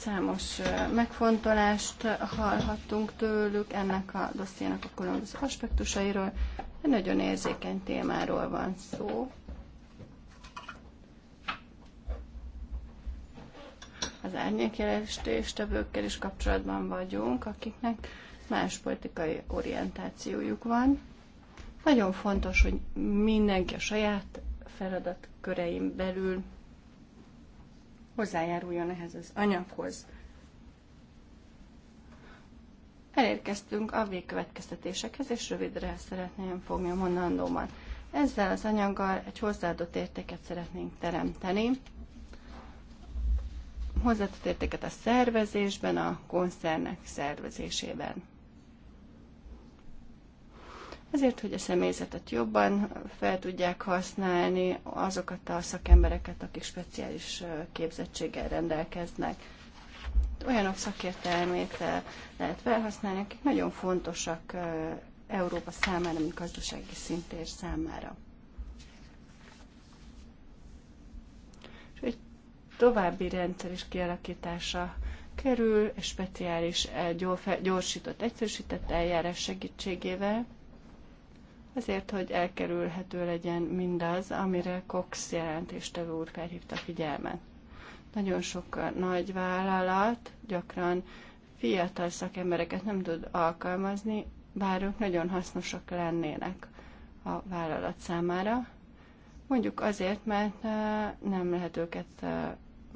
Számos megfontolást hallhattunk tőlük ennek a dossziének a különböző aspektusairól. Egy nagyon érzékeny témáról van szó. Az árnyékjelentéstevőkkel is kapcsolatban vagyunk, akiknek más politikai orientációjuk van. Nagyon fontos, hogy mindenki a saját feladatkörein belül hozzájáruljon ehhez az anyaghoz. Elérkeztünk a végkövetkeztetésekhez, és rövidre szeretném fogni a mondandómat. Ezzel az anyaggal egy hozzáadott értéket szeretnénk teremteni. Hozzáadott értéket a szervezésben, a koncernek szervezésében azért, hogy a személyzetet jobban fel tudják használni azokat a szakembereket, akik speciális képzettséggel rendelkeznek. Olyanok szakértelmét lehet felhasználni, akik nagyon fontosak Európa számára, mint gazdasági szintér számára. És egy további rendszer is kialakítása kerül, egy speciális gyorsított, egyszerűsített eljárás segítségével, azért, hogy elkerülhető legyen mindaz, amire Cox jelentéstevő úr felhívta figyelmet. Nagyon sok nagy vállalat gyakran fiatal szakembereket nem tud alkalmazni, bár ők nagyon hasznosak lennének a vállalat számára. Mondjuk azért, mert nem lehet őket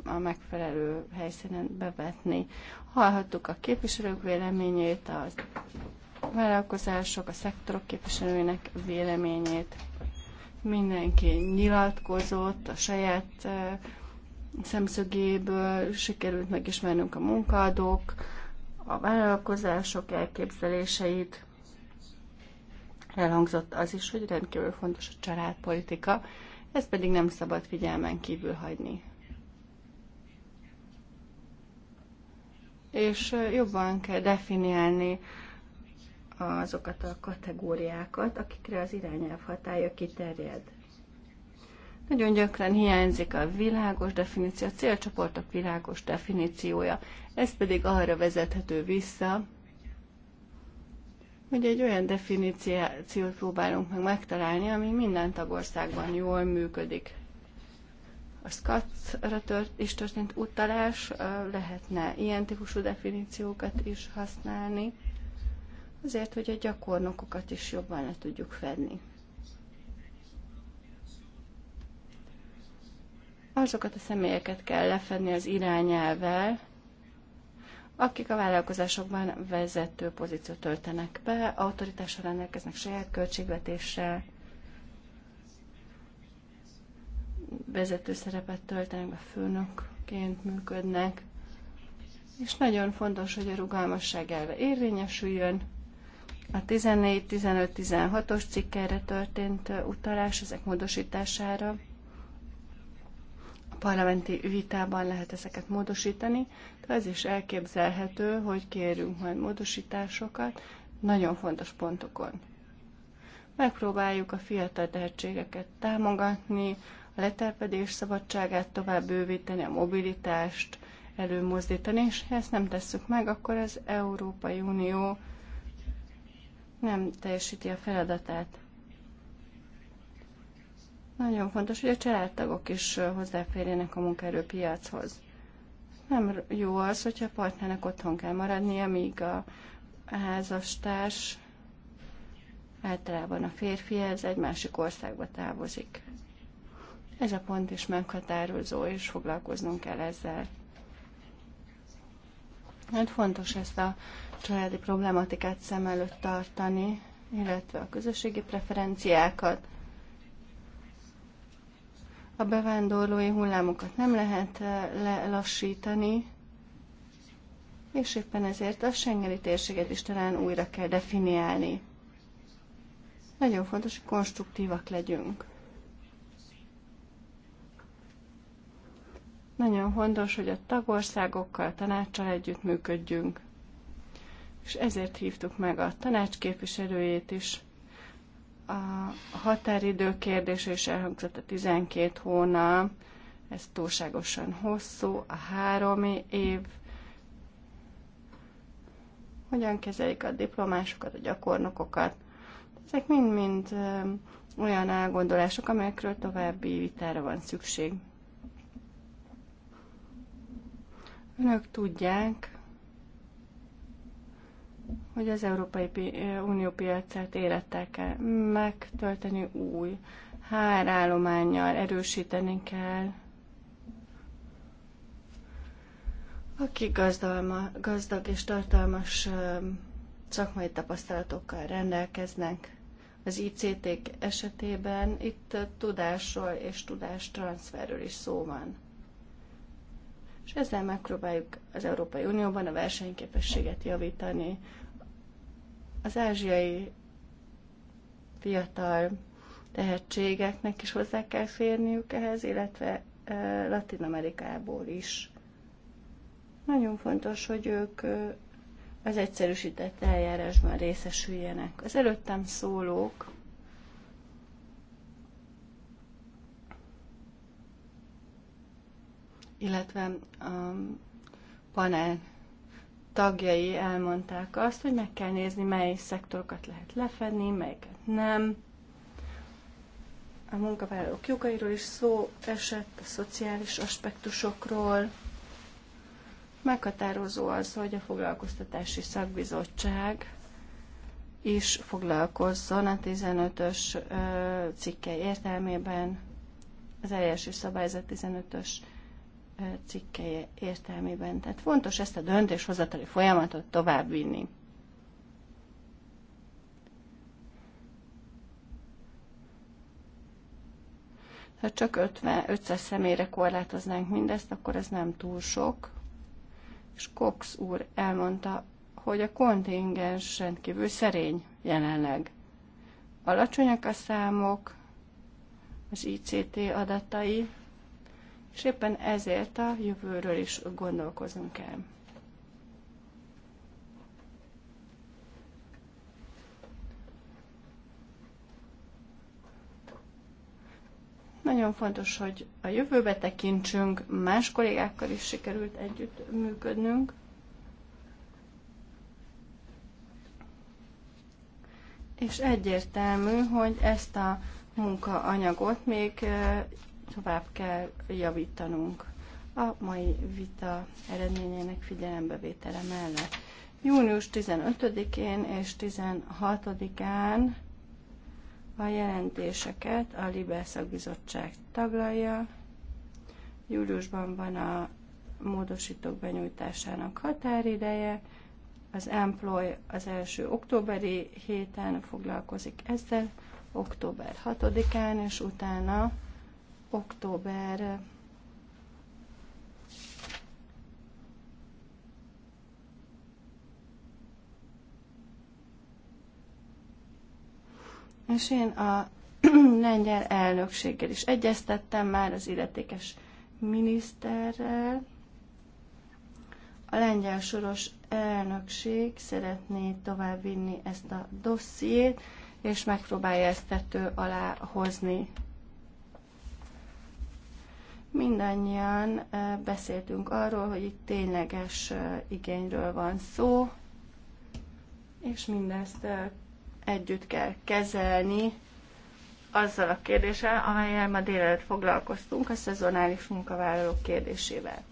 a megfelelő helyszínen bevetni. Hallhattuk a képviselők véleményét, az vállalkozások, a szektorok képviselőinek véleményét. Mindenki nyilatkozott a saját eh, szemszögéből, sikerült megismernünk a munkadók, a vállalkozások elképzeléseit. Elhangzott az is, hogy rendkívül fontos a családpolitika, ezt pedig nem szabad figyelmen kívül hagyni. És eh, jobban kell definiálni azokat a kategóriákat, akikre az irányelv hatája kiterjed. Nagyon gyakran hiányzik a világos definíció, a célcsoportok világos definíciója. Ez pedig arra vezethető vissza, hogy egy olyan definíciót próbálunk meg megtalálni, ami minden tagországban jól működik. A SCAT-ra tört, is történt utalás, lehetne ilyen típusú definíciókat is használni azért, hogy a gyakornokokat is jobban le tudjuk fedni. Azokat a személyeket kell lefedni az irányelvel, akik a vállalkozásokban vezető pozíciót töltenek be, autoritással rendelkeznek saját költségvetéssel, vezető szerepet töltenek be, főnökként működnek, és nagyon fontos, hogy a rugalmasság elve érvényesüljön, a 14, 15, 16-os cikkelre történt utalás ezek módosítására. A parlamenti vitában lehet ezeket módosítani, de az is elképzelhető, hogy kérünk majd módosításokat nagyon fontos pontokon. Megpróbáljuk a fiatal tehetségeket támogatni, a letelpedés szabadságát tovább bővíteni, a mobilitást előmozdítani, és ha ezt nem tesszük meg, akkor az Európai Unió nem teljesíti a feladatát. Nagyon fontos, hogy a családtagok is hozzáférjenek a munkaerőpiachoz. Nem jó az, hogyha a partnernek otthon kell maradni, amíg a házastárs általában a férfihez egy másik országba távozik. Ez a pont is meghatározó, és foglalkoznunk kell ezzel. Hát fontos ezt a családi problématikát szem előtt tartani, illetve a közösségi preferenciákat. A bevándorlói hullámokat nem lehet eh, lelassítani, és éppen ezért a Schengeni térséget is talán újra kell definiálni. Nagyon fontos, hogy konstruktívak legyünk. Nagyon fontos, hogy a tagországokkal, a tanácssal együttműködjünk és ezért hívtuk meg a tanács képviselőjét is. A határidő kérdése is elhangzott a 12 hónap, ez túlságosan hosszú, a három év, hogyan kezelik a diplomásokat, a gyakornokokat. Ezek mind-mind um, olyan elgondolások, amelyekről további vitára van szükség. Önök tudják, hogy az Európai eh, Unió piacát élettel kell megtölteni új hárállományjal, erősíteni kell. Aki gazdalma, gazdag és tartalmas eh, szakmai tapasztalatokkal rendelkeznek, az ict esetében itt tudásról és tudástranszferről is szó van. És ezzel megpróbáljuk az Európai Unióban a versenyképességet javítani, az ázsiai fiatal tehetségeknek is hozzá kell férniük ehhez, illetve Latin Amerikából is. Nagyon fontos, hogy ők az egyszerűsített eljárásban részesüljenek. Az előttem szólók illetve a panel tagjai elmondták azt, hogy meg kell nézni, mely szektorokat lehet lefedni, melyeket nem. A munkavállalók jogairól is szó esett, a szociális aspektusokról. Meghatározó az, hogy a foglalkoztatási szakbizottság is foglalkozzon a 15-ös cikke értelmében, az eljárási szabályzat 15-ös cikkeje értelmében. Tehát fontos ezt a döntéshozatali folyamatot továbbvinni. Ha csak 50, 500 személyre korlátoznánk mindezt, akkor ez nem túl sok. És Cox úr elmondta, hogy a kontingens rendkívül szerény jelenleg. Alacsonyak a számok, az ICT adatai, és éppen ezért a jövőről is gondolkozunk kell. Nagyon fontos, hogy a jövőbe tekintsünk, más kollégákkal is sikerült együtt működnünk. És egyértelmű, hogy ezt a munkaanyagot még eh, tovább kell javítanunk a mai vita eredményének figyelembevétele mellett. Június 15-én és 16-án a jelentéseket a Libel Szakbizottság taglalja. Júliusban van a módosítók benyújtásának határideje. Az Employ az első októberi héten foglalkozik ezzel, október 6-án, és utána október És én a *clears throat* lengyel elnökséggel is egyeztettem már az illetékes miniszterrel. A lengyel soros elnökség szeretné továbbvinni ezt a dossziét, és megpróbálja ezt tető alá hozni. Mindannyian beszéltünk arról, hogy itt tényleges igényről van szó, és mindezt együtt kell kezelni azzal a kérdéssel, amelyel ma délelőtt foglalkoztunk, a szezonális munkavállalók kérdésével.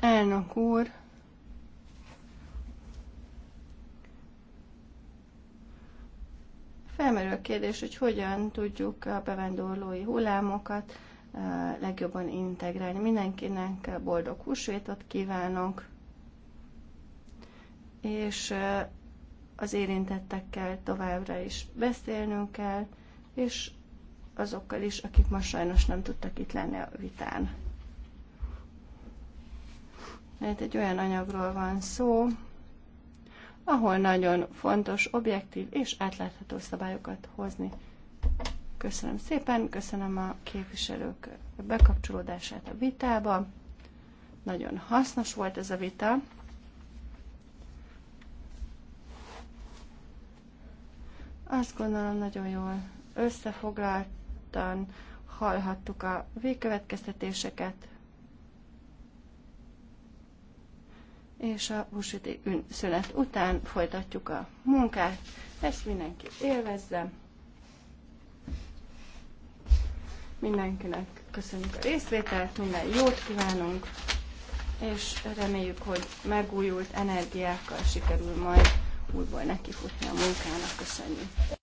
Elnök úr, Felmerül a kérdés, hogy hogyan tudjuk a bevándorlói hullámokat eh, legjobban integrálni. Mindenkinek boldog húsvétot kívánok, és eh, az érintettekkel továbbra is beszélnünk kell, és azokkal is, akik ma sajnos nem tudtak itt lenni a vitán. Mert egy olyan anyagról van szó, ahol nagyon fontos, objektív és átlátható szabályokat hozni. Köszönöm szépen, köszönöm a képviselők bekapcsolódását a vitába. Nagyon hasznos volt ez a vita. Azt gondolom, nagyon jól összefoglaltan hallhattuk a végkövetkeztetéseket, és a húsüti szünet után folytatjuk a munkát. Ezt mindenki élvezze. Mindenkinek köszönjük a részvételt, minden jót kívánunk, és reméljük, hogy megújult energiákkal sikerül majd újból nekifutni a munkának. Köszönjük!